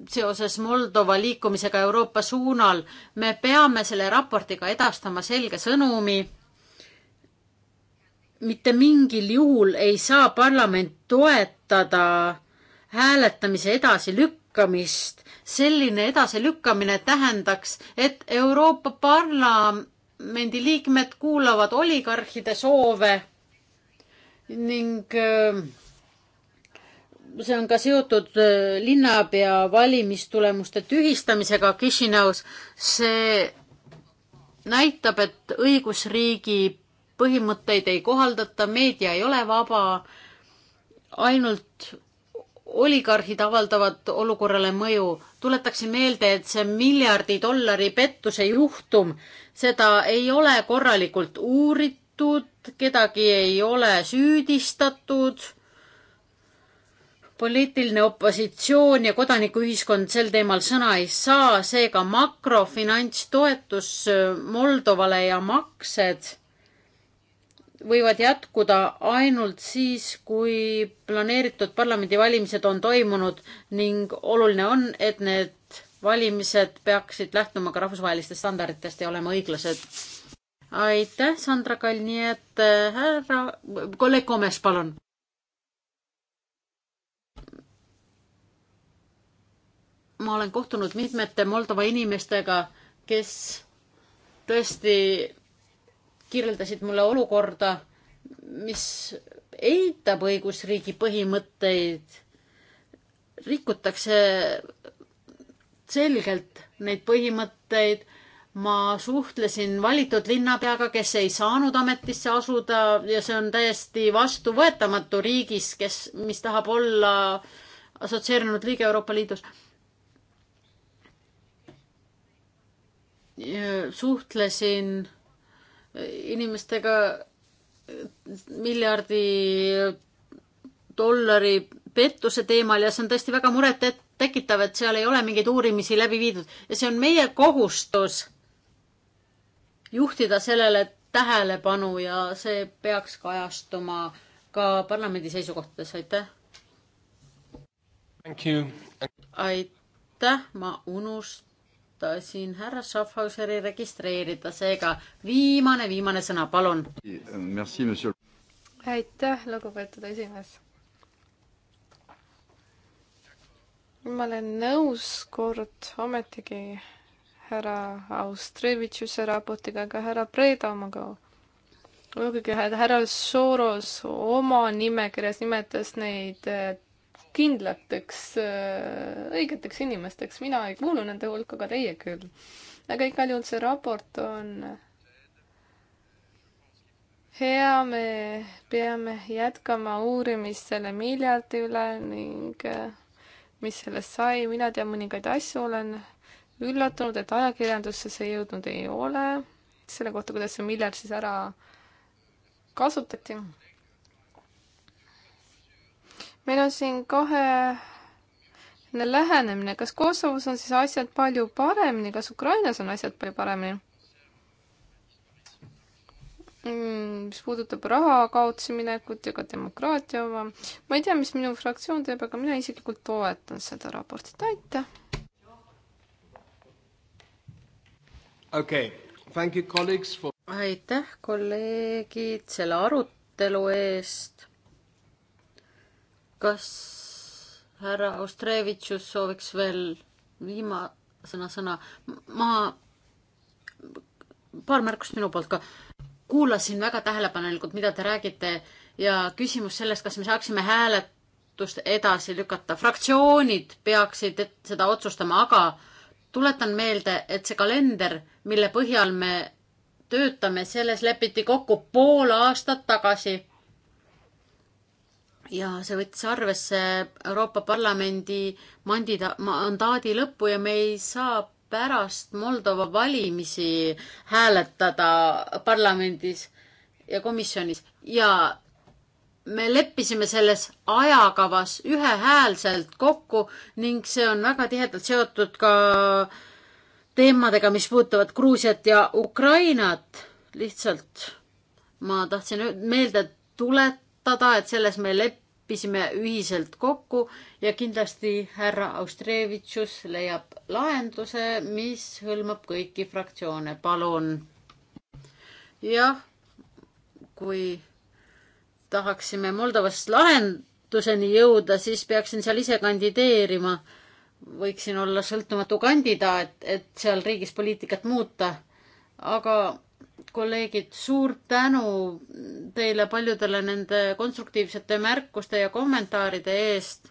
seoses Moldova liikumisega Euroopa suunal. me peame selle raportiga edastama selge sõnumi mitte mingil juhul ei saa parlament toetada hääletamise edasilükkamist. selline edasilükkamine tähendaks, et Euroopa Parlamendi liikmed kuulavad oligarhide soove ning äh, see on ka seotud äh, linnapea valimistulemuste tühistamisega Kišinõus. see näitab, et õigusriigi põhimõtteid ei kohaldata, meedia ei ole vaba, ainult oligarhid avaldavad olukorrale mõju. tuletaksin meelde, et see miljardi dollari pettuse juhtum, seda ei ole korralikult uuritud, kedagi ei ole süüdistatud. poliitiline opositsioon ja kodanikuühiskond sel teemal sõna ei saa, seega makrofinantstoetus Moldovale ja maksed võivad jätkuda ainult siis, kui planeeritud parlamendivalimised on toimunud ning oluline on, et need valimised peaksid lähtuma ka rahvusvahelistest standarditest ja olema õiglased. aitäh, Sandra Kall, nii et äh, härra, kolleeg Komes, palun. ma olen kohtunud mitmete Moldova inimestega, kes tõesti kirjeldasid mulle olukorda, mis eitab õigusriigi põhimõtteid, rikutakse selgelt neid põhimõtteid. ma suhtlesin valitud linnapeaga, kes ei saanud ametisse asuda ja see on täiesti vastuvõetamatu riigis, kes, mis tahab olla assotsieerunud liige Euroopa Liidus. suhtlesin inimestega miljardi dollari pettuse teemal ja see on tõesti väga murettekitav, et seal ei ole mingeid uurimisi läbi viidud ja see on meie kohustus juhtida sellele tähelepanu ja see peaks kajastuma ka parlamendi seisukohtades, aitäh. aitäh, ma unust-, palutasin härra Schaffhauseri registreerida, seega viimane, viimane sõna, palun. aitäh, lugupeetud esimees. ma olen nõus kord ometigi härra Austrevitšuse raportiga, aga härra Preda omaga muidugi härra Soros oma nimekirjas nimetas neid kindlateks äh, õigeteks inimesteks, mina ei kuulu nende hulka, aga teie küll. aga igal juhul see raport on hea, me peame jätkama uurimist selle miljardi üle ning äh, mis sellest sai, mina tean mõningaid asju, olen üllatunud, et ajakirjandusse see jõudnud ei ole, selle kohta, kuidas see miljard siis ära kasutati meil on siin kahe lähenemine, kas Kosovos on siis asjad palju paremini, kas Ukrainas on asjad palju paremini? Mm, mis puudutab raha kaotsi minekut ja ka demokraatia oma. ma ei tea, mis minu fraktsioon teeb, aga mina isiklikult toetan seda raportit, aitäh. okei okay., thank you colleagues for. aitäh, kolleegid, selle arutelu eest kas härra Austrevitšus sooviks veel viimasena sõna? ma, paar märkust minu poolt ka. kuulasin väga tähelepanelikult, mida te räägite ja küsimus sellest, kas me saaksime hääletust edasi lükata. fraktsioonid peaksid seda otsustama, aga tuletan meelde, et see kalender, mille põhjal me töötame, selles lepiti kokku pool aastat tagasi ja see võttis arvesse Euroopa Parlamendi mandida-, mandaadi lõppu ja me ei saa pärast Moldova valimisi hääletada parlamendis ja komisjonis ja me leppisime selles ajakavas ühehäälselt kokku ning see on väga tihedalt seotud ka teemadega, mis puudutavad Gruusiat ja Ukrainat. lihtsalt ma tahtsin meelde tuletada saavutada, et selles me leppisime ühiselt kokku ja kindlasti härra Austrevitšus leiab lahenduse, mis hõlmab kõiki fraktsioone, palun. jah, kui tahaksime Moldovas lahenduseni jõuda, siis peaksin seal ise kandideerima. võiksin olla sõltumatu kandidaat, et seal riigis poliitikat muuta. aga kolleegid, suur tänu teile paljudele nende konstruktiivsete märkuste ja kommentaaride eest.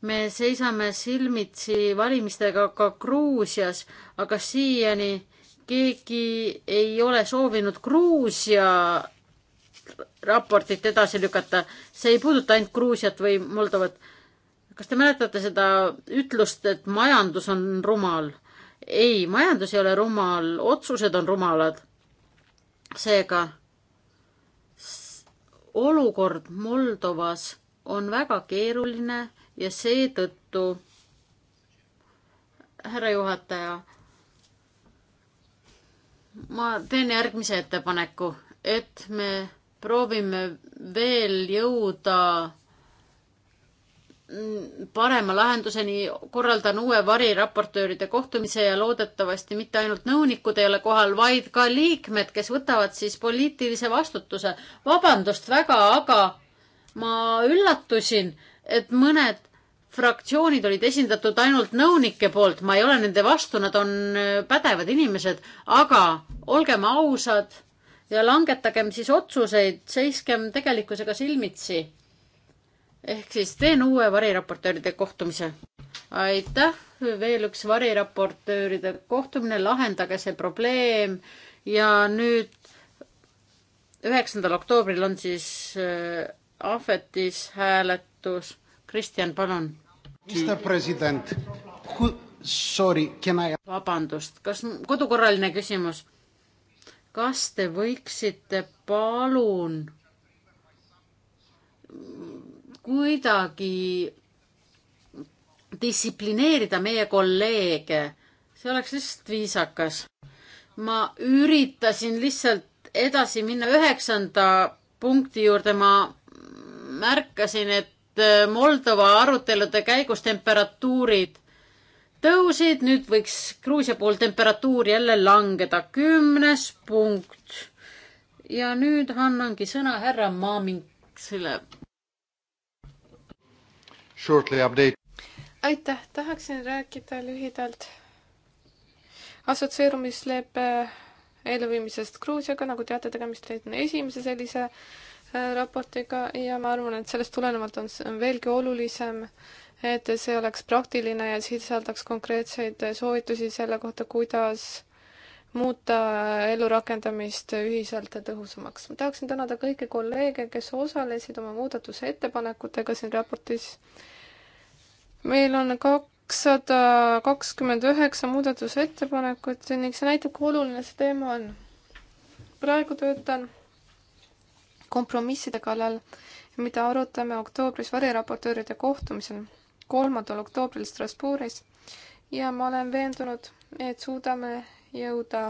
me seisame silmitsi valimistega ka Gruusias, aga siiani keegi ei ole soovinud Gruusia raportit edasi lükata. see ei puuduta ainult Gruusiat või Moldovat. kas te mäletate seda ütlust, et majandus on rumal? ei, majandus ei ole rumal, otsused on rumalad seega olukord Moldovas on väga keeruline ja seetõttu, härra juhataja, ma teen järgmise ettepaneku, et me proovime veel jõuda parema lahenduseni, korraldan uue variraportööride kohtumise ja loodetavasti mitte ainult nõunikud ei ole kohal, vaid ka liikmed, kes võtavad siis poliitilise vastutuse. vabandust väga, aga ma üllatusin, et mõned fraktsioonid olid esindatud ainult nõunike poolt, ma ei ole nende vastu, nad on äh, pädevad inimesed, aga olgem ausad ja langetagem siis otsuseid, seiskem tegelikkusega silmitsi ehk siis teen uue variraportööride kohtumise. aitäh, veel üks variraportööride kohtumine, lahendage see probleem ja nüüd üheksandal oktoobril on siis äh, ahvetis hääletus. Kristjan, palun. Mr President, sorry, can I? vabandust, kas kodukorraline küsimus? kas te võiksite palun kuidagi distsiplineerida meie kolleege, see oleks lihtsalt viisakas. ma üritasin lihtsalt edasi minna üheksanda punkti juurde, ma märkasin, et äh, Moldova arutelude käigus temperatuurid tõusid, nüüd võiks Gruusia pool temperatuur jälle langeda. kümnes punkt. ja nüüd annangi sõna härra Maaminksile shortly update. aitäh, tahaksin rääkida lühidalt assotsieerumisleppe elluviimisest Gruusiaga, nagu teate, tegemist on esimese sellise äh, raportiga ja ma arvan, et sellest tulenevalt on see veelgi olulisem, et see oleks praktiline ja sisaldaks konkreetseid soovitusi selle kohta, kuidas muuta ellurakendamist ühiselt tõhusamaks. ma tahaksin tänada kõiki kolleege, kes osalesid oma muudatusettepanekutega siin raportis. meil on kakssada kakskümmend üheksa muudatusettepanekut ning see näitab, kui oluline see teema on. praegu töötan kompromisside kallal, mida arutame oktoobris variraportööride kohtumisel, kolmandal oktoobril Strasbourgis ja ma olen veendunud, et suudame jõuda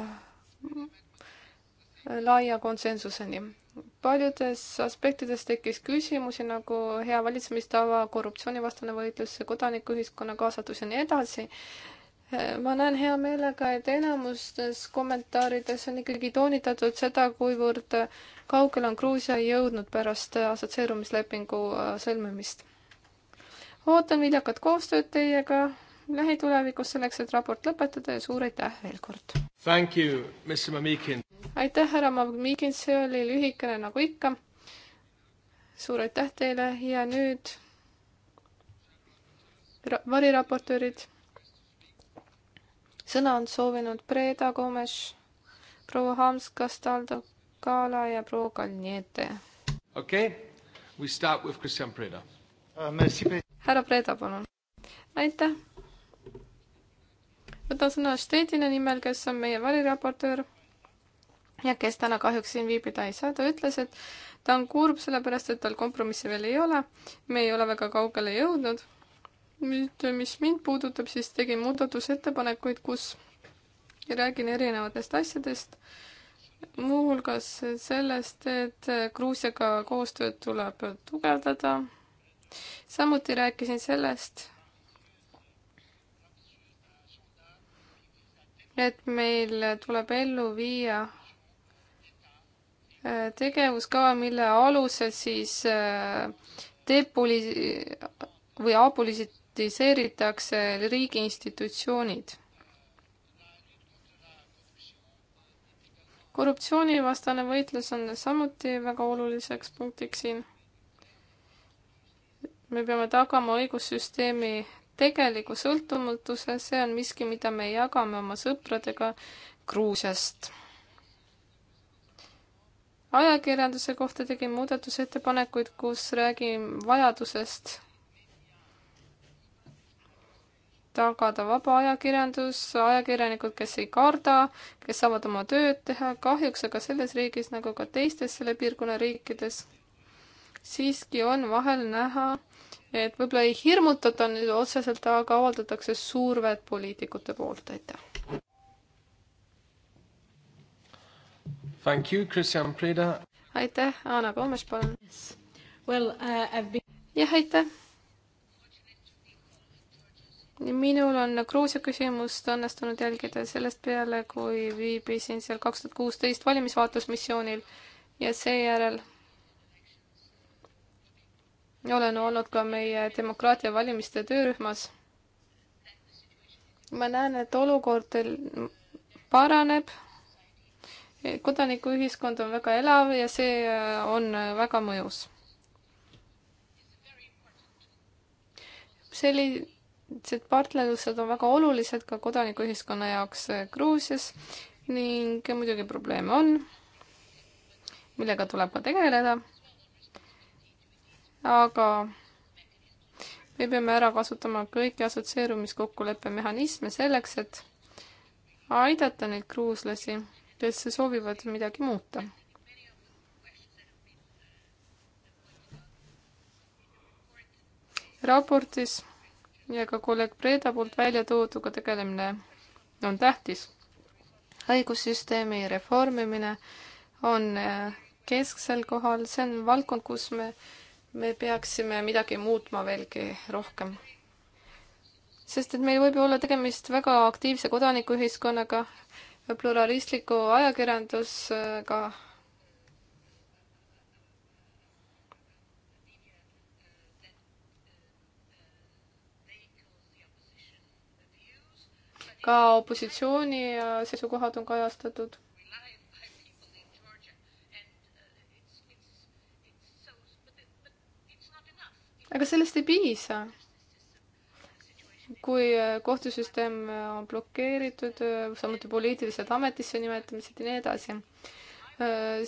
laia konsensuseni. paljudes aspektides tekkis küsimusi nagu hea valitsemistava, korruptsioonivastane võitlus, kodanikuühiskonna kaasatus ja nii edasi. ma näen hea meelega, et enamustes kommentaarides on ikkagi toonitatud seda, kuivõrd kaugele on Gruusia jõudnud pärast assotsieerumislepingu sõlmimist. ootan viljakat koostööd teiega lähitulevikus selleks, et raport lõpetada ja suur aitäh veel kord! aitäh, härra Mamikin, see oli lühikene nagu ikka. suur aitäh teile ja nüüd variraportöörid. sõna on soovinud Breda Gomes, proua Hams, Castaldo, Kala ja proua Kalniete. okei okay., we start with Christian Breda uh,. härra Breda, palun. aitäh võtan sõna Štetina nimel, kes on meie variraportöör ja kes täna kahjuks siin viibida ei saa, ta ütles, et ta on kurb sellepärast, et tal kompromissi veel ei ole. me ei ole väga kaugele jõudnud. nüüd, mis mind puudutab, siis tegin muudatusettepanekuid, kus räägin erinevatest asjadest, muuhulgas sellest, et Gruusiaga koostööd tuleb tugevdada. samuti rääkisin sellest, et meil tuleb ellu viia äh, tegevuskava, mille alusel siis äh, depoli- või apolitiseeritakse riigi institutsioonid. korruptsioonivastane võitlus on samuti väga oluliseks punktiks siin me peame tagama õigussüsteemi tegeliku sõltumatuse, see on miski, mida me jagame oma sõpradega Gruusiast. ajakirjanduse kohta tegin muudatusettepanekuid, kus räägin vajadusest tagada vaba ajakirjandus, ajakirjanikud, kes ei karda, kes saavad oma tööd teha, kahjuks aga selles riigis nagu ka teistes selle piirkonna riikides siiski on vahel näha et võib-olla ei hirmutata nüüd otseselt, aga avaldatakse survet poliitikute poolt, aitäh. Thank you, Kristjan Preda. aitäh, Anna Koomes, palun yes.. Well, uh, been... jah, aitäh. minul on Gruusia küsimust õnnestunud jälgida sellest peale, kui viibisin seal kaks tuhat kuusteist valimisvaatlusmissioonil ja seejärel olen olnud ka meie demokraatia valimiste töörühmas. ma näen, et olukord paraneb. kodanikuühiskond on väga elav ja see äh, on äh, väga mõjus. sellised partnerlused on väga olulised ka kodanikuühiskonna jaoks äh, Gruusias ning muidugi probleeme on, millega tuleb ka tegeleda aga me peame ära kasutama kõiki assotsieerumiskokkuleppe mehhanisme selleks, et aidata neid gruuslasi, kes soovivad midagi muuta. raportis ja ka kolleeg Breda poolt välja tooduga tegelemine on tähtis. haigussüsteemi reformimine on kesksel kohal, see on valdkond, kus me äh, me peaksime midagi muutma veelgi rohkem. sest et meil võib ju olla tegemist väga aktiivse kodanikuühiskonnaga, pluralistliku ajakirjandusega, ka opositsiooni seisukohad on kajastatud aga sellest ei piisa. kui äh, kohtusüsteem äh, on blokeeritud, äh, samuti poliitilised ametisse nimetamised ja nii edasi.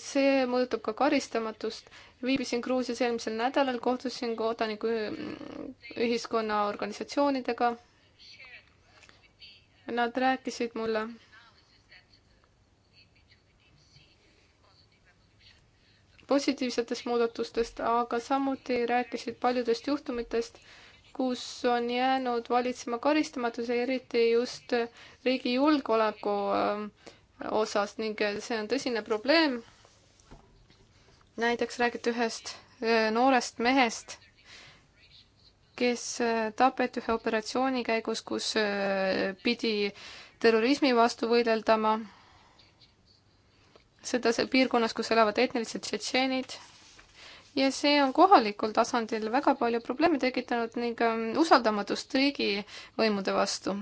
see mõjutab ka karistamatust. viibisin Gruusias eelmisel nädalal, kohtusin kodanikuühiskonna organisatsioonidega. Nad rääkisid mulle positiivsetest muudatustest, aga samuti rääkisid paljudest juhtumitest, kus on jäänud valitsema karistamatus ja eriti just riigi julgeoleku äh, osas ning see on tõsine probleem. näiteks räägiti ühest äh, noorest mehest, kes äh, tapeti ühe operatsiooni käigus, kus pidi terrorismi vastu võideldama seda piirkonnas, kus elavad etnilised tšetšeenid ja see on kohalikul tasandil väga palju probleeme tekitanud ning ähm, usaldamatust riigivõimude vastu.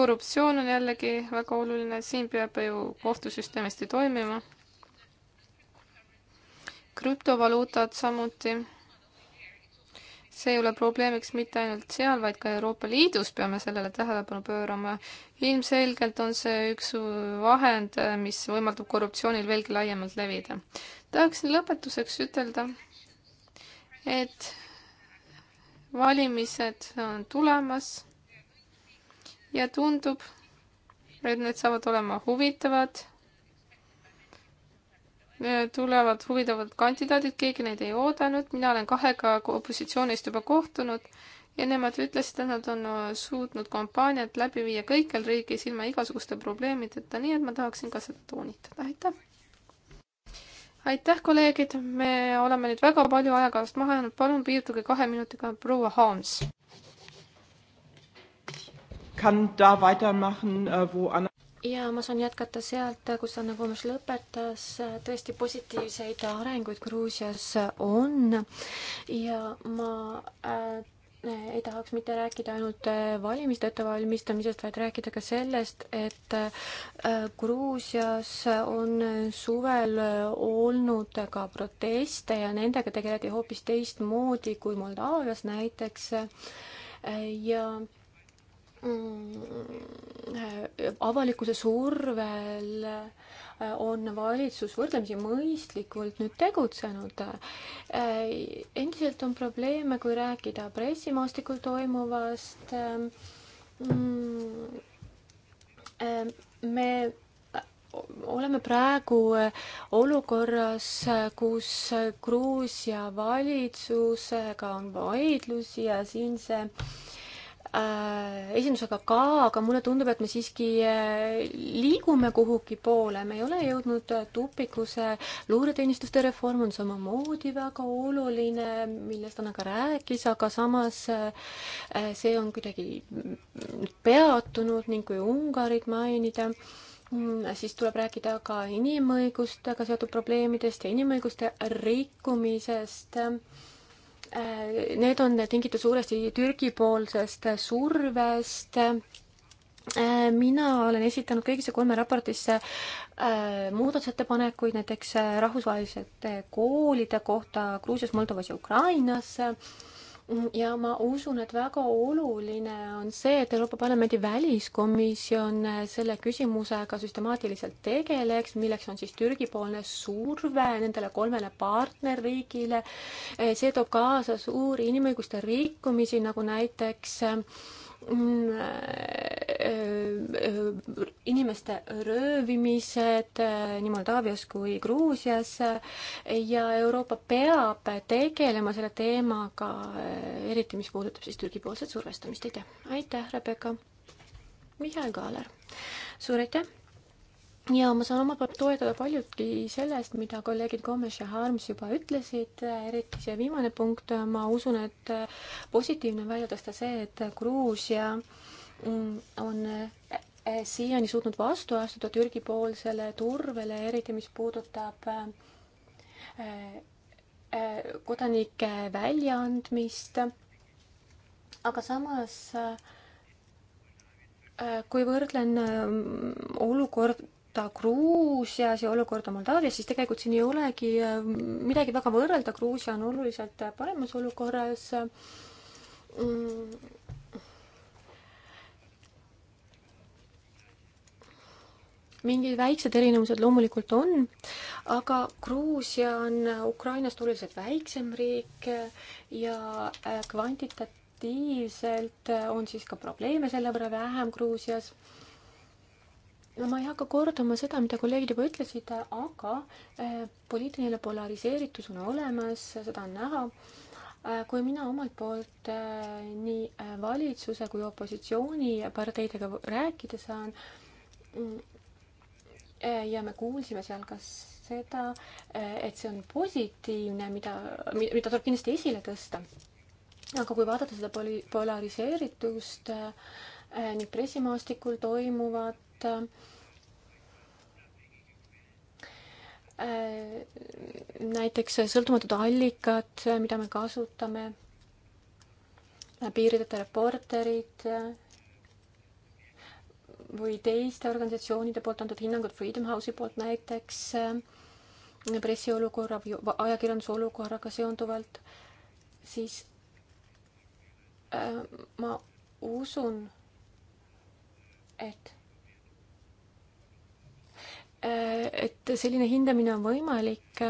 korruptsioon on jällegi väga oluline, siin peab ju kohtusüsteem hästi toimima. krüptovaluutad samuti see ei ole probleemiks mitte ainult seal, vaid ka Euroopa Liidus peame sellele tähelepanu pöörama. ilmselgelt on see üks vahend, mis võimaldab korruptsioonil veelgi laiemalt levida. tahaksin lõpetuseks ütelda, et valimised on tulemas ja tundub, et need saavad olema huvitavad tulevad huvitavad kandidaadid, keegi neid ei oodanud, mina olen kahega opositsioonist juba kohtunud ja nemad ütlesid, et nad on äh, suutnud kampaaniat läbi viia kõikjal riigis ilma igasuguste probleemideta, nii et ma tahaksin ka seda toonitada, aitäh! aitäh, kolleegid, me oleme nüüd väga palju ajakavast maha jäänud, palun piirduge kahe minutiga, proua Harms. kann da weitermachen, äh, wo Anna ja ma saan jätkata sealt, kus Anna Komes lõpetas. tõesti positiivseid arenguid Gruusias on ja ma äh, ei tahaks mitte rääkida ainult äh, valimiste ettevalmistamisest, vaid rääkida ka sellest, et äh, Gruusias on suvel äh, olnud ka proteste ja nendega tegeleti hoopis teistmoodi kui Moldaavias näiteks ja Mm, avalikkuse survel äh, on valitsus võrdlemisi mõistlikult nüüd tegutsenud. Äh, endiselt on probleeme, kui rääkida pressimaastikul toimuvast. Äh, mm, me oleme praegu olukorras, kus Gruusia valitsusega on vaidlusi ja siin see Äh, esindusega ka, aga mulle tundub, et me siiski äh, liigume kuhugi poole, me ei ole jõudnud äh, tupikusse. luureteenistuste reform on samamoodi väga oluline, millest Anna ka rääkis, aga samas see on kuidagi mm, peatunud ning kui Ungarit mainida, mm, siis tuleb rääkida ka inimõigustega seotud probleemidest ja inimõiguste rikkumisest Äh, need on tingitud suuresti Türgi-poolsest survest äh, mina olen esitanud kõigisse kolme raportisse äh, muudatusettepanekuid näiteks äh, rahvusvaheliste koolide kohta Gruusias, Moldovas ja Ukrainas äh,. Mm, ja ma usun, et väga oluline on see, et Euroopa Parlamendi väliskomisjon äh, selle küsimusega süstemaatiliselt tegeleks, milleks on siis Türgi-poolne surve nendele kolmele partnerriigile. Äh, see toob kaasa suuri inimõiguste rikkumisi, nagu näiteks äh, inimeste röövimised eh, nii Moldaavias kui Gruusias eh, ja Euroopa peab tegelema selle teemaga, eh, eriti mis puudutab siis Türgi-poolset survestamist, aitäh! aitäh, Rebecca! Mihhail Kaaler, suur aitäh! ja ma saan omalt poolt toetada paljutki sellest, mida kolleegid Gomes ja Harms juba ütlesid, eriti see viimane punkt, ma usun, et positiivne on välja tõsta see, et Gruusia mm, on e, siiani suutnud vastu astuda Türgi-poolsele turvele, eriti mis puudutab e, e, kodanike väljaandmist. aga samas kui võrdlen mm, olukord vaadata Gruusias ja olukorda Moldaavias, siis tegelikult siin ei olegi äh, midagi väga võrrelda, Gruusia on oluliselt paremas olukorras mm.. mingid väiksed erinevused loomulikult on, aga Gruusia on Ukrainast oluliselt väiksem riik ja äh, kvantitatiivselt on siis ka probleeme selle võrra vähem Gruusias no ma ei hakka kordama seda, mida kolleegid juba ütlesid, aga äh, poliitiline polariseeritus on olemas, seda on näha. Äh, kui mina omalt poolt äh, nii valitsuse kui opositsiooniparteidega rääkida saan, ja me kuulsime seal ka seda, et see on positiivne, mida, mida tuleb kindlasti esile tõsta. aga kui vaadata seda poli-, polariseeritust ning pressimaastikul toimuvat, et äh, näiteks sõltumatud allikad, mida me kasutame, piirideta reporterid või teiste organisatsioonide poolt antud hinnangud, Freedom House'i poolt näiteks äh, pressiolukorra või ajakirjanduse olukorraga seonduvalt, siis äh, ma usun, et Äh, et selline hindamine on võimalik.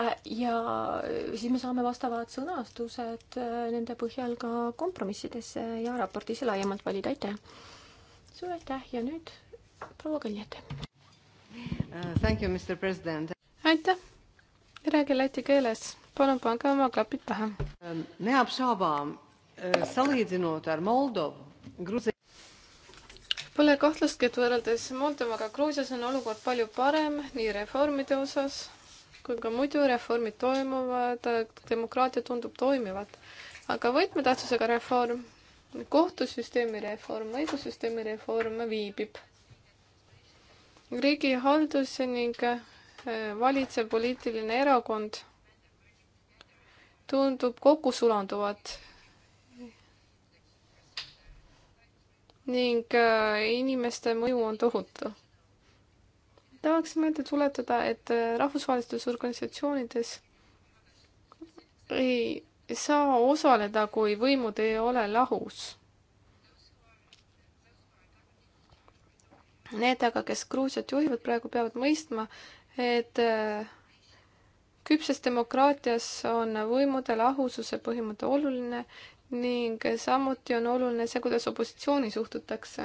Äh, ja siis me saame vastavad sõnastused äh, nende põhjal ka kompromissidesse ja raportisse laiemalt valida, aitäh! suur aitäh ja nüüd proua Kõljet uh,. aitäh! räägi läti keeles, palun pange oma klapid pähe. Ähm, me saab salidinud Moldova, Gruusia. Pole kahtlustki, et võrreldes Moldovaga Gruusias on olukord palju parem nii reformide osas kui ka muidu reformid toimuvad, demokraatia tundub toimivat. aga võtmetähtsusega reform, kohtusüsteemi reform, õigussüsteemi reform viibib. riigihaldus ning eh, valitsev poliitiline erakond tundub kokku sulanduvat ning äh, inimeste mõju on tohutu. tahaks meelde tuletada, et äh, rahvusvahelistes organisatsioonides ei saa osaleda, kui võimud ei ole lahus. Need aga, kes Gruusiat juhivad praegu, peavad mõistma, et äh, küpses demokraatias on võimude lahususe põhimõte oluline ning samuti on oluline see, kuidas opositsiooni suhtutakse.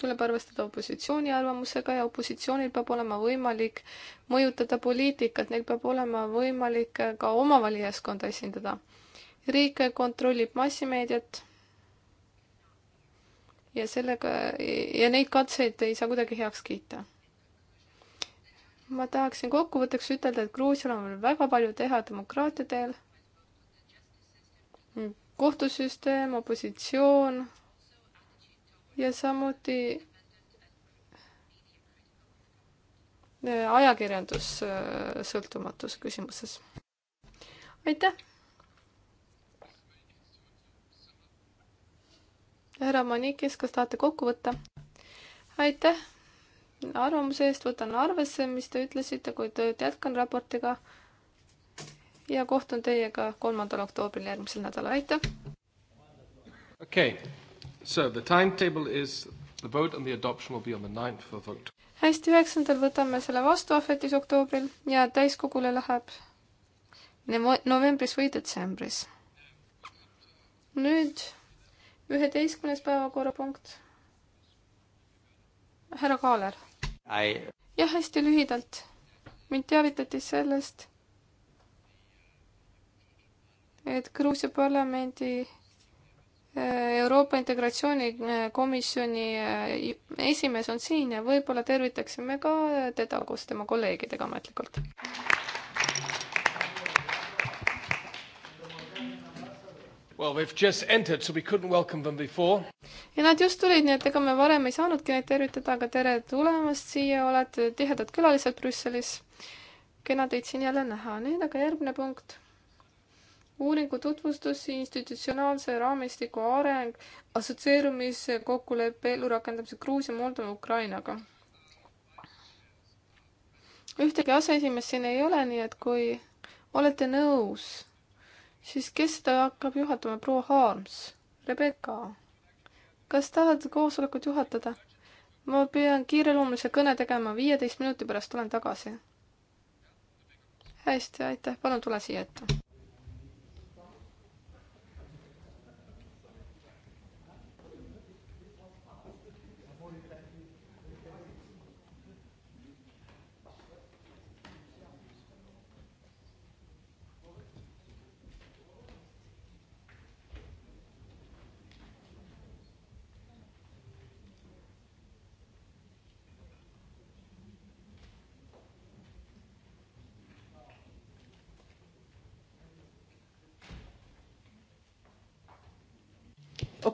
tuleb arvestada opositsiooni arvamusega ja opositsioonil peab olema võimalik mõjutada poliitikat, neil peab olema võimalik ka oma valijaskonda esindada. riik kontrollib massimeediat ja sellega ja neid katseid ei saa kuidagi heaks kiita. ma tahaksin kokkuvõtteks ütelda, et Gruusial on veel väga palju teha demokraatia teel kohtusüsteem, opositsioon ja samuti äh, ajakirjandussõltumatus äh, küsimuses. aitäh! härra Manikis, kas tahate kokku võtta? aitäh arvamuse eest, võtan arvesse, mis te ütlesite, kuid jätkan raportiga ja kohtun teiega kolmandal oktoobril järgmisel nädalal, aitäh! okei okay., so the timetable is the vote on the adoption will be on the ninth of oct-. hästi, üheksandal võtame selle vastu ahvetis oktoobril ja täiskogule läheb novembris või detsembris. nüüd üheteistkümnes päevakorrapunkt. härra Kaaler I.... jah, hästi lühidalt. mind teavitati sellest et Gruusia parlamendi äh, Euroopa Integratsioonikomisjoni äh, äh, esimees on siin ja võib-olla tervitaksime ka teda koos tema kolleegidega ametlikult. Well, they've just entered, so we couldn't welcome them before. ja nad just tulid, nii et ega me varem ei saanudki neid tervitada, aga tere tulemast siia, olete tihedad külalised Brüsselis. kena teid siin jälle näha, nüüd aga järgmine punkt uuringu tutvustus, institutsionaalse raamistiku areng, assotsieerumise kokkuleppe elurakendamise Gruusia, Moldova, Ukrainaga. ühtegi aseesimeest siin ei ole, nii et kui olete nõus, siis kes seda hakkab juhatama, proua Harms, Rebecca, kas tahad koosolekut juhatada? ma pean kiireloomulise kõne tegema, viieteist minuti pärast tulen tagasi. hästi, aitäh, palun tule siia ette.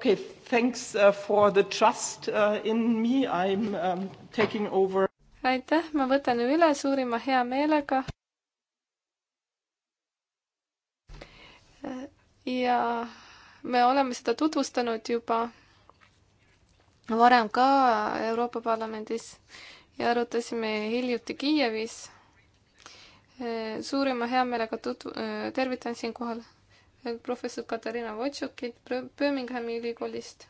Okay, thanks uh, for the trust uh, in me, I am um, taking over. aitäh, ma võtan üle suurima heameelega. ja me oleme seda tutvustanud juba varem ka Euroopa Parlamendis ja arutasime hiljuti Kiievis. suurima heameelega tutv-, tervitan siinkohal professor Katariina Votšokit Birminghami ülikoolist.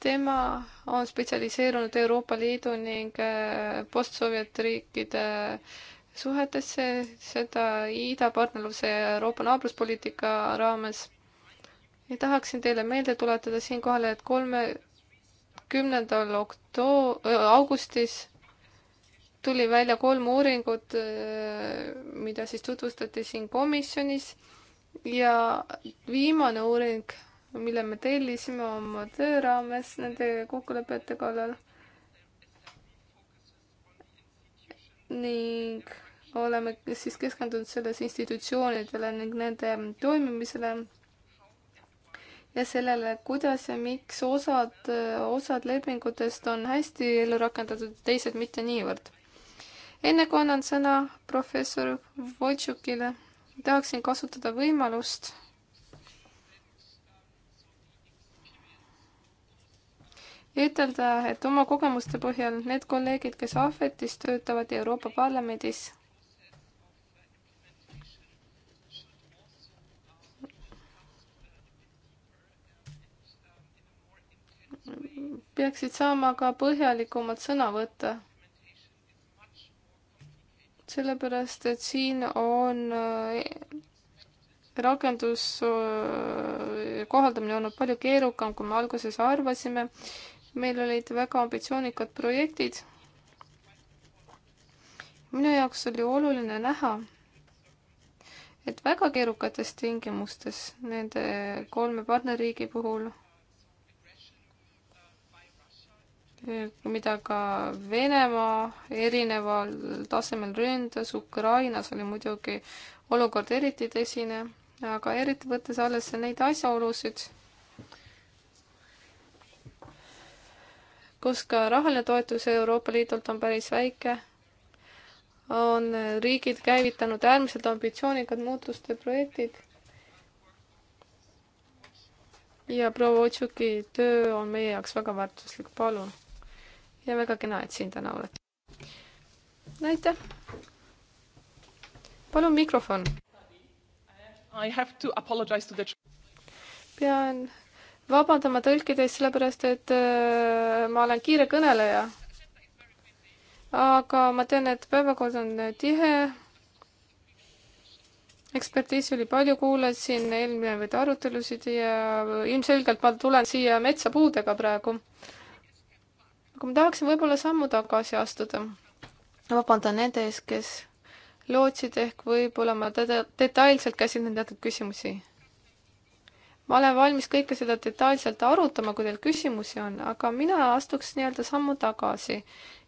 tema on spetsialiseerunud Euroopa Liidu ning äh, postsovjet riikide suhetesse, seda idapartnerluse ja Euroopa naabruspoliitika raames. ja tahaksin teile meelde tuletada siinkohal, et kolmekümnendal oktoo-, äh, augustis tuli välja kolm uuringut, äh, mida siis tutvustati siin komisjonis ja viimane uuring, mille me tellisime oma töö raames nende kokkulepete kallal ning oleme siis keskendunud selles institutsioonidele ning nende toimimisele ja sellele, kuidas ja miks osad, osad lepingutest on hästi ellu rakendatud, teised mitte niivõrd. enne kui annan sõna professor Vojtšukile tahaksin kasutada võimalust ütelda, et oma kogemuste põhjal need kolleegid, kes ahvetis töötavad Euroopa Parlamendis, peaksid saama ka põhjalikumalt sõna võtta sellepärast, et siin on äh, rakendus äh, kohaldamine olnud palju keerukam, kui me alguses arvasime. meil olid väga ambitsioonikad projektid. minu jaoks oli oluline näha, et väga keerukates tingimustes nende kolme partnerriigi puhul mida ka Venemaa erineval tasemel ründas, Ukrainas oli muidugi olukord eriti tõsine, aga eriti võttes alles neid asjaolusid, kus ka rahaline toetus Euroopa Liidult on päris väike, on riigid käivitanud äärmiselt ambitsioonikad muutuste projektid ja proua Otsuki töö on meie jaoks väga väärtuslik, palun ja väga kena, et siin täna olete. aitäh. palun mikrofon. The... pean vabandama tõlkides, sellepärast et äh, ma olen kiire kõneleja. aga ma tean, et päevakord on tihe. ekspertiisi oli palju, kuulasin eelmine või arutelusid ja ilmselgelt ma tulen siia metsa puudega praegu aga ma tahaksin võib-olla sammu tagasi astuda. vabandan nende ees, kes lootsid ehk võib-olla ma teda detailselt käsitlen teatud küsimusi. ma olen valmis kõike seda detailselt arutama, kui teil küsimusi on, aga mina astuks nii-öelda sammu tagasi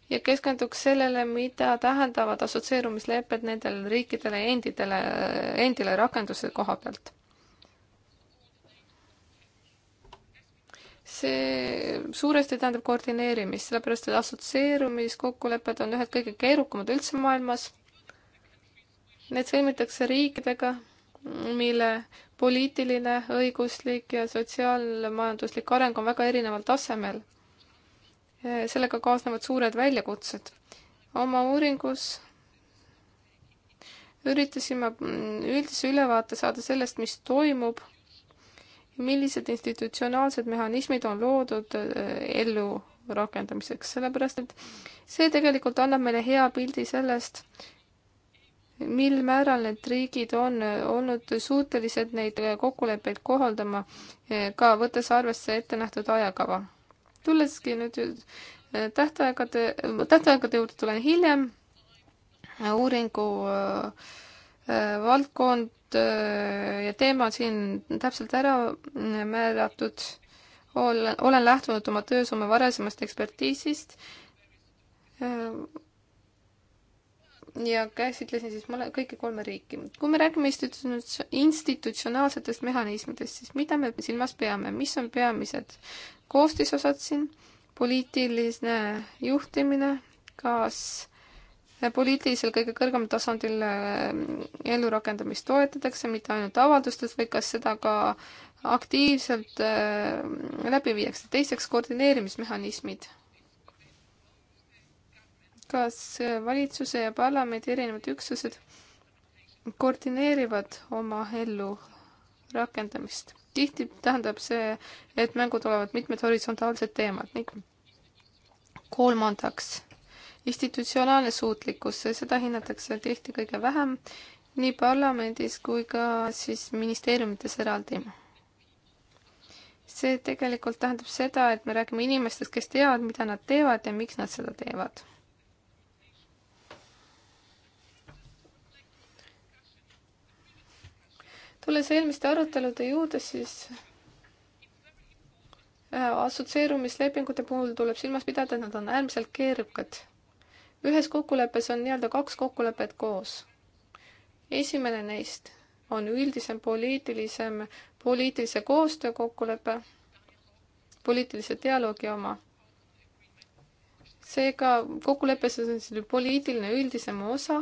ja keskenduks sellele, mida tähendavad assotsieerumislepped nendele riikidele endidele, endile rakenduse koha pealt. see suuresti tähendab koordineerimist, sellepärast et assotsieerumiskokkulepped on ühed kõige keerukamad üldse maailmas. Need sõlmitakse riikidega, mille poliitiline, õiguslik ja sotsiaalmajanduslik areng on väga erineval tasemel. sellega kaasnevad suured väljakutsed. oma uuringus üritasime üldise ülevaate saada sellest, mis toimub millised institutsionaalsed mehhanismid on loodud eh, ellu rakendamiseks, sellepärast et see tegelikult annab meile hea pildi sellest, mil määral need riigid on olnud suutelised neid kokkuleppeid kohaldama, eh, ka võttes arvesse ettenähtud ajakava. tulleski nüüd eh, tähtaegade, tähtaegade juurde tulen hiljem, uuringu äh, valdkond Äh, ja teema on siin täpselt ära määratud. olen, olen lähtunud oma töös oma varasemast ekspertiisist. Äh, ja käsitlesin siis mõle, kõiki kolme riiki. kui me räägime institutsionaalsetest mehhanismidest, siis mida me silmas peame, mis on peamised koostisosad siin, poliitiline juhtimine, kas poliitilisel kõige kõrgemal tasandil äh, ellurakendamist toetatakse, mitte ainult avaldustes, vaid kas seda ka aktiivselt äh, läbi viiakse. teiseks, koordineerimismehhanismid. kas äh, valitsuse ja parlamendi erinevad üksused koordineerivad oma ellu rakendamist? tihti tähendab see, et mängu tulevad mitmed horisontaalsed teemad ning kolmandaks institutsionaalne suutlikkus, seda hinnatakse tihti kõige vähem nii parlamendis kui ka siis ministeeriumites eraldi. see tegelikult tähendab seda, et me räägime inimestest, kes teavad, mida nad teevad ja miks nad seda teevad. tulles eelmiste arutelude juurde, siis äh, assotsieerumislepingute puhul tuleb silmas pidada, et nad on äärmiselt keerukad ühes kokkuleppes on nii-öelda kaks kokkulepet koos. esimene neist on üldisem poliitilisem, poliitilise koostöö kokkulepe, poliitilise dialoogi oma. seega kokkuleppes on selline poliitiline üldisem osa,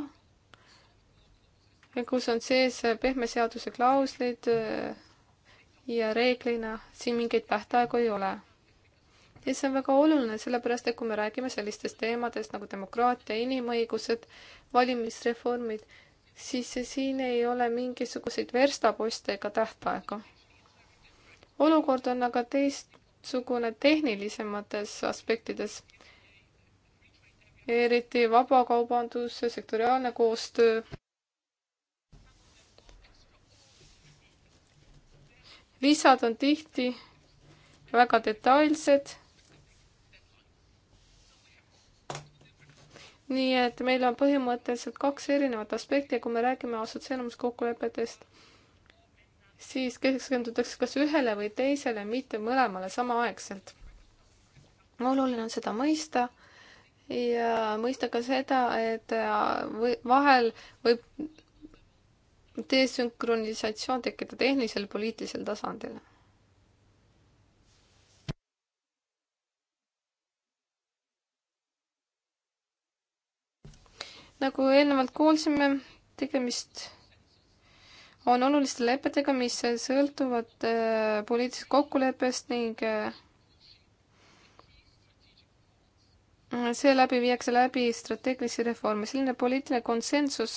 kus on sees pehme seaduse klauslid äh, ja reeglina siin mingeid tähtaegu ei ole ja see on väga oluline, sellepärast et kui me räägime sellistest teemadest nagu demokraatia, inimõigused, valimisreformid, siis siin ei ole mingisuguseid verstaposte ega tähtaega. olukord on aga teistsugune tehnilisemates aspektides. eriti vabakaubandus, sektoriaalne koostöö. lisad on tihti väga detailsed nii et meil on põhimõtteliselt kaks erinevat aspekti ja kui me räägime assotsieerumiskokkulepetest, siis keskendutakse kas ühele või teisele, mitte mõlemale samaaegselt. oluline on seda mõista ja mõista ka seda, et äh, vahel võib desünkronisatsioon tekkida tehnilisel, poliitilisel tasandil nagu eelnevalt kuulsime, tegemist on oluliste lepetega, mis sõltuvad äh, poliitilisest kokkuleppest ning äh, seeläbi viiakse läbi strateegilisi reforme. selline poliitiline konsensus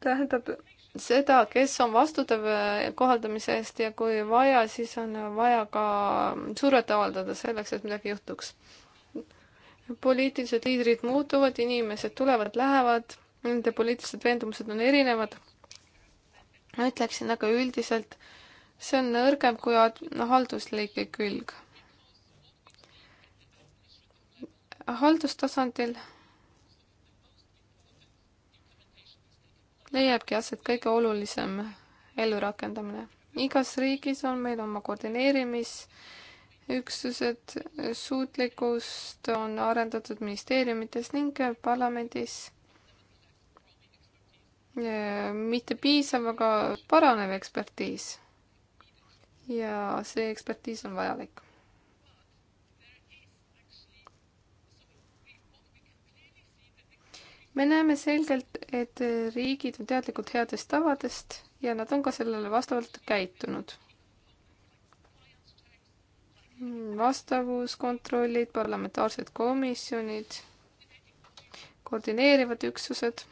tähendab seda, kes on vastutav äh, kohaldamise eest ja kui vaja, siis on vaja ka survet avaldada selleks, et midagi juhtuks. poliitilised liidrid muutuvad, inimesed tulevad-lähevad, nende poliitilised veendumused on erinevad. ma ütleksin aga üldiselt, see on nõrgem kui halduslik külg. haldustasandil leiabki aset kõige olulisem ellurakendamine. igas riigis on meil oma koordineerimisüksused, suutlikkust on arendatud ministeeriumites ning parlamendis mitte piisav, aga paranev ekspertiis. ja see ekspertiis on vajalik me näeme selgelt, et riigid on teadlikud headest tavadest ja nad on ka sellele vastavalt käitunud. vastavuskontrollid, parlamentaarsed komisjonid, koordineerivad üksused,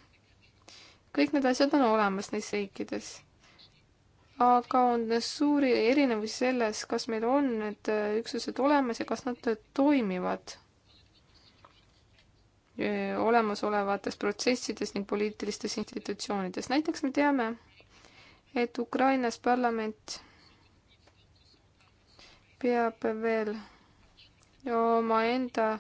kõik need asjad on olemas neis riikides aga on suuri erinevusi selles, kas meil on need üksused olemas ja kas nad toimivad olemasolevates protsessides ning poliitilistes institutsioonides. näiteks me teame, et Ukrainas parlament peab veel omaenda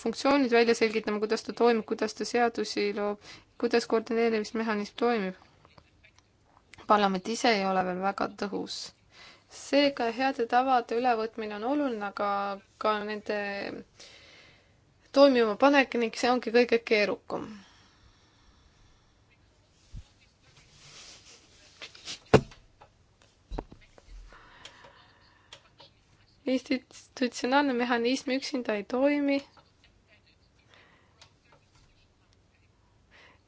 funktsioonid välja selgitama, kuidas ta toimib, kuidas ta seadusi loob, kuidas koordineerimismehhanism toimib. parlament ise ei ole veel väga tõhus. seega heade tavade ülevõtmine on oluline, aga ka nende äh, toimima panek ning see ongi kõige keerukam. institutsionaalne mehhanism üksinda ei toimi.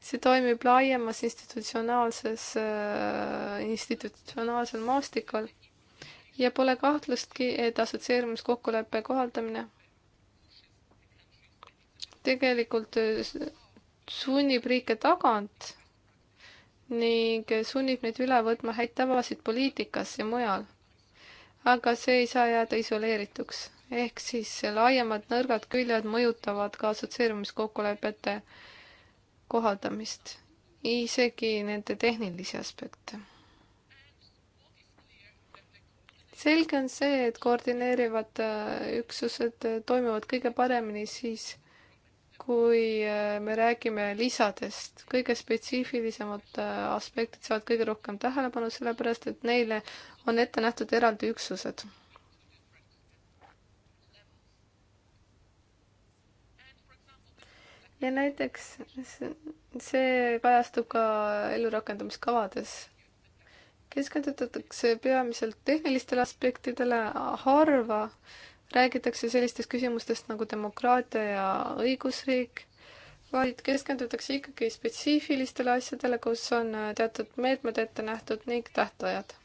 see toimib laiemas institutsionaalses äh,, institutsionaalsel maastikul ja pole kahtlustki, et assotsieerumiskokkuleppe kohaldamine tegelikult sunnib riike tagant ning sunnib neid üle võtma häid tavasid poliitikas ja mujal. aga see ei saa jääda isoleerituks, ehk siis laiemad nõrgad küljed mõjutavad ka assotsieerumiskokkulepete kohaldamist, isegi nende tehnilisi aspekte. selge on see, et koordineerivad äh, üksused äh, toimivad kõige paremini siis, kui äh, me räägime lisadest, kõige spetsiifilisemad äh, aspektid saavad kõige rohkem tähelepanu, sellepärast et neile on ette nähtud eraldi üksused. ja näiteks see kajastub ka ellurakendamiskavades. keskendutakse peamiselt tehnilistele aspektidele, harva äh, räägitakse sellistest küsimustest nagu demokraatia ja õigusriik, vaid keskendutakse ikkagi spetsiifilistele asjadele, kus on äh, teatud meetmed ette nähtud ning tähtajad.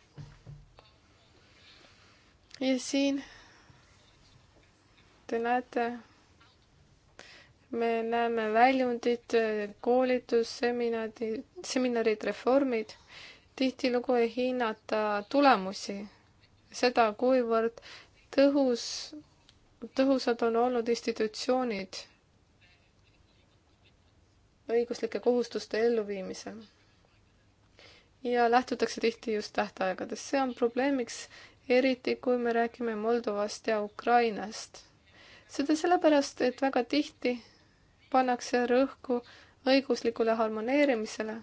ja siin te näete, me näeme väljundit, äh, koolitus, seminarid, seminarid, reformid. tihtilugu ei hinnata tulemusi, seda, kuivõrd tõhus, tõhusad on olnud institutsioonid õiguslike kohustuste elluviimisel. ja lähtutakse tihti just tähtaegadest, see on probleemiks, eriti kui me räägime Moldovast ja Ukrainast. seda sellepärast, et väga tihti pannakse rõhku õiguslikule harmoneerimisele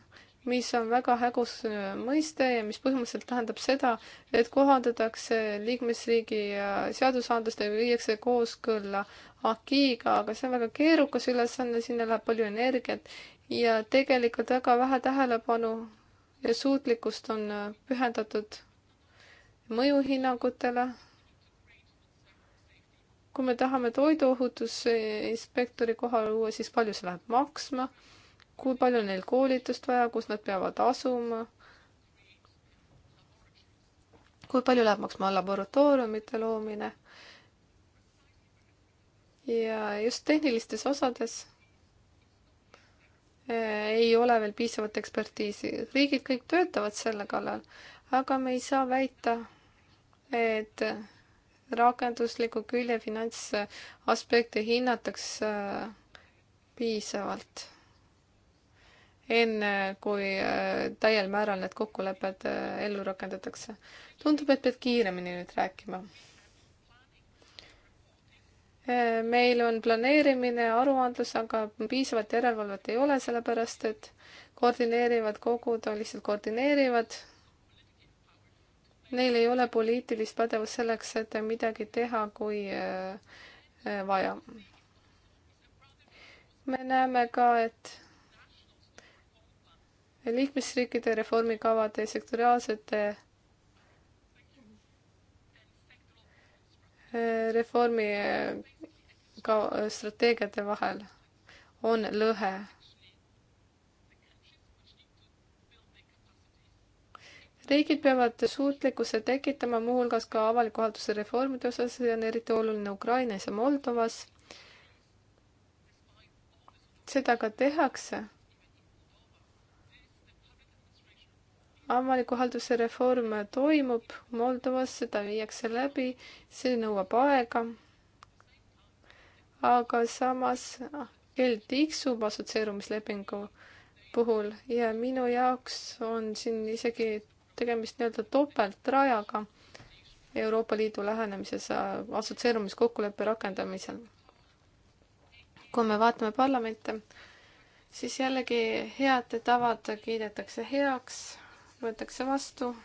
mis on väga hägus äh, mõiste ja mis põhimõtteliselt tähendab seda, et kohandatakse liikmesriigi äh, seadusandlust ja viiakse kooskõlla AK-ga, aga see on väga keerukas ülesanne, sinna läheb palju energiat ja tegelikult väga vähe tähelepanu ja suutlikkust on äh, pühendatud mõjuhinnangutele. kui me tahame toiduohutusinspektori kohale luua, siis palju see läheb maksma kui palju neil koolitust vaja, kus nad peavad asuma, kui palju läheb maksma laboratooriumite loomine ja just tehnilistes osades eh, ei ole veel piisavat ekspertiisi. riigid kõik töötavad selle kallal, aga me ei saa väita, et rakendusliku külje finantsaspekte hinnatakse eh, piisavalt enne, kui äh, täiel määral need kokkulepped äh, ellu rakendatakse. tundub, et pead kiiremini nüüd rääkima. Äh, meil on planeerimine, aruandlus, aga piisavat järelevalvet ei ole, sellepärast et koordineerivad kogud on lihtsalt koordineerivad. Neil ei ole poliitilist pädevust selleks, et midagi teha, kui vaja. me näeme ka, et liikmesriikide reformikavade sektoriaalsete äh, reformi äh, ka äh, strateegiate vahel on lõhe. riigid peavad suutlikkuse tekitama muuhulgas ka avaliku halduse reformide osas, see on eriti oluline Ukrainas ja Moldovas. seda ka tehakse avaliku halduse reform toimub Moldovas, seda viiakse läbi, see nõuab aega. aga samas ah, kell tiksub assotsieerumislepingu puhul ja minu jaoks on siin isegi tegemist nii-öelda topeltrajaga Euroopa Liidu lähenemises äh, assotsieerumiskokkuleppe rakendamisel. kui me vaatame parlamente, siis jällegi head tavad kiidetakse heaks võetakse vastu.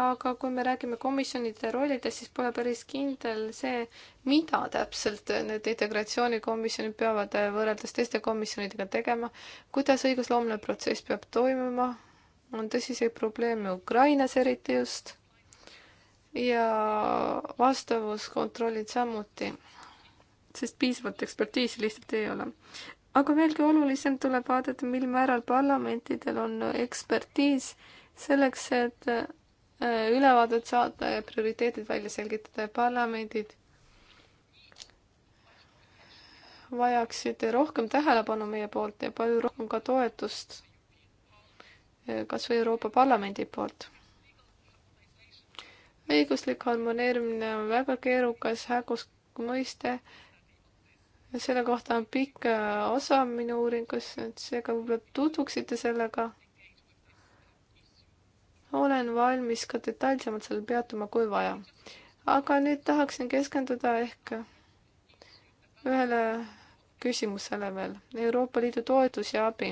aga kui me räägime komisjonide rollidest, siis pole päris kindel see, mida täpselt need integratsioonikomisjonid peavad võrreldes teiste komisjonidega tegema, kuidas õigusloomne protsess peab toimuma, on tõsiseid probleeme Ukrainas eriti just ja vastavuskontrollid samuti, sest piisavat ekspertiisi lihtsalt ei ole aga veelgi olulisem tuleb vaadata, mil määral parlamentidel on ekspertiis selleks, et äh, ülevaadet saada ja prioriteedid välja selgitada ja parlamendid vajaksid rohkem tähelepanu meie poolt ja palju rohkem ka toetust äh, kas või Euroopa Parlamendi poolt. õiguslik harmoneerimine on väga keerukas hägus mõiste selle kohta on pikk äh, osa minu uuringus, et seega võib-olla tutvuksite sellega. olen valmis ka detailsemalt sellel peatuma, kui vaja. aga nüüd tahaksin keskenduda ehk ühele küsimusele veel. Euroopa Liidu toetus ja abi.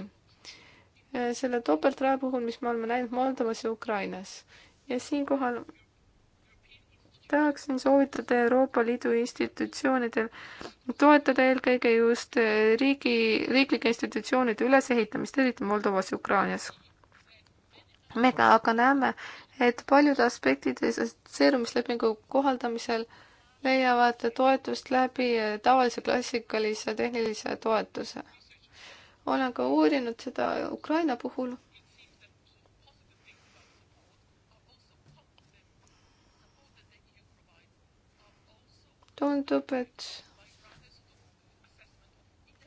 Äh, selle topeltrae puhul, mis me oleme näinud Moldovas ja Ukrainas ja siinkohal tahaksin soovitada Euroopa Liidu institutsioonidel toetada eelkõige just riigi, riiklike institutsioonide ülesehitamist, eriti Moldovas ja Ukrainias. me ka aga näeme, et paljud aspektid assotsieerumislepingu kohaldamisel leiavad toetust läbi tavalise klassikalise tehnilise toetuse. olen ka uurinud seda Ukraina puhul tundub, et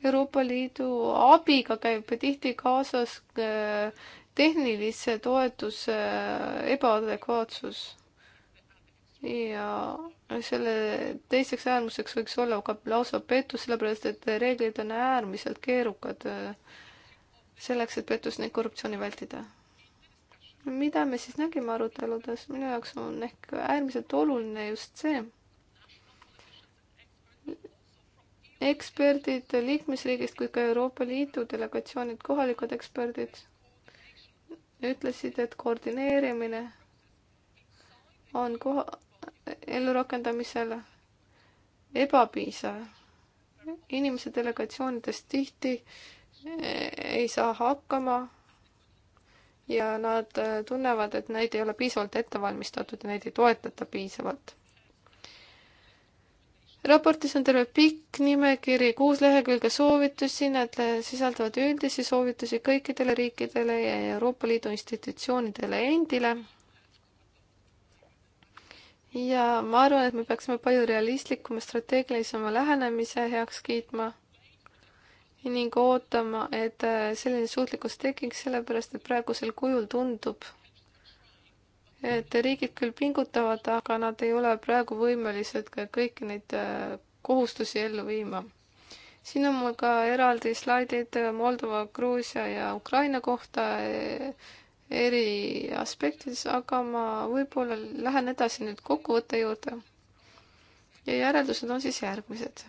Euroopa Liidu abiga käib tihti kaasas äh, tehnilise toetuse äh, ebaadekvaatsus. ja selle teiseks äärmuseks võiks olla ka lausa pettus, sellepärast et reeglid on äärmiselt keerukad äh, selleks, et pettust ning korruptsiooni vältida mida me siis nägime aruteludes, minu jaoks on ehk äärmiselt oluline just see eksperdid liikmesriigist kui ka Euroopa Liidu delegatsioonid, kohalikud eksperdid ütlesid, et koordineerimine on koha, ellurakendamisel ebapiisav. inimesed delegatsioonidest tihti eh, ei saa hakkama ja nad eh, tunnevad, et neid ei ole piisavalt ette valmistatud ja neid ei toetata piisavalt raportis on terve pikk nimekiri, kuus lehekülge soovitusi, nad sisaldavad üldisi soovitusi kõikidele riikidele ja Euroopa Liidu institutsioonidele endile. ja ma arvan, et me peaksime palju realistlikuma, strateegilisema lähenemise heaks kiitma ning ootama, et selline suutlikkus tekiks, sellepärast et praegusel kujul tundub et riigid küll pingutavad, aga nad ei ole praegu võimelised ka kõiki neid äh, kohustusi ellu viima. siin on mul ka eraldi slaidid Moldova, Gruusia ja Ukraina kohta e, eri aspektides, aga ma võib-olla lähen edasi nüüd kokkuvõtte juurde. ja järeldused on siis järgmised.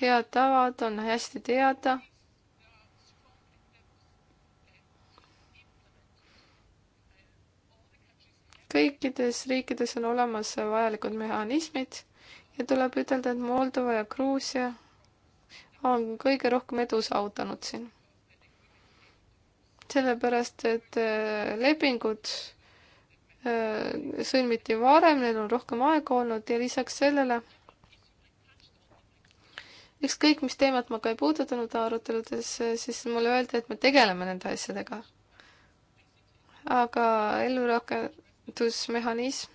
head tavad on hästi teada kõikides riikides on olemas vajalikud mehhanismid ja tuleb ütelda, et Moldova ja Gruusia on kõige rohkem edu saavutanud siin. sellepärast, et äh, lepingud äh, sõlmiti varem, neil on rohkem aega olnud ja lisaks sellele ükskõik, mis teemat ma ka ei puudutanud aruteludes, siis mulle öeldi, et me tegeleme nende asjadega. aga ellurakend-, toetusmehhanism,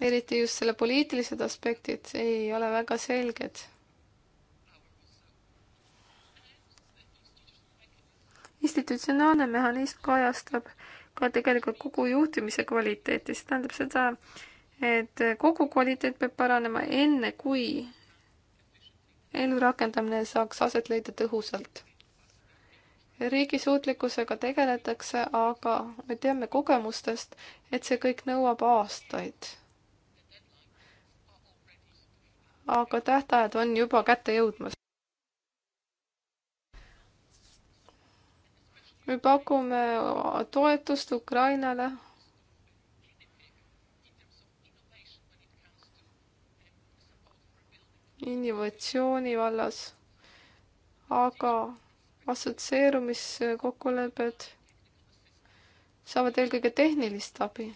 eriti just selle poliitilised aspektid ei ole väga selged. institutsionaalne mehhanism kajastab ka tegelikult kogu juhtimise kvaliteeti, see tähendab seda, et kogu kvaliteet peab paranema enne, kui elu rakendamine saaks aset leida tõhusalt riigi suutlikkusega tegeletakse, aga me teame kogemustest, et see kõik nõuab aastaid. aga tähtajad on juba kätte jõudmas. me pakume toetust Ukrainale innovatsiooni vallas, aga assotsieerumiskokkulepped saavad eelkõige tehnilist abi.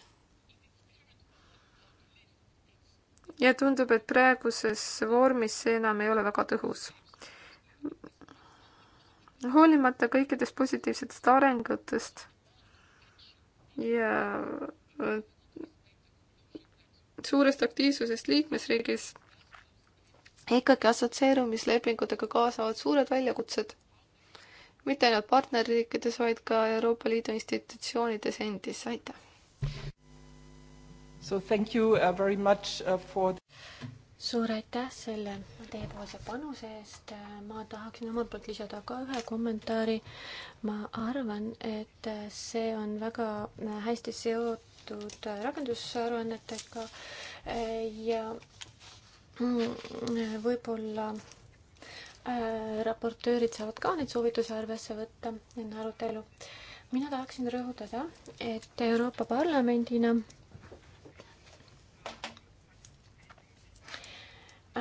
ja tundub, et praeguses vormis see enam ei ole väga tõhus. hoolimata kõikidest positiivsetest arengutest ja äh, suurest aktiivsusest liikmesriigis ikkagi assotsieerumislepingutega kaasnevad suured väljakutsed mitte ainult partnerriikides, vaid ka Euroopa Liidu institutsioonides endis, aitäh! So thank you uh, very much uh, for suur aitäh selle teiepoolse panuse eest. ma tahaksin omalt poolt lisada ka ühe kommentaari. ma arvan, et see on väga hästi seotud rakendusaruannetega ja mm, võib-olla Äh, raportöörid saavad ka neid soovitusi arvesse võtta enne arutelu. mina tahaksin rõhutada, et Euroopa Parlamendina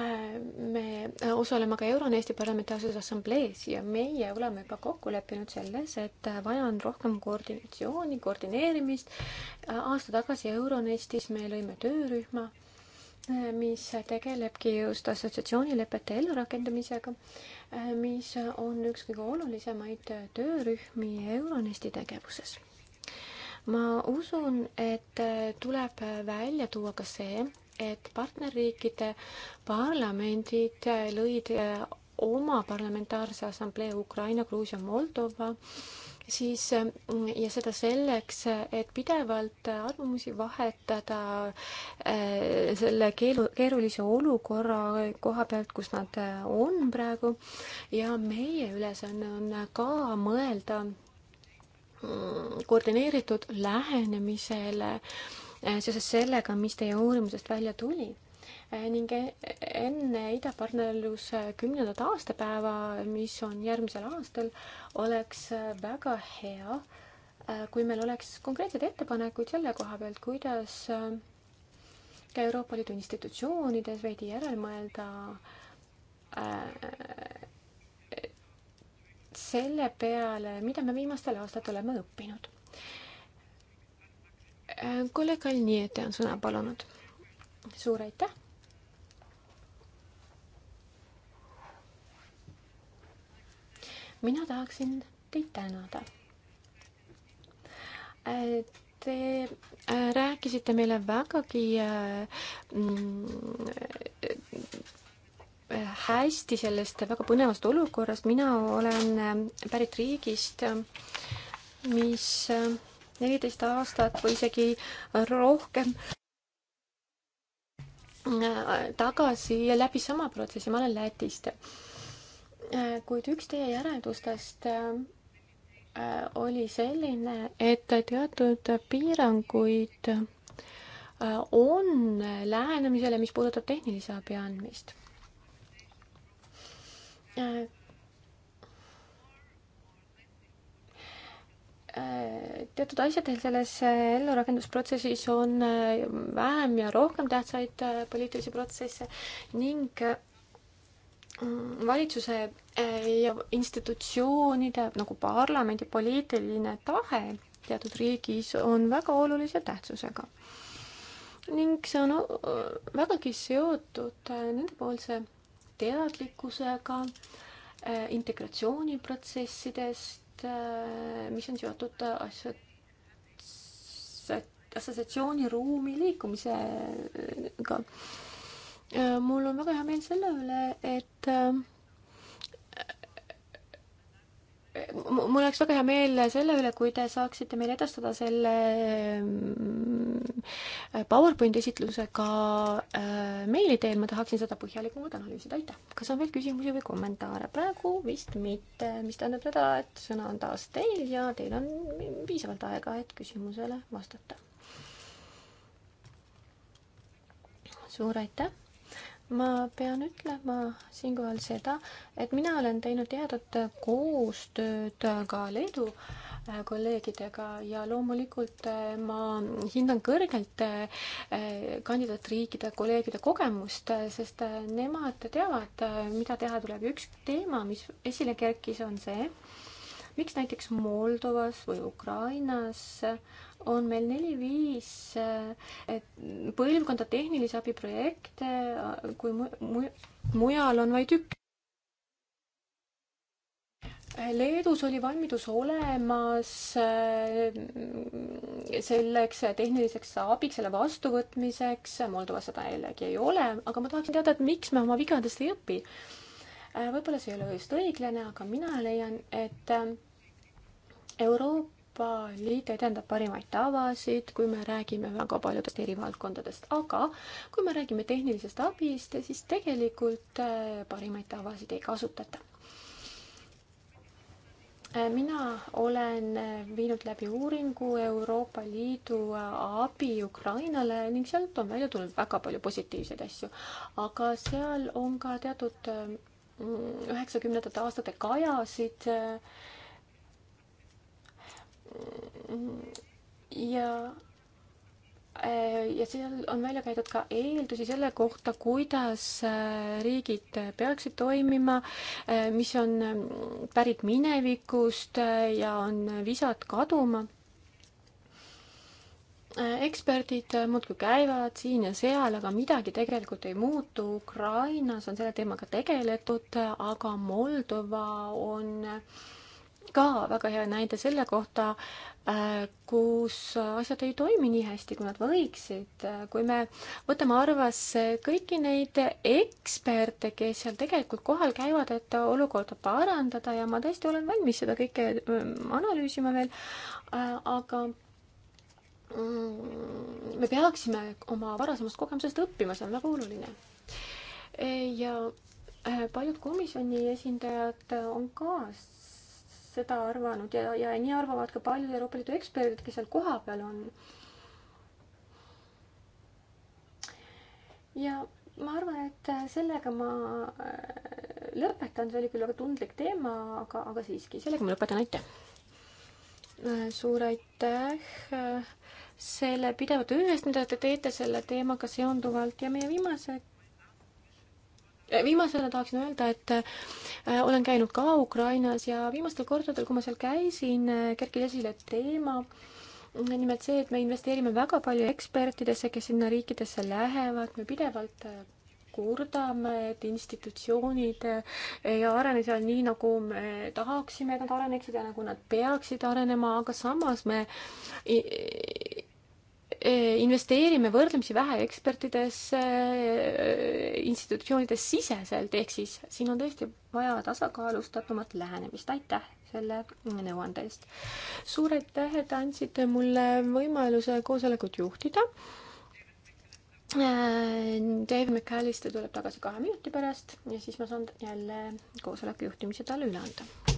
äh, me osaleme ka Euronesti Parlamentaarses Assamblees ja meie oleme juba kokku leppinud selles, et vaja on rohkem koordinatsiooni, koordineerimist. aasta tagasi Euronestis me lõime töörühma mis tegelebki just assotsiatsioonilepete ellurakendamisega, mis on üks kõige olulisemaid töörühmi Euronesti tegevuses. ma usun, et tuleb välja tuua ka see, et partnerriikide parlamendid lõid oma parlamentaarse assamblee Ukraina, Gruusia, Moldova siis ähm, ja seda selleks, et pidevalt arvamusi vahetada äh, selle keelu, keerulise olukorra koha pealt, kus nad äh, on praegu ja meie ülesanne on ka mõelda mm, koordineeritud lähenemisele äh, seoses sellega, mis teie uurimusest välja tuli Eh, ning e-, enne idapartnerluse kümnendat aastapäeva, mis on järgmisel aastal, oleks eh, väga hea, eh, kui meil oleks konkreetseid ettepanekuid selle koha pealt, kuidas ka Euroopa Liidu institutsioonides veidi järelmõelda selle peale, mida me viimastel aastatel oleme õppinud. kolleeg Kalniete on sõna palunud. suur aitäh! mina tahaksin teid tänada. Äh, te äh, rääkisite meile vägagi äh, mm, hästi sellest väga põnevast olukorrast, mina olen pärit riigist, mis neliteist aastat või isegi rohkem tagasi läbi sama protsessi, ma olen Lätist Äh, kuid üks teie järeldustest äh, oli selline, et teatud piiranguid äh, on lähenemisele, mis puudutab tehnilise abi andmist. teatud asjadel selles ellurakendusprotsessis on vähem ja rohkem tähtsaid poliitilisi protsesse ning valitsuse eh, ja institutsioonide nagu parlamendi poliitiline tahe teatud riigis on väga olulise tähtsusega. ning see on vägagi seotud eh, nendepoolse teadlikkusega eh, integratsiooniprotsessidest, mis on seotud asja-, assotsiatsiooniruumi liikumisega Äh, mul on väga hea meel selle üle, et äh, äh, mul oleks väga hea meel selle üle, kui te saaksite meile edastada selle mm, PowerPointi esitlusega meili teel, ma tahaksin seda põhjalikumalt analüüsida, aitäh. kas on veel küsimusi või kommentaare? praegu vist mitte, mis tähendab seda, et sõna on taas teil ja teil on piisavalt aega, et küsimusele vastata. suur aitäh ma pean ütlema siinkohal seda, et mina olen teinud tihedat koostööd ka Leedu äh, kolleegidega ja loomulikult äh, ma hindan kõrgelt äh, kandidaatriikide kolleegide kogemust, sest nemad teavad, mida teha tuleb ja üks teema, mis esile kerkis, on see, miks näiteks Moldovas või Ukrainas on meil neli-viis põlvkonda tehnilise abi projekte, kui mu-, mu-, mujal on vaid üks? Leedus oli valmidus olemas äh, selleks tehniliseks abiks, selle vastuvõtmiseks, Moldovas seda jällegi ei ole, aga ma tahaksin teada, et miks me oma vigadest ei õpi. Äh, võib-olla see ei ole just õiglane, aga mina leian, et äh, Euroopa Liit edendab parimaid tavasid, kui me räägime väga paljudest eri valdkondadest, aga kui me räägime tehnilisest abist, siis tegelikult äh, parimaid tavasid ei kasutata äh, mina olen äh, viinud läbi uuringu Euroopa Liidu abi Ukrainale ning sealt on välja tulnud väga palju positiivseid asju, aga seal on ka teatud mm, üheksakümnendate aastate kajasid ja eh, ja seal on välja käidud ka eeldusi selle kohta, kuidas eh, riigid peaksid toimima, eh, mis on mm, pärit minevikust ja on visad kaduma. eksperdid muudkui käivad siin ja seal, aga midagi tegelikult ei muutu. Ukrainas on selle teemaga tegeletud, aga Moldova on äh, ka väga hea näide selle kohta, äh, kus asjad ei toimi nii hästi, kui nad võiksid. Äh, kui me võtame arvesse kõiki neid eksperte, kes seal tegelikult kohal käivad, et olukorda parandada ja ma tõesti olen valmis seda kõike äh, analüüsima veel, aga mm, me peaksime oma varasemast kogemusest õppima, see on väga oluline. ja paljud komisjoni esindajad on ka seda arvanud ja, ja nii arvavad ka paljud Euroopa Liidu eksperdid, kes seal kohapeal on. ja ma arvan, et sellega ma äh, lõpetan, see oli küll väga tundlik teema, aga, aga siiski, sellega ma lõpetan, aitäh! Äh, suur aitäh äh, selle pideva töö eest, mida te teete selle teemaga seonduvalt ja meie viimase Eh, viimasena tahaksin öelda, et eh, olen käinud ka Ukrainas ja viimastel kordadel, kui ma seal käisin, eh, kerkis esile teema, nimelt see, et me investeerime väga palju ekspertidesse, kes sinna riikidesse lähevad, me pidevalt kurdame, et institutsioonid ei arene seal nii, nagu me tahaksime, et nad areneksid ja nagu nad peaksid arenema, aga samas me E, investeerime võrdlemisi vähe ekspertidesse e, institutsioonides siseselt, ehk siis siin on tõesti vaja tasakaalustatumat lähenemist, aitäh selle nõuande eest. suur aitäh, et andsite mulle võimaluse koosolekut juhtida. E, Dave McAllister tuleb tagasi kahe minuti pärast ja siis ma saan jälle koosoleku juhtimise talle üle anda.